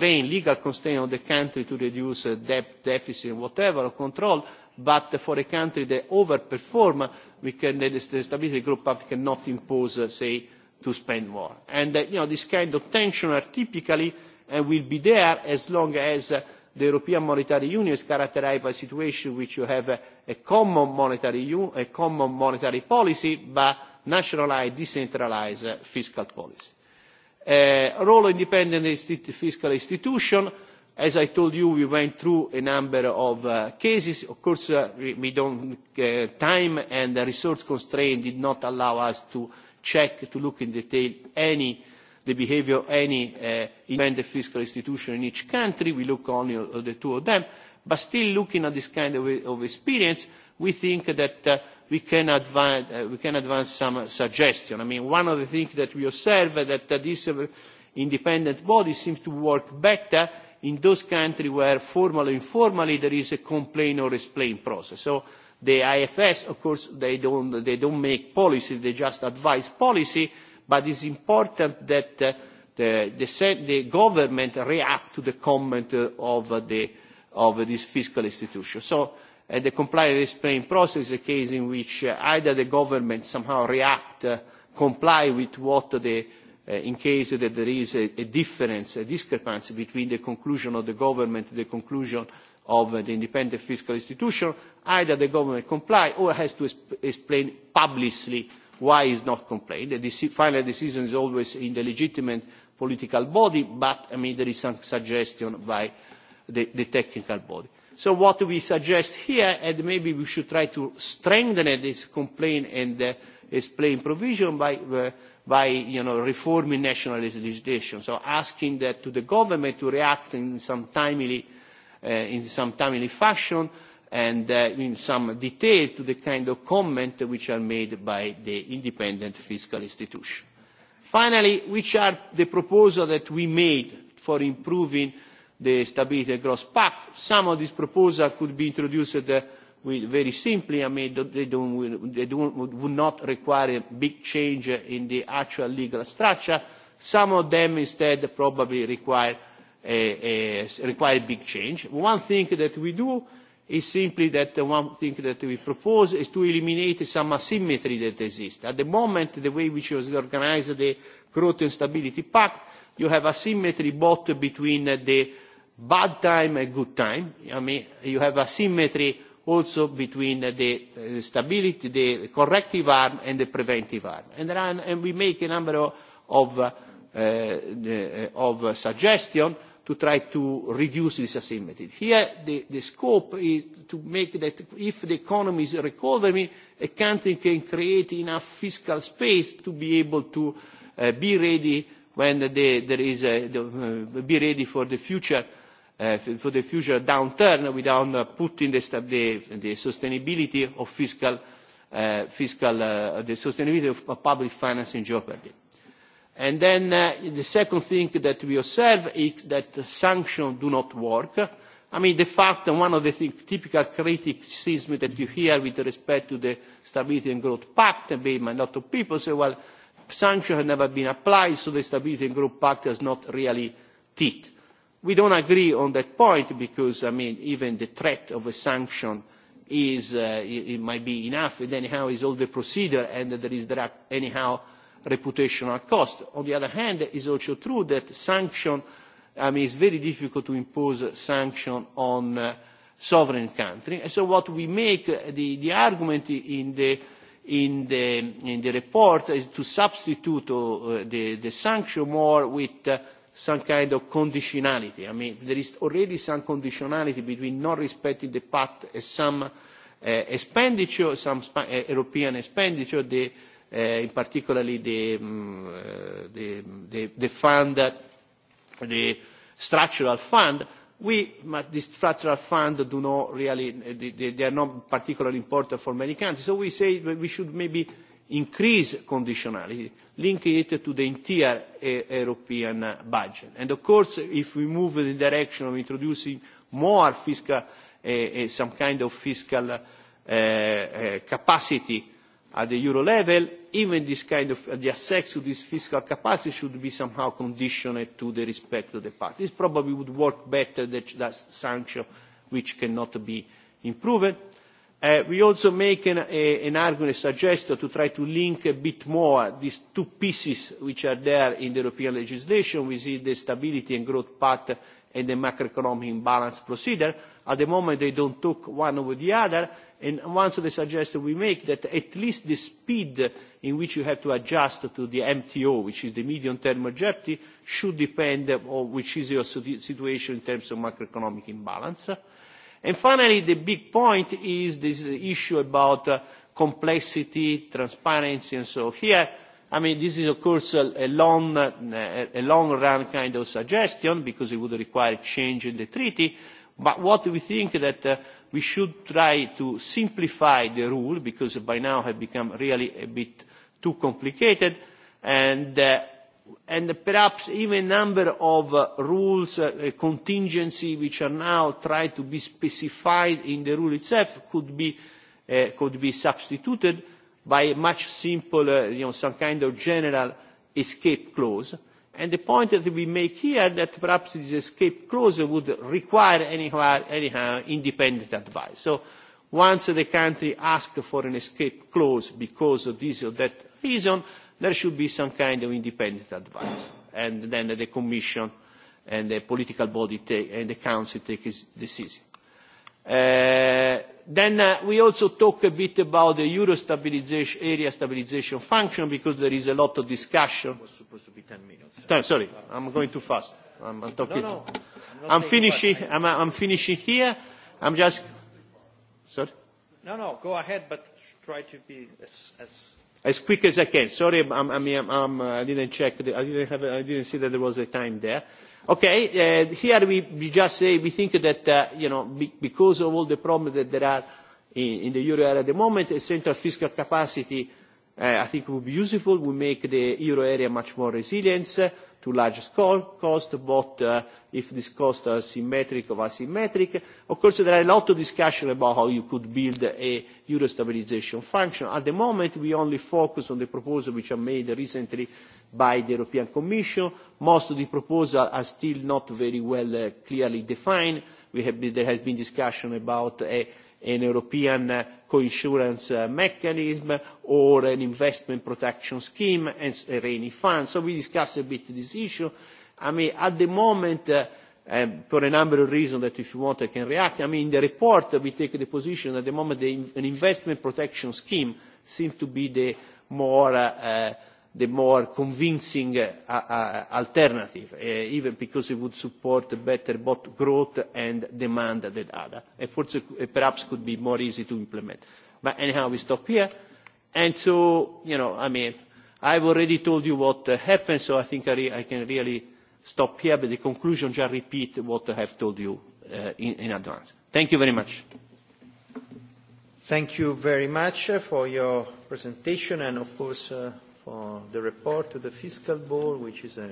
legal constraints on the country to reduce debt deficit whatever or control but for a country that overperform, we can, the stability group party cannot impose, uh, say, to spend more. And uh, you know, this kind of tension are typically and uh, will be there as long as uh, the European Monetary Union is characterized by a situation which you have uh, a common monetary a common monetary policy, but nationalized, decentralized uh, fiscal policy. Uh, role independent fiscal institution as i told you we went through a number of uh, cases. of course uh, uh, time and resource constraints did not allow us to check to look in detail at the behaviour of any independent fiscal institution in each country we look only at the two of them but still looking at this kind of experience we think that we can advance some suggestions. i mean one of the things that we observe is that this independent body seems to work better in those countries where formally or informally there is a complaint or explain process. So the IFS, of course, they don't, they don't make policy, they just advise policy, but it's important that uh, the, the, the government react to the comment uh, of, uh, the, of uh, this fiscal institution. So uh, the compliant explain process is a case in which uh, either the government somehow react, uh, comply with what the, uh, Eh, in case that there is a, a difference, a discrepancy between the conclusion of the government and the conclusion of uh, the independent fiscal institution, either the government complies or has to explain publicly why it's not complying. The dec final decision is always in the legitimate political body, but I mean, there is some suggestion by the, the technical body. So what we suggest here, and maybe we should try to strengthen this complaint and uh, explain provision by uh, by you know, reforming national legislation. So asking that to the government to react in some timely, uh, in some timely fashion and uh, in some detail to the kind of comment which are made by the independent fiscal institution. Finally, which are the proposals that we made for improving the stability of the gross pact? Some of these proposals could be introduced uh, very simply i mean they would not require a big change in the actual legal structure some of them instead probably require a big change. one thing that we do is simply that the one thing that we propose is to eliminate some asymmetry that exists. at the moment the way which was organised the growth and stability pact you have asymmetry both between the bad time and good time. i mean you have asymmetry also between the stability, the corrective arm and the preventive arm. And, there are, and we make a number of, of, uh, uh, of suggestions to try to reduce this asymmetry. Here the, the scope is to make that if the economy is recovering, a country can create enough fiscal space to be able to uh, be ready when the, there is a, the, uh, be ready for the future for uh, the future downturn without uh, putting the, the, the sustainability of fiscal, uh, fiscal uh, the sustainability of public finance in jeopardy. And then uh, the second thing that we observe is that sanctions do not work. I mean, the fact, and one of the thing, typical criticism that you hear with respect to the Stability and Growth Pact, and a lot of people say, well, sanctions have never been applied, so the Stability and Growth Pact has not really ticked we don't agree on that point because I mean even the threat of a sanction is uh, it, it might be enough and anyhow is all the procedure and there is that anyhow reputational cost. On the other hand, it is also true that sanction I mean it's very difficult to impose sanction on uh, sovereign country. And so what we make uh, the, the argument in the in the in the report is to substitute uh, the, the sanction more with uh, some kind of conditionality. I mean, there is already some conditionality between not respecting the pact and some uh, expenditure, some sp uh, European expenditure, the, uh, in particularly the, um, uh, the, the, the fund, that, the structural fund. We, but this structural fund do not really, they, they are not particularly important for many countries. So we say that we should maybe increase conditionality linked to the entire eh, European budget. And of course, if we move in the direction of introducing more fiscal, uh, uh, some kind of fiscal uh, uh, capacity at the euro level, even this kind of, uh, the access to this fiscal capacity should be somehow conditioned to the respect of the part. This probably would work better than that sanction which cannot be improved. Eh, we also make an, a, an argument, a suggestion to try to link a bit more these two pieces which are there in the European legislation. We see the stability and growth path and the macroeconomic imbalance procedure. At the moment, they don't talk one over the other. And one of the suggestions we make that at least the speed in which you have to adjust to the MTO, which is the medium-term objective, should depend on which is your situation in terms of macroeconomic imbalance. Finally, the big point is this issue about uh, complexity, transparency, and so here, I mean, this is of course a long-run uh, kind of suggestion because it would require change in the treaty. What we think that uh, we should try to simplify the rule because by now have become really a bit too complicated and and perhaps even a number of uh, rules, uh, contingency which are now tried to be specified in the rule itself could be, uh, could be substituted by a much simpler, uh, you know, some kind of general escape clause. And the point that we make here that perhaps this escape clause would require anyhow, anyhow independent advice. So once the country asks for an escape clause because of this or that reason, there should be some kind of independent advice. And then the Commission and the political body take, and the Council take this decision. Uh, then uh, we also talk a bit about the Euro stabilization, area stabilization function because there is a lot of discussion. Was supposed to be 10 minutes. Sir. Sorry, I'm going too fast. I'm, I'm no, talking. No, no. I'm, I'm finishing. I'm, I'm finishing here. I'm just. Sorry. No, no. Go ahead, but try to be as. as as quick as I can. Sorry, I'm, I'm, I'm, I'm, uh, I didn't check. The, I, didn't have, I didn't see that there was a time there. Okay, uh, here we, we just say we think that, uh, you know, be, because of all the problems that there are in, in the euro area at the moment, a central fiscal capacity, uh, I think, would be useful. We make the euro area much more resilient. Uh, to largest co cost, but uh, if this cost are symmetric or asymmetric. Of course, there are a lot of discussion about how you could build a euro stabilization function. At the moment, we only focus on the proposals which are made recently by the European Commission. Most of the proposals are still not very well uh, clearly defined. We have been, there has been discussion about a uh, an european coinsurance uh, mechanism or an investment protection scheme and a rainy fund. so we discussed a bit this issue. i mean at the moment uh, for a number of reasons that if you want i can react i mean in the report we take the position at the moment an investment protection scheme seems to be the more uh, the more convincing uh, uh, uh, alternative, uh, even because it would support better both growth and demand of the data. And for, uh, perhaps could be more easy to implement. But anyhow, we stop here. And so, you know, I mean, I've already told you what uh, happened, so I think I, re- I can really stop here, but the conclusion, just repeat what I have told you uh, in, in advance. Thank you very much. Thank you very much for your presentation and, of course, uh, for the report to the fiscal board, which is a,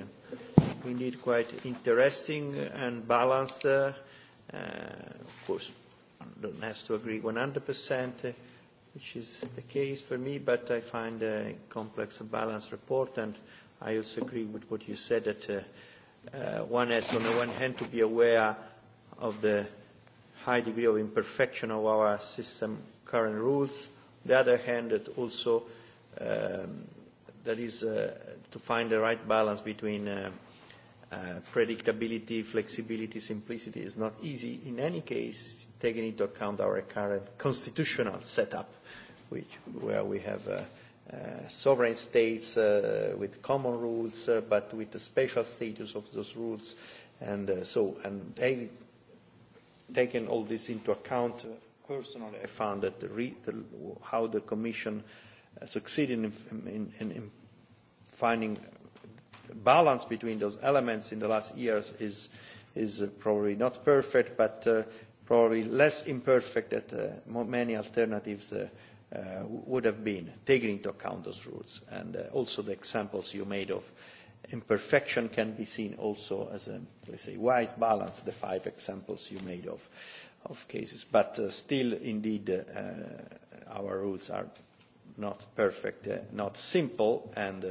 indeed quite interesting and balanced. Uh, of course, one doesn't have to agree 100%, uh, which is the case for me, but I find a complex and balanced report, and I also agree with what you said, that uh, uh, one has, on the one hand, to be aware of the high degree of imperfection of our system current rules. On the other hand, that also um, that is uh, to find the right balance between uh, uh, predictability, flexibility, simplicity is not easy in any case, taking into account our current constitutional setup, which, where we have uh, uh, sovereign states uh, with common rules, uh, but with the special status of those rules. And uh, so, and I, taking all this into account, uh, personally, I found that the re- the, how the Commission uh, Uh, succeeding in, in, in, in finding balance between those elements in the last years is, is probably not perfect, but uh, probably less imperfect than uh, many alternatives uh, uh, would have been, taking into account those rules. And uh, also the examples you made of imperfection can be seen also as a, let's say, wise balance, the five examples you made of, of cases. But uh, still, indeed, uh, our rules are not perfect, uh, not simple, and uh,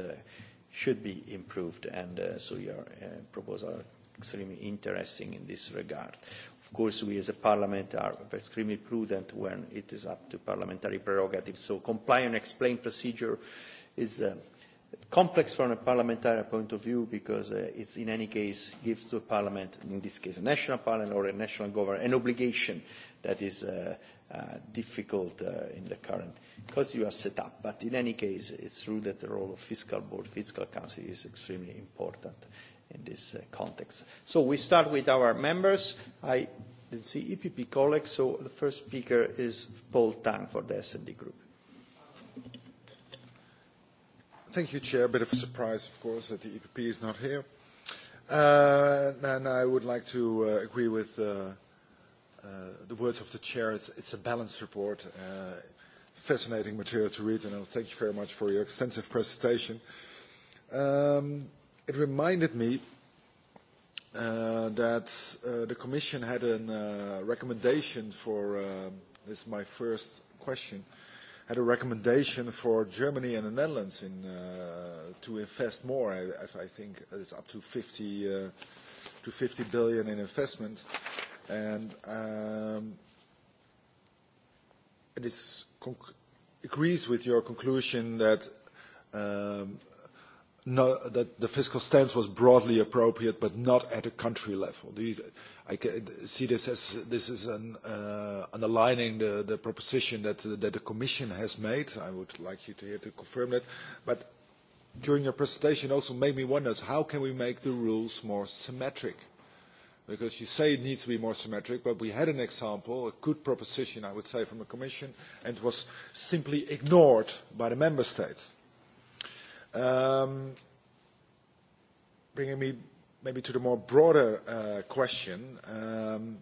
should be improved. And uh, so your uh, proposals are extremely interesting in this regard. Of course, we as a parliament are extremely prudent when it is up to parliamentary prerogatives. So comply and explain procedure is uh, complex from a parliamentary point of view because uh, it's in any case gives to a parliament, in this case a national parliament or a national government, an obligation that is uh, Uh, difficult uh, in the current because you are set up. But in any case, it's true that the role of fiscal board, fiscal council is extremely important in this uh, context. So we start with our members. I didn't see EPP colleagues. So the first speaker is Paul Tang for the SD group. Thank you, Chair. A bit of a surprise, of course, that the EPP is not here. Uh, and I would like to uh, agree with uh, Uh, the words of the chair. It's, it's a balanced report. Uh, fascinating material to read, and I'll thank you very much for your extensive presentation. Um, it reminded me uh, that uh, the Commission had a uh, recommendation for uh, – this is my first question – had a recommendation for Germany and the Netherlands in, uh, to invest more. I, I think it's up to 50, uh, to 50 billion in investment and um, this conc- agrees with your conclusion that um, no, that the fiscal stance was broadly appropriate, but not at a country level. Do you, I see this as this is an, uh, underlining the, the proposition that the, that the Commission has made. I would like you to hear to confirm that. But during your presentation, also made me wonder: how can we make the rules more symmetric? Uh, because you say it needs to be more symmetric, but we had an example, a good proposition, I would say, from the Commission, and it was simply ignored by the Member States. Um, bringing me maybe to the more broader uh, question, um,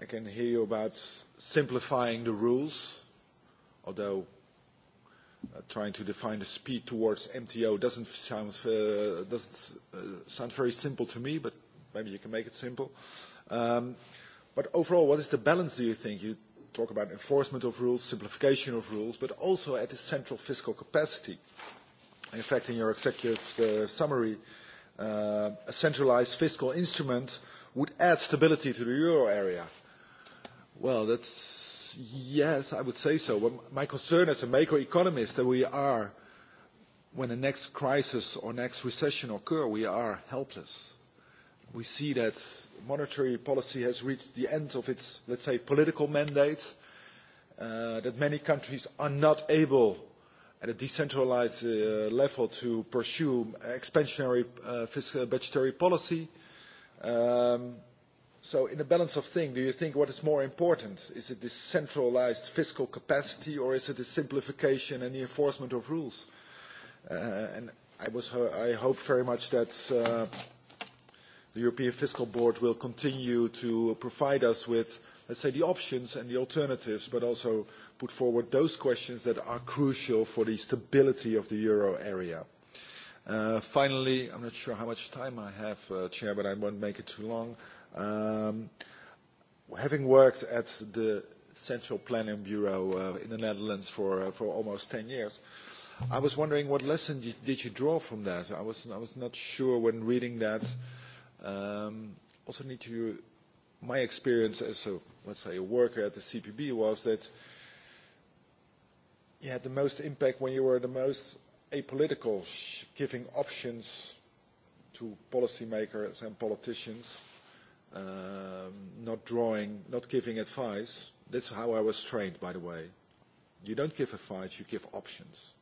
I can hear you about simplifying the rules, although uh, trying to define the speed towards MTO doesn't sound, uh, doesn't, uh, sound very simple to me, but maybe you can make it simple. Um, but overall, what is the balance, do you think? You talk about enforcement of rules, simplification of rules, but also at the central fiscal capacity. In fact, in your executive uh, summary, uh, a centralized fiscal instrument would add stability to the euro area. Well, that's, yes, I would say so. Well, my concern as a macroeconomist that we are, when the next crisis or next recession occur, we are helpless we see that monetary policy has reached the end of its, let's say, political mandate, uh, that many countries are not able at a decentralized uh, level to pursue expansionary uh, fiscal budgetary policy. Um, so in the balance of things, do you think what is more important? Is it this centralized fiscal capacity or is it the simplification and the enforcement of rules? Uh, and I, was, I hope very much that uh, the European Fiscal Board will continue to provide us with, let's say, the options and the alternatives, but also put forward those questions that are crucial for the stability of the euro area. Uh, finally, I'm not sure how much time I have, uh, Chair, but I won't make it too long. Um, having worked at the Central Planning Bureau uh, in the Netherlands for, uh, for almost 10 years, I was wondering what lesson did you draw from that? I was, I was not sure when reading that. Mm -hmm. Um, also need to, my experience as a, let's say, a worker at the CPB was that you had the most impact when you were the most apolitical, sh giving options to policymakers and politicians, um, not drawing, not giving advice. That's how I was trained, by the way. You don't give advice, you give options.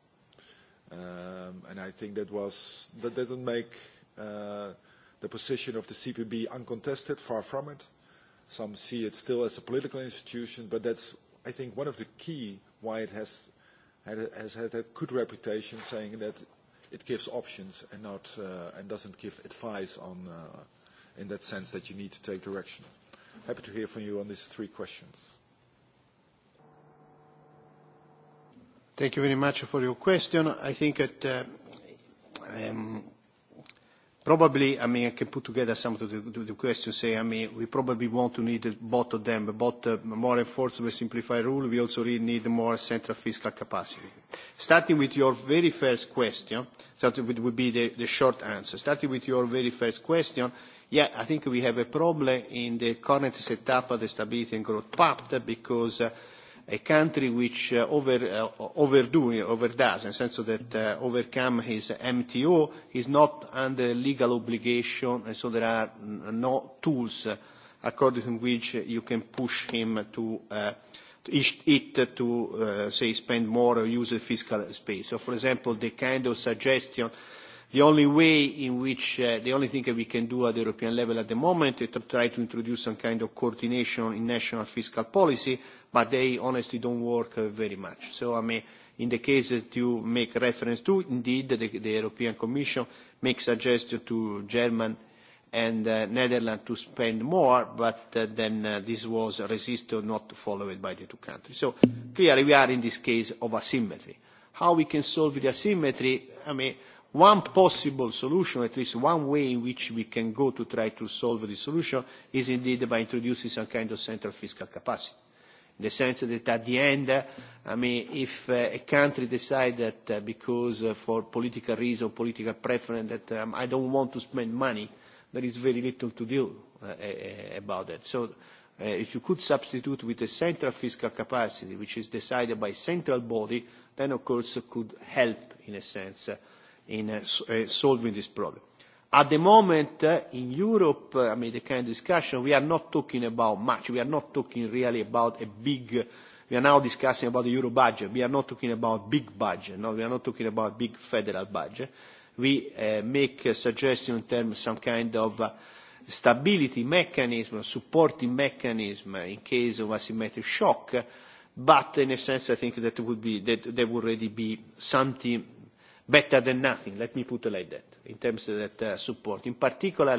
Um, and I think that was, that didn't make, uh, the position of the CPB uncontested, far from it. Some see it still as a political institution, but that's, I think, one of the key why it has had a, has had a good reputation, saying that it gives options and not uh, and doesn't give advice on, uh, in that sense, that you need to take direction. Happy to hear from you on these three questions. Thank you very much for your question. I think that. Uh, um, Probably, I mean, I can put together some of the questions, say, I mean, we probably want to need both of them, both uh, more enforceable, simplified rule. We also really need more central fiscal capacity. Starting with your very first question, that would be the short answer. Starting with your very first question, yeah, I think we have a problem in the current setup of the Stability and Growth Pact because uh, a country which uh, over, uh, overdo, overdoes, in the sense that uh, overcome his MTO, is not under legal obligation, and so there are no tools uh, according to which you can push him to, uh, to it to, uh, say, spend more or use the fiscal space. So, for example, the kind of suggestion the only way in which uh, the only thing that we can do at the European level at the moment is to try to introduce some kind of coordination in national fiscal policy, but they honestly don't work uh, very much. So, I mean, in the case that you make reference to, indeed, the, the European Commission makes suggestions to German and uh, Netherlands to spend more, but uh, then uh, this was resisted, not followed by the two countries. So, clearly, we are in this case of asymmetry. How we can solve the asymmetry, I mean, One possible solution, at least one way in which we can go to try to solve the solution, is indeed by introducing some kind of central fiscal capacity. In the sense that at the end, I mean, if uh, a country decides that uh, because uh, for political reason, political preference, that um, I don't want to spend money, there is very little to do uh, about that. So uh, if you could substitute with a central fiscal capacity, which is decided by central body, then of course it could help in a sense uh, in eh, eh, solving this problem. At the moment, eh, in Europe, I mean, the kind of discussion, we are not talking about much. We are not talking really about a big... We are now discussing about the Euro budget. We are not talking about big budget, no, we are not talking about big federal budget. We make a suggestion in terms of some kind of stability mechanism, supporting mechanism in case of asymmetric shock. But in a sense, I think that would be, that there would already be something better than nothing, let me put it like that, in terms of that uh, support. In particular,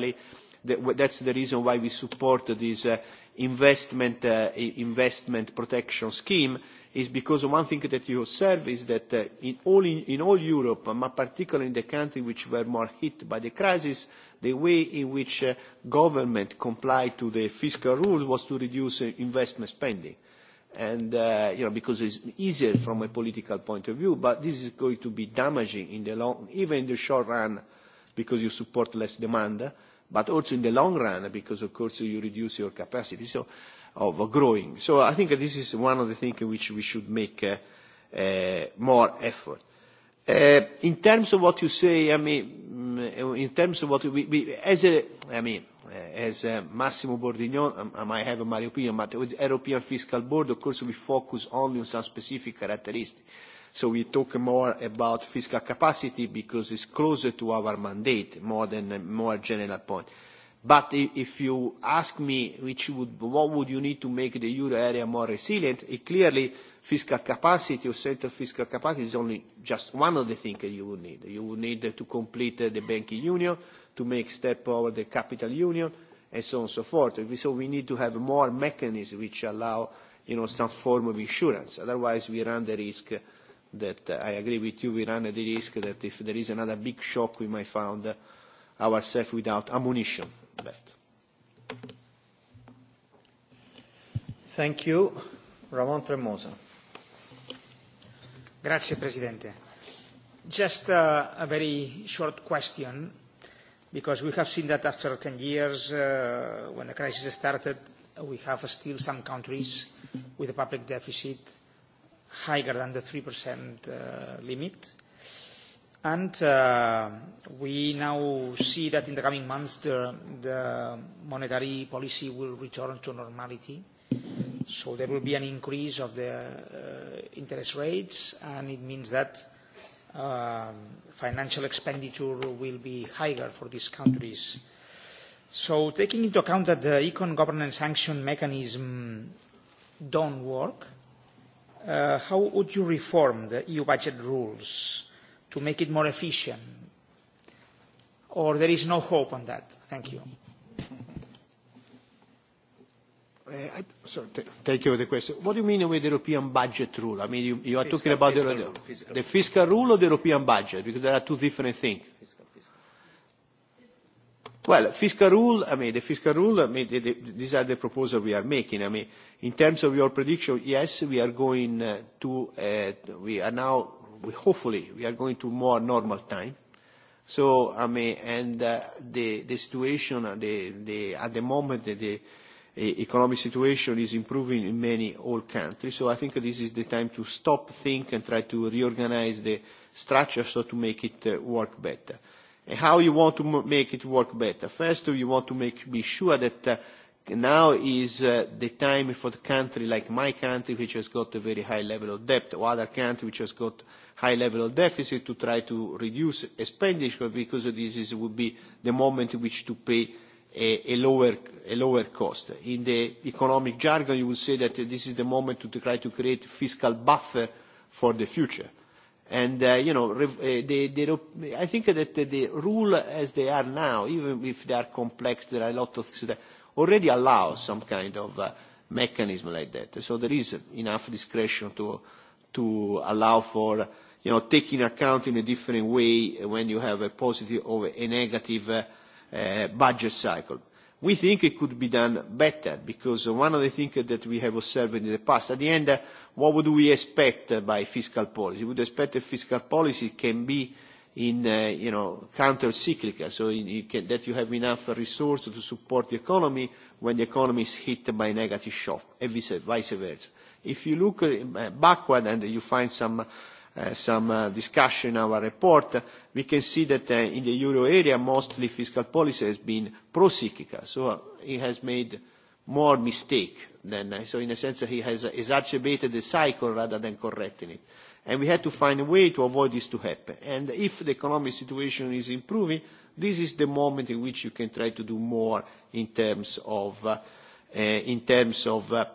that's the reason why we support this uh, investment, uh, investment protection scheme, is because one thing that you observe is that uh, in, all in, in all Europe, but particularly in the countries which were more hit by the crisis, the way in which uh, government complied to the fiscal rules was to reduce uh, investment spending and uh, you know because it's easier from a political point of view but this is going to be damaging in the long even in the short run because you support less demand but also in the long run because of course you reduce your capacity so of growing so i think this is one of the things which we should make uh, uh, more effort Uh, in terms of what you say, I mean, mm, in terms of what we, we as a, I mean, as a Massimo Bordignon, um, I might have my opinion, but with the European Fiscal Board, of course, we focus only on some specific characteristics. So we talk more about fiscal capacity because it's closer to our mandate more than a more general point. But if you ask me what would you need to make the euro area more resilient, clearly fiscal capacity or set of fiscal capacity is only just one of the things that you would need. You would need to complete the banking union, to make step over the capital union, and so on and so forth. We need to have more mechanisms which allow some form of insurance. Otherwise, we run the risk that, I agree with you, we run the risk that if there is another big shock, we might find ourselves without ammunition left. Thank you. Ramon Tremosa. Grazie, Presidente. Just uh, a very short question, because we have seen that after 10 years, uh, when the crisis started, we have still some countries with a public deficit higher than the 3% uh, limit. Uh, we now see that in the coming months, the monetary policy will return to normality. So there will be an increase of the uh, interest rates, and it means that um, financial expenditure will be higher for these countries. So taking into account that the ECOFIN governance sanction mechanism don't work, uh, how would you reform the EU budget rules? to make it more efficient? Or there is no hope on that? Thank you. Uh, I, sorry, t- thank you for the question. What do you mean with the European budget rule? I mean, you, you are fiscal, talking about fiscal the, rule, fiscal. the fiscal rule or the European budget? Because there are two different things. Fiscal, fiscal. Well, fiscal rule, I mean, the fiscal rule, I mean, the, the, these are the proposals we are making. I mean, in terms of your prediction, yes, we are going uh, to, uh, we are now we hopefully we are going to more normal time. So I mean, and uh, the the situation, uh, the the at the moment the, the e, economic situation is improving in many old countries. So I think this is the time to stop, think, and try to reorganize the structure so to make it uh, work better. And how you want to m- make it work better? First, you want to make be sure that. Uh, now is uh, the time for the country like my country, which has got a very high level of debt, or other country which has got high level of deficit to try to reduce expenditure because this is, would be the moment in which to pay a, a, lower, a lower cost. In the economic jargon, you would say that this is the moment to try to create fiscal buffer for the future. And, uh, you know, they, uh, they, I think that the, the rule as they are now, even if they are complex, there are a lot of things that already allow some kind of uh, mechanism like that. So there is enough discretion to, to allow for uh, you know, taking account in a different way when you have a positive or a negative uh, uh, budget cycle. We think it could be done better because one of the things that we have observed in the past, at the end, uh, what would we expect uh, by fiscal policy? We would expect a fiscal policy can be in, uh, you know, counter-cyclical, so in, you can, that you have enough resources to support the economy when the economy is hit by negative shock, and vice versa. If you look uh, backward and you find some uh, Uh, some uh, discussion in our report we can see that uh, in the euro area mostly fiscal policy has been pro-cyclical so it has made more mistake than so in a sense he has exacerbated the cycle rather than correcting it and we have to find a way to avoid this to happen and if the economic situation is improving this is the moment in which you can try to do more in terms of uh, in terms of uh,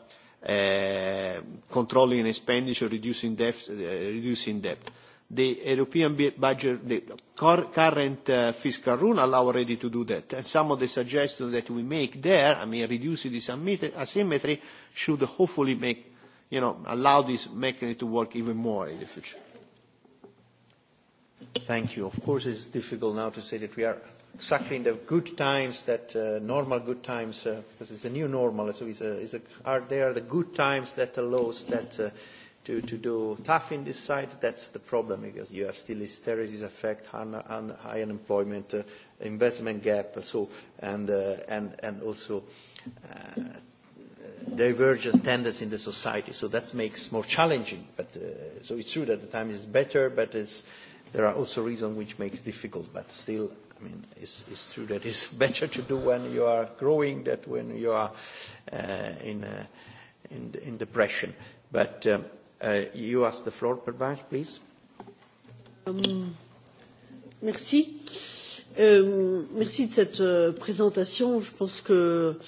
Eh, controlling expenditure, reducing debt, eh, reducing debt. The European budget, the current uh, fiscal rule allow already to do that. And some of the suggestions that we make there, I mean, reducing this asymmetry should hopefully make, you know, allow this mechanism to work even more in the future. Thank you. Of course, it's difficult now to say that we are exactly in the good times that uh, normal good times, uh, because it's a new normal. So it's a, it's a, are there the good times that allows that uh, to, to do tough in this side? That's the problem because you have still hysteresis effect, high unemployment, uh, investment gap, uh, so and uh, and and also. Uh, divergent tendency in the society, so that makes more challenging. But uh, so it's true that the time is better, but there are also reasons which make it difficult. But still, I mean, it's, it's true that it's better to do when you are growing than when you are uh, in, uh, in, in depression. But um, uh, you ask the floor, Pervage, please. Um, merci. Euh, merci de cette euh, présentation. Je pense que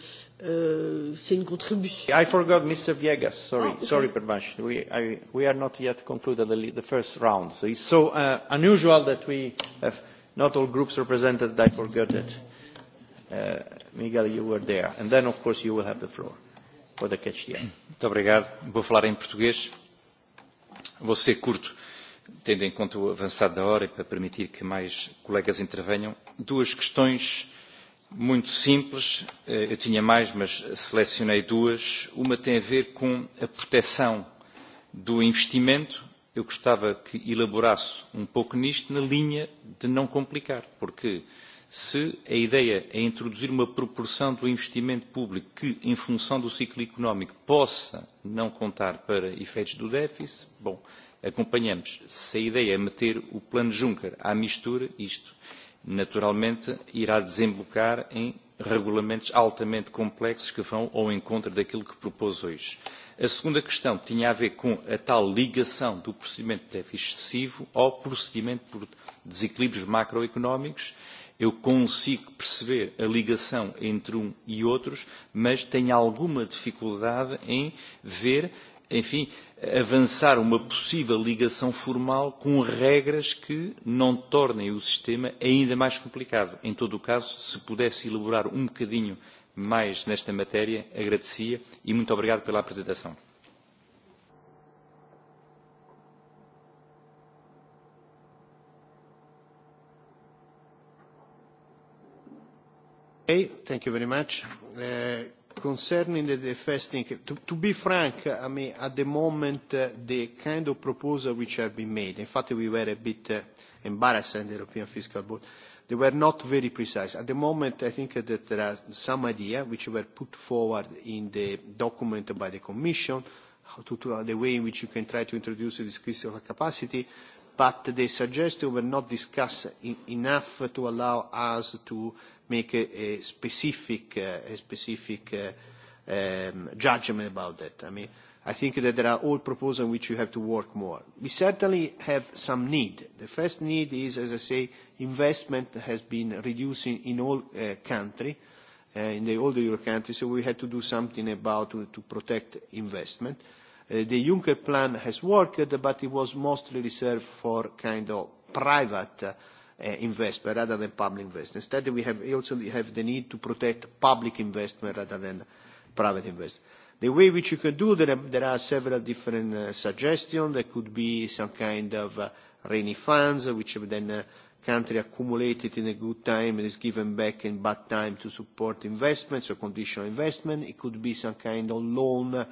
euh, c'est une contribution. I forgot Mr. Viegas. Sorry, ah, okay. sorry, Pervage. We, we are not yet concluded the, the first round. So it's so uh, unusual that we have not all groups represented i forgot it uh, miguel you were there and then of course you will have the floor for the catch the eye. obrigado vou falar em português vou ser curto tendo em conta o avançado da hora e para permitir que mais colegas intervenham duas questões muito simples eh, eu tinha mais mas selecionei duas uma tem a ver com a proteção do investimento eu gostava que elaborasse um pouco nisto na linha de não complicar, porque se a ideia é introduzir uma proporção do investimento público que, em função do ciclo económico, possa não contar para efeitos do déficit, bom, acompanhamos. Se a ideia é meter o plano Juncker à mistura, isto naturalmente irá desembocar em regulamentos altamente complexos que vão ao encontro daquilo que propôs hoje. A segunda questão tinha a ver com a tal ligação do procedimento de déficit excessivo ao procedimento por desequilíbrios macroeconómicos. Eu consigo perceber a ligação entre um e outros, mas tenho alguma dificuldade em ver, enfim, avançar uma possível ligação formal com regras que não tornem o sistema ainda mais complicado. Em todo o caso, se pudesse elaborar um bocadinho mais nesta matéria agradecia e muito obrigado pela apresentação. Okay, thank you very much. Uh, concerning the, the fasting, to, to be frank, I mean, at the moment, uh, the kind of proposal which have been made, in fact, we were a bit uh, embarrassed in the European Fiscal Board, uh, they were not very precise. At the moment, I think that there are some ideas which were put forward in the document by the Commission, how to, to, uh, the way in which you can try to introduce this critical capacity, but they suggested were not discussed in, enough to allow us to make a, a specific, uh, a specific uh, um, judgment about that. I mean, I think that there are all proposals in which you have to work more. We certainly have some need. The first need is, as I say, investment has been reducing in all uh, countries, uh, in the older Euro countries, so we had to do something about to, to protect investment. Uh, the Juncker plan has worked, but it was mostly reserved for kind of private uh, investment rather than public investment. Instead, we, have, we also have the need to protect public investment rather than private investment the way which you can do there are, there are several different uh, suggestions there could be some kind of uh, rainy funds which have then uh, country accumulated in a good time and is given back in bad time to support investments or conditional investment. It could be some kind of loan uh,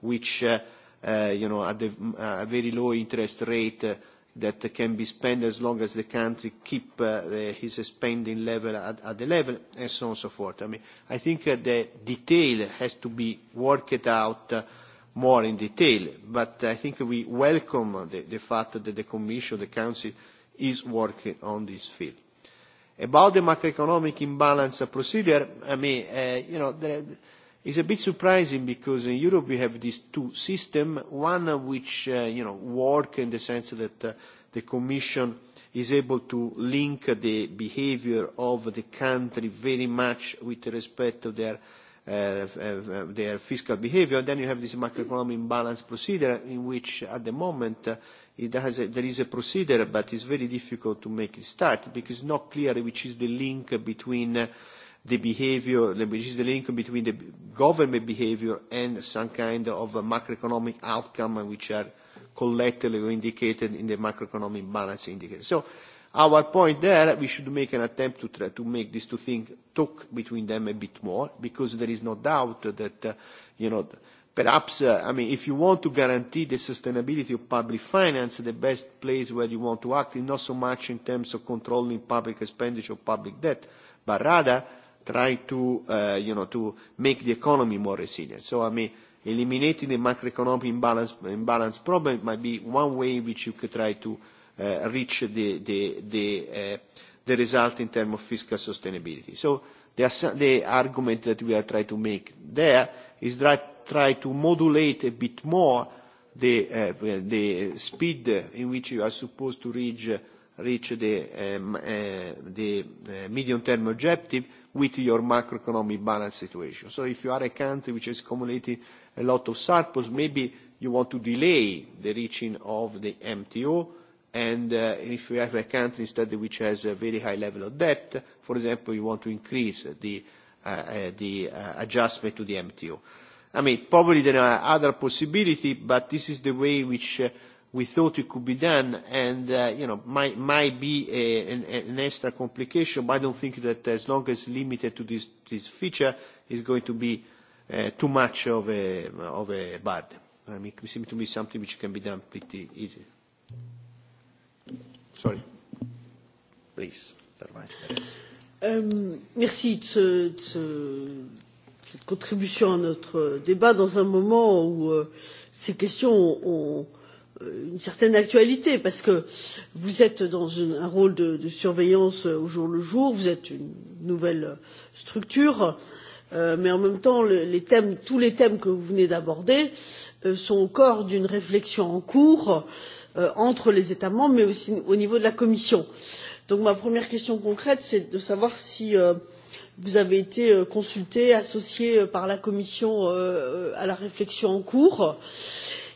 which, uh, uh, you know, at mm, uh, a uh, very low interest rate uh, that can be spent as long as the country keep uh, his spending level at, at the level, and so on and so forth. I mean, I think uh, the detail has to be worked out uh, more in detail, but I think we welcome the, the fact that the Commission, the Council, is working on this field. About the macroeconomic imbalance procedure, I mean, uh, you know, the, is a bit surprising because in Europe we have these two systems, one of which uh, you know, work in the sense that uh, the Commission is able to link the behavior of the country very much with respect to their, uh, their fiscal behavior. Then you have this macroeconomic imbalance procedure in which at the moment uh, it has a, there is a procedure but it's very difficult to make it start because it's not clear which is the link between uh, the behavior, which is the link between the government behavior and some kind of a macroeconomic outcome which are collectively indicated in the macroeconomic balance indicator. So our point there, we should make an attempt to, try to make these two things talk between them a bit more, because there is no doubt that, uh, you know, perhaps, uh, I mean, if you want to guarantee the sustainability of public finance, the best place where you want to act is not so much in terms of controlling public expenditure or public debt, but rather try to, uh, you know, to make the economy more resilient. So, I mean, eliminating the macroeconomic imbalance, imbalance problem might be one way in which you could try to uh, reach the, the, the, uh, the result in terms of fiscal sustainability. So the, the argument that we are trying to make there is try, try to modulate a bit more the, uh, the speed in which you are supposed to reach, reach the, um, uh, the uh, medium-term objective with your macroeconomic balance situation. So if you are a country which is accumulating a lot of surplus, maybe you want to delay the reaching of the MTO. And uh, if you have a country instead which has a very high level of debt, for example, you want to increase the, uh, uh, the uh, adjustment to the MTO. I mean, probably there are other possibilities, but this is the way which uh, we thought it could be done and uh, you know might might be a, an, an extra complication but i don't think that as long as limited to this this feature is going to be uh, too much of a of a burden i mean it seems to be something which can be done pretty easy sorry please um, merci de ce, de ce, de cette contribution à notre débat dans un moment où euh, ces questions ont, ont une certaine actualité parce que vous êtes dans une, un rôle de, de surveillance euh, au jour le jour, vous êtes une nouvelle euh, structure, euh, mais en même temps, le, les thèmes, tous les thèmes que vous venez d'aborder euh, sont au corps d'une réflexion en cours euh, entre les États membres, mais aussi au niveau de la Commission. Donc ma première question concrète, c'est de savoir si euh, vous avez été euh, consulté, associé par la Commission euh, à la réflexion en cours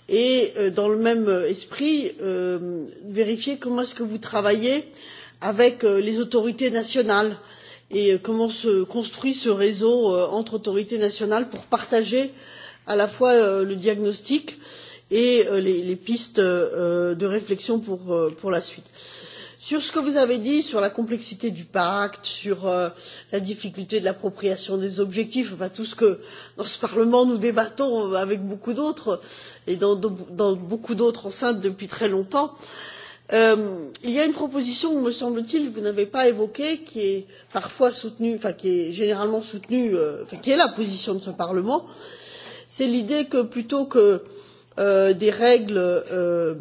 et euh, dans le même euh, esprit euh, vérifier comment vous travaillez avec les autorités nationales et comment se construit ce réseau entre autorités nationales pour partager à la fois le diagnostic et les pistes de réflexion pour la suite sur ce que vous avez dit sur la complexité du pacte sur euh, la difficulté de l'appropriation des objectifs enfin tout ce que dans ce parlement nous débattons euh, avec beaucoup d'autres et dans beaucoup d'autres enceintes depuis très longtemps euh, il y a une proposition me semble t il que vous n'avez pas évoquée qui est parfois soutenue enfin qui est généralement soutenue enfin qui est la position de ce parlement c'est l'idée que plutôt que des règles euh,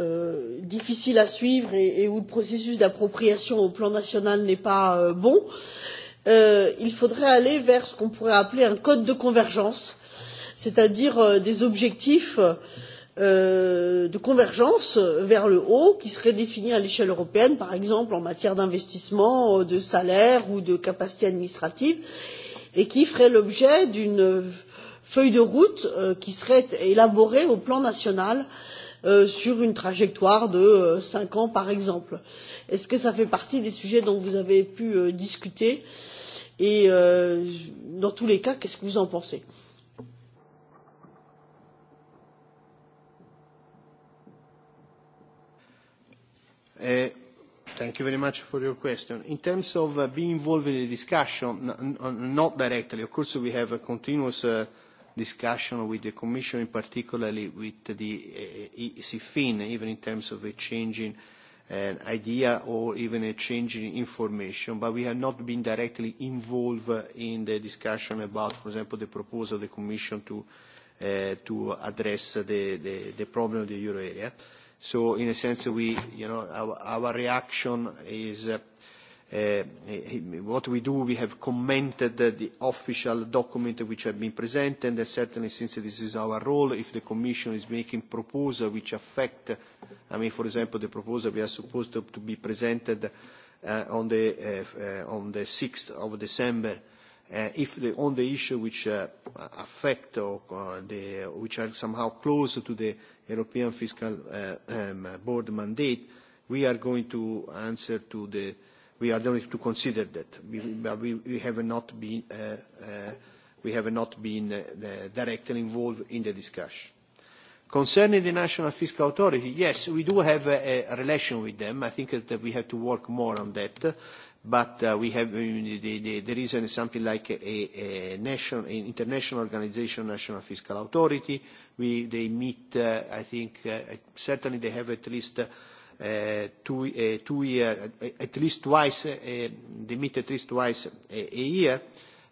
Euh, difficile à suivre et, et où le processus d'appropriation au plan national n'est pas euh, bon. Euh, il faudrait aller vers ce qu'on pourrait appeler un code de convergence, c'est-à-dire euh, des objectifs euh, de convergence vers le haut qui seraient définis à l'échelle européenne, par exemple en matière d'investissement, euh, de salaire ou de capacité administrative, et qui feraient l'objet d'une feuille de route euh, qui serait élaborée au plan national euh, Euh, sur une trajectoire de euh, cinq ans, par exemple. Est ce que ça fait partie des sujets dont vous avez pu euh, discuter et euh, dans tous les cas, qu'est ce que vous en pensez? Uh, thank you very much for your question. In terms of uh, being involved in the discussion, n- n- not directly, of course we have a continuous uh, discussion with the Commission, and particularly with the SIFIN, eh, eh, even in terms of a changing eh, idea or even a changing information. But we have not been directly involved in the discussion about, for example, the proposal of the Commission to to address the, the, the problem of the euro area. So in a sense, we, you know, our, our reaction is Uh, eh, what we do, we have commented the, the official document which have been presented, and certainly since this is our role, if the Commission is making proposals which affect, I mean, for example, the proposal we are supposed to, to be presented uh, on, the, uh, uh on the 6th of December, uh, if the, on the issue which uh, affect or uh, the, which are somehow close to the European Fiscal uh, um, Board mandate, we are going to answer to the uh, we are going to consider that. We, but we, we have not been, uh, uh, we have not been uh, uh, directly involved in the discussion. Concerning the National Fiscal Authority, yes, we do have a, a relation with them. I think that we have to work more on that. But uh, we have, um, the, the, the, there is an, something like a, a national, an international organization, National Fiscal Authority. We, they meet, uh, I think, uh, certainly they have at least uh, Eh, two eh, two year eh, at least twice uh, they meet at least twice a, a year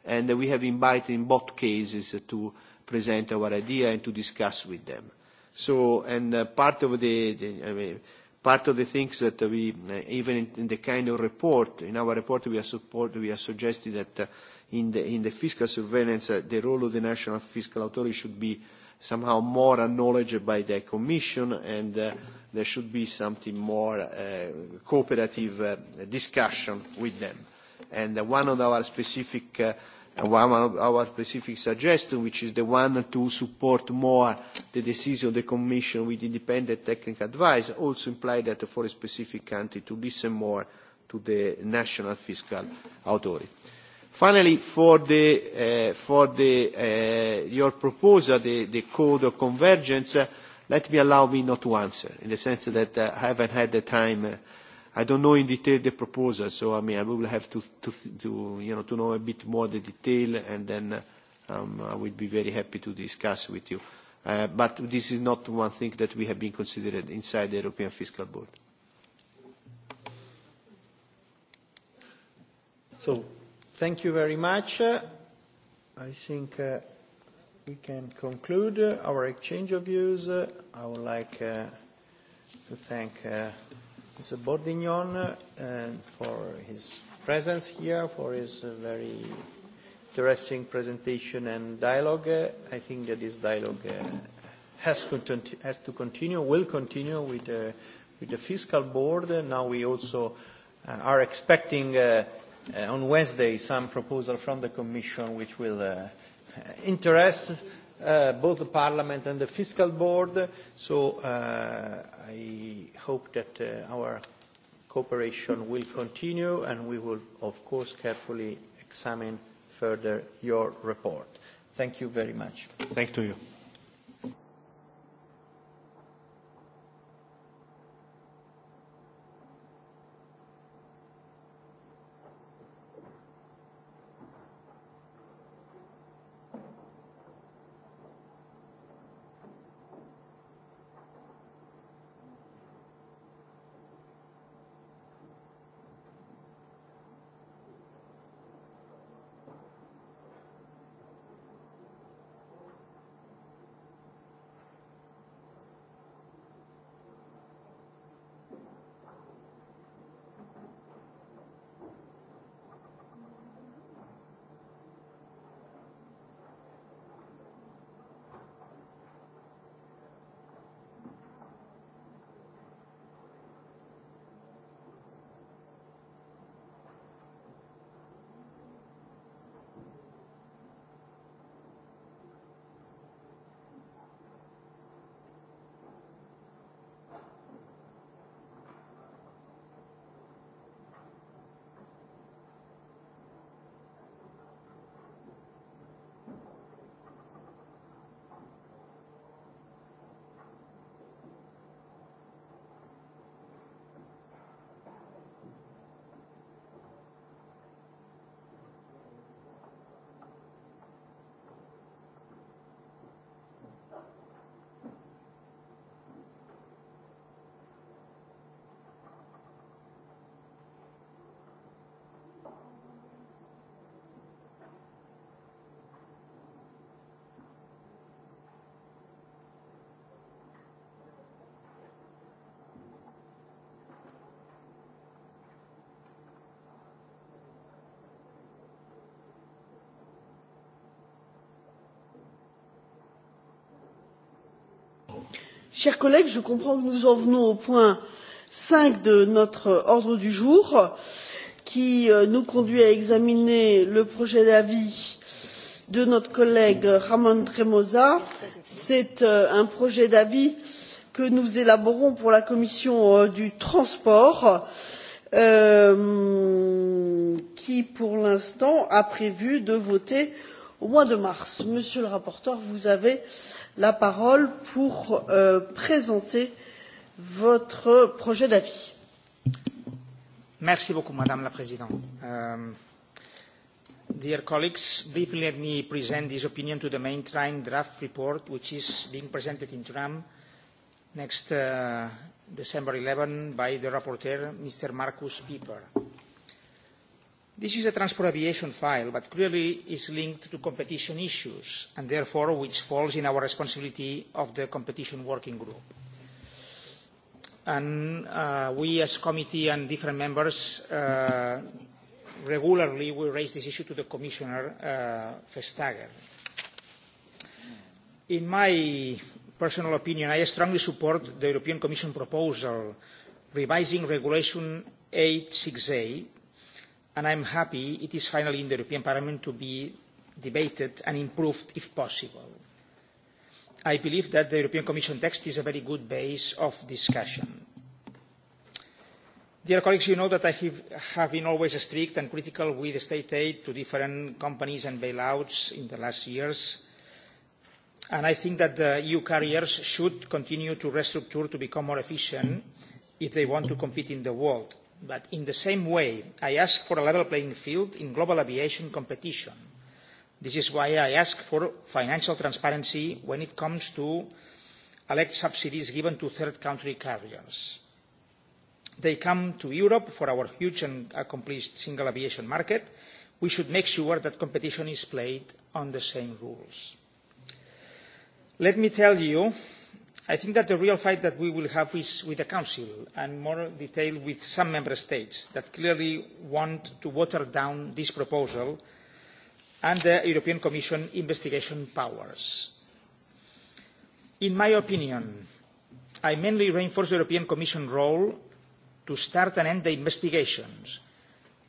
and we have invited in both cases to present our idea and to discuss with them so and uh, part of the, the i mean part of the things that we uh, even in, in the kind of report in our report we are support we are suggesting that uh, in the in the fiscal surveillance uh, the role of the national fiscal authority should be somehow more acknowledged by the commission and uh, there should be something more uh, cooperative uh, discussion with them. And uh, one of our specific uh, one of our specific suggestions, which is the one to support more the decision of the Commission with independent technical advice, also implies that for a specific country to listen more to the national fiscal authority. Finally, for, the, uh, for the, uh, your proposal, the, the Code of Convergence, uh, Let me allow me not to answer, in the sense that uh, I haven't had the time. Uh, I don't know in detail the proposal, so I mean, I will have to, to, to, you know, to know a bit more the detail, and then uh, um, I would be very happy to discuss with you. Uh, but this is not one thing that we have been considered inside the European Fiscal Board. So, thank you very much. Uh, I think... Uh, we can conclude uh, our exchange of views. Uh, I would like uh, to thank uh, Mr. Bordignon uh, for his presence here, for his uh, very interesting presentation and dialogue. Uh, I think that this dialogue uh, has, conti- has to continue, will continue with, uh, with the fiscal board. Uh, now we also uh, are expecting uh, uh, on Wednesday some proposal from the Commission which will uh, interests uh, both the parliament and the fiscal board so uh, i hope that uh, our cooperation will continue and we will of course carefully examine further your report. thank you very much. thank you. chers collègues je comprends que nous en venons au point cinq de notre ordre du jour qui euh, nous conduit à examiner le projet d'avis de notre collègue ramon tremosa. c'est euh, un projet d'avis que nous élaborons pour la commission euh, du transport qui pour l'instant a prévu de voter au mois de mars monsieur le rapporteur vous avez la parole pour euh, présenter votre projet d'avis. madame la présidente euh, dear colleagues briefly let me present this opinion to the main train draft report which is being presented in tram next uh, december 11 by the rapporteur mr markus pieper. This is a transport aviation file, but clearly is linked to competition issues, and therefore which falls in our responsibility of the competition working group. And uh, we as committee and different members uh, regularly will raise this issue to the commissioner, uh, Vestager. In my personal opinion, I strongly support the European Commission proposal revising Regulation 868 and I'm happy it is finally in the European Parliament to be debated and improved if possible. I believe that the European Commission text is a very good base of discussion. Dear colleagues, you know that I have, have been always strict and critical with the state aid to different companies and bailouts in the last years. And I think that the EU carriers should continue to restructure to become more efficient if they want to compete in the world. But in the same way, I ask for a level playing field in global aviation competition. This is why I ask for financial transparency when it comes to elect subsidies given to third country carriers. They come to Europe for our huge and accomplished single aviation market. We should make sure that competition is played on the same rules. Let me tell you I think that the real fight that we will have is with the Council and more detail with some member states that clearly want to water down this proposal and the European Commission investigation powers. In my opinion, I mainly reinforce the European Commission role to start and end the investigations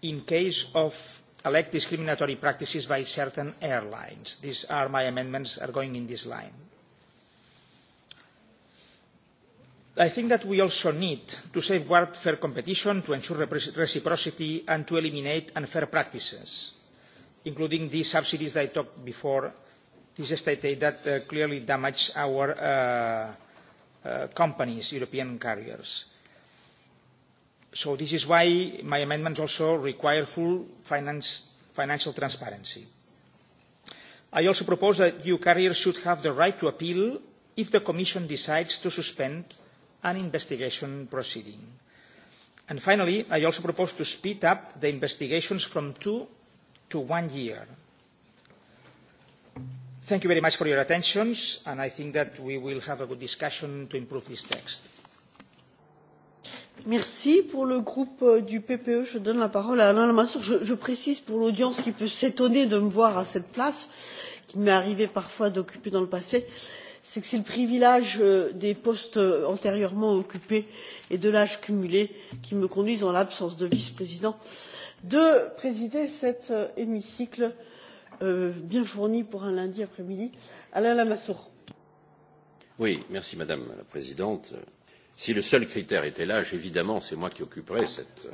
in case of alleged discriminatory practices by certain airlines. These are my amendments are going in this line. I think that we also need to safeguard fair competition to ensure reciprocity and to eliminate unfair practices, including these subsidies that I talked before, this state aid that uh, clearly damage our uh, uh, companies, European carriers. So this is why my amendments also require full finance, financial transparency. I also propose that EU carriers should have the right to appeal if the Commission decides to suspend and investigation proceeding. Finally, I also propose to speed up the investigations from two to one year. Thank you very much for your attentions, and I think that we will have a good discussion to improve this text. Merci. Pour le groupe euh, du PPE, je donne la parole à Alain Lamassoure. Je précise pour l'audience qui peut s'étonner de me voir à cette place, qui m'est arrivé parfois d'occuper dans le passé c'est que c'est le privilège euh, des postes euh, antérieurement occupés et de l'âge cumulé qui me conduisent en l'absence de vice président à présider cet euh, hémicycle bien fourni pour un lundi après midi. alain lamassoure. madame la présidente si le seul critère était l'âge évidemment c'est moi qui occuperais cette,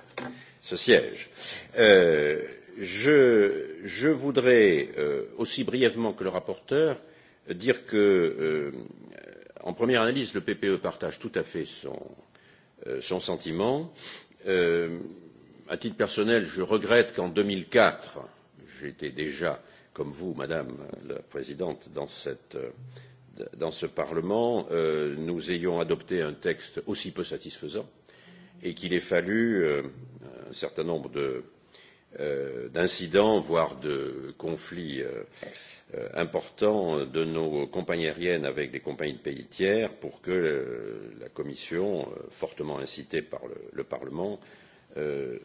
ce siège. Euh, je, je voudrais euh, aussi brièvement que le rapporteur euh, dire que euh, en première analyse le ppe partage tout à fait son, euh, son sentiment. Euh, à titre personnel je regrette qu'en deux mille quatre j'étais déjà comme vous madame la présidente dans, cette, euh, dans ce parlement euh, nous ayons adopté un texte aussi peu satisfaisant et qu'il ait fallu euh, un certain nombre de, euh, Euh, d'incidents, voire de conflits euh, euh, importants de nos compagnies aériennes avec des compagnies de pays tiers pour que euh, la Commission, euh, fortement incitée par le, le Parlement, euh,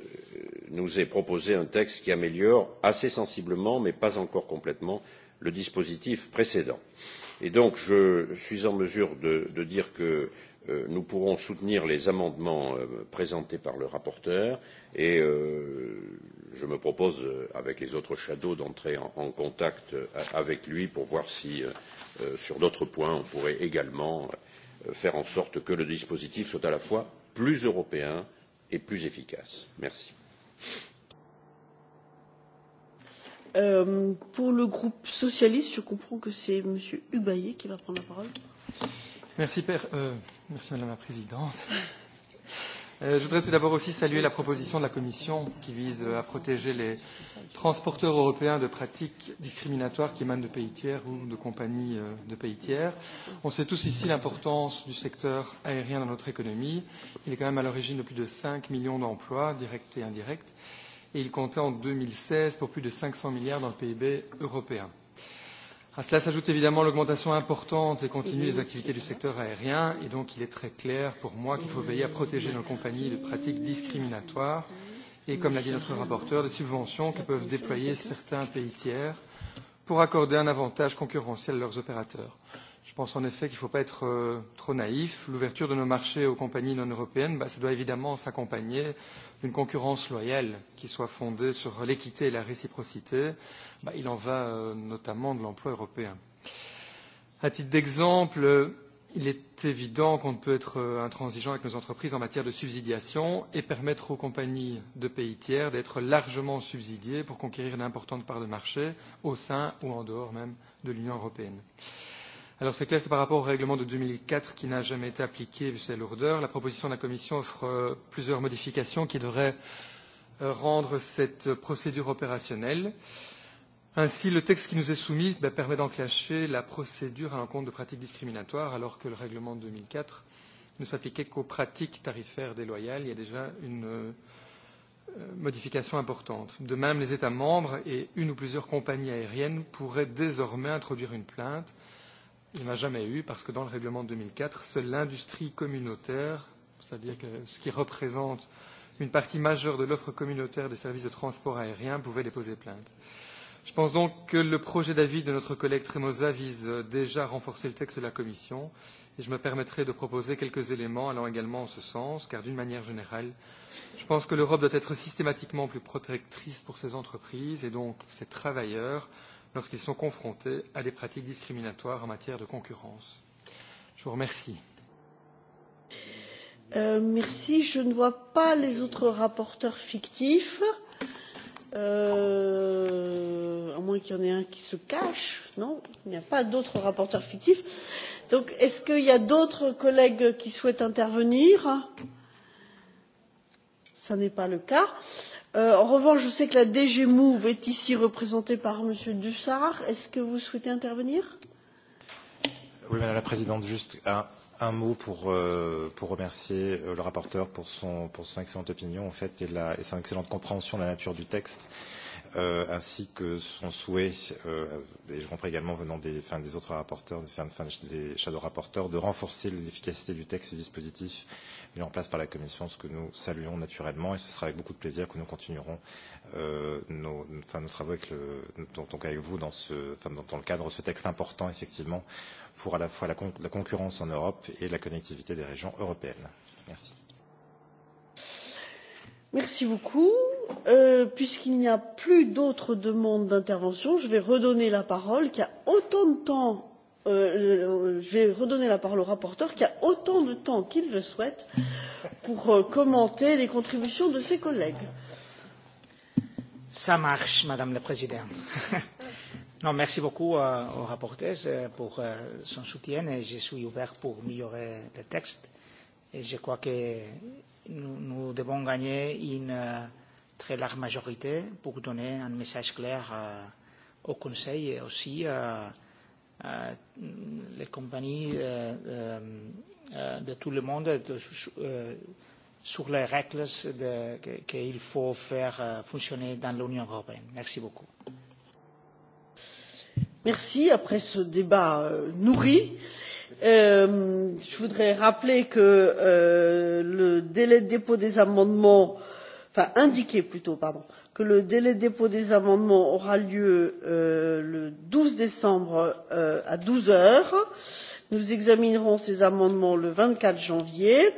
nous ait proposé un texte qui améliore assez sensiblement, mais pas encore complètement, le dispositif précédent. Et donc, je suis en mesure de, de dire que euh, Euh, nous pourrons soutenir les amendements euh, présentés par le rapporteur et euh, je me propose avec les autres shadows d'entrer en contact avec lui pour voir si sur d'autres points on pourrait également faire en sorte que le dispositif soit à la fois plus européen et plus efficace. Merci. Euh, pour le groupe socialiste, je comprends que c'est M. Hubaillet qui va prendre la parole. Merci, Père. Euh, Merci Madame la Présidente. Euh, je voudrais tout d'abord aussi saluer la proposition de la Commission qui vise à protéger les transporteurs européens de pratiques discriminatoires qui émanent de pays tiers ou de compagnies euh, de pays tiers. On sait tous ici l'importance du secteur aérien dans notre économie. Il est quand même à l'origine de plus de 5 millions d'emplois, directs et indirects, et il comptait en 2016 pour plus de 500 milliards dans le PIB européen. À cela s'ajoute évidemment l'augmentation importante et continue des activités du secteur aérien. Et donc, il est très clair pour moi qu'il faut veiller à protéger nos compagnies de pratiques discriminatoires et, comme l'a dit notre rapporteur, des subventions que peuvent déployer certains pays tiers pour accorder un avantage concurrentiel à leurs opérateurs. Je pense en effet qu'il ne faut pas être euh, trop naïf. L'ouverture de nos marchés aux compagnies non européennes, bah, ça doit évidemment s'accompagner d'une concurrence loyale qui soit fondée sur l'équité et la réciprocité. Bah, il en va euh, notamment de l'emploi européen. À titre d'exemple, il est évident qu'on ne peut être euh, intransigeant avec nos entreprises en matière de subsidiation et permettre aux compagnies de pays tiers d'être largement subsidiées pour conquérir une importante part de marché au sein ou en dehors même de l'Union européenne. Alors c'est clair que par rapport au règlement de 2004 qui n'a jamais été appliqué vu ses lourdeurs, la proposition de la Commission offre euh, plusieurs modifications qui devraient euh, rendre cette procédure opérationnelle. Ainsi, le texte qui nous est soumis ben, permet d'enclencher la procédure à l'encontre de pratiques discriminatoires alors que le règlement de 2004 ne s'appliquait qu'aux pratiques tarifaires déloyales. Il y a déjà une euh, modification importante. De même, les États membres et une ou plusieurs compagnies aériennes pourraient désormais introduire une plainte Il n'y en a jamais eu parce que dans le règlement de 2004, seule l'industrie communautaire, c'est-à-dire ce qui représente une partie majeure de l'offre communautaire des services de transport aérien, pouvait déposer plainte. Je pense donc que le projet d'avis de notre collègue Tremosa vise déjà à renforcer le texte de la Commission et je me permettrai de proposer quelques éléments allant également en ce sens car d'une manière générale, je pense que l'Europe doit être systématiquement plus protectrice pour ses entreprises et donc ses travailleurs lorsqu'ils sont confrontés à des pratiques discriminatoires en matière de concurrence. Je vous remercie. Euh, merci. Je ne vois pas les autres rapporteurs fictifs, euh, à moins qu'il y en ait un qui se cache. Non, il n'y a pas d'autres rapporteurs fictifs. Donc, est-ce qu'il y a d'autres collègues qui souhaitent intervenir euh, ce n'est pas le cas. Euh, en revanche je sais que la dg move est ici représentée par m. dussart. est ce que vous souhaitez intervenir? oui madame la présidente juste un, un mot pour, euh, pour remercier euh, le rapporteur pour son, pour son excellente opinion en fait et, la, et son excellente compréhension de la nature du texte. Euh, ainsi que son souhait, euh, et je comprends également venant des, enfin, des autres rapporteurs, enfin, des shadow rapporteurs, de renforcer l'efficacité du texte du dispositif mis en place par la Commission, ce que nous saluons naturellement et ce sera avec beaucoup de plaisir que nous continuerons euh, nos, enfin, nos travaux avec, le, donc avec vous dans, ce, enfin, dans, dans le cadre de ce texte important, effectivement, pour à la fois la, con, la concurrence en Europe et la connectivité des régions européennes. Merci. Merci beaucoup. Euh, Puisqu'il n'y a plus d'autres demandes d'intervention, je vais redonner la parole, qui a autant de temps Euh, je vais redonner la parole au rapporteur qui a autant de temps qu'il le souhaite pour euh, commenter les contributions de ses collègues. Ça marche, Madame la Présidente. Non, merci beaucoup euh, au rapporteur euh, pour euh, son soutien et je suis ouvert pour améliorer le texte. Et je crois que nous, nous devons gagner une euh, très large majorité pour donner un message clair euh, au Conseil et aussi euh, Euh, les compagnies euh, euh, euh, de tout le monde de, euh, sur les règles qu'il faut faire euh, fonctionner dans l'Union européenne. Merci beaucoup. Merci. Après ce débat nourri, euh, je voudrais rappeler que euh, le délai de dépôt des amendements, enfin indiqué plutôt, pardon, que le délai de dépôt des amendements aura lieu euh, le douze décembre euh, à douze heures. nous examinerons ces amendements le vingt quatre janvier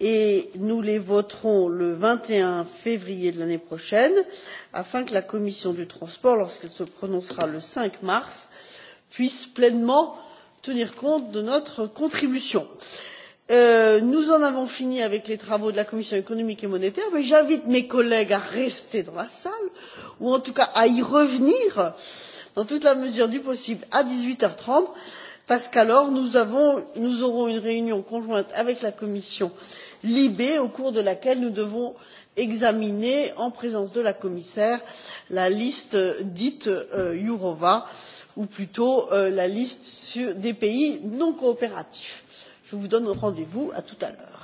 et nous les voterons le vingt et un février de l'année prochaine afin que la commission des transports lorsqu'elle se prononcera le cinq mars puisse pleinement tenir compte de notre contribution. je Euh, nous en avons fini avec les travaux de la commission économique et monétaire mais j'invite mes collègues à rester dans la salle ou en tout cas à y revenir dans toute la mesure du possible à dix huit h trente parce qu'alors nous aurons une réunion conjointe avec la commission libe au cours de laquelle nous devrons examiner en présence de la commissaire la liste dite euh, jourov ou plutôt euh, la liste des pays non coopératifs je vous donne rendez vous à tout à l'heure.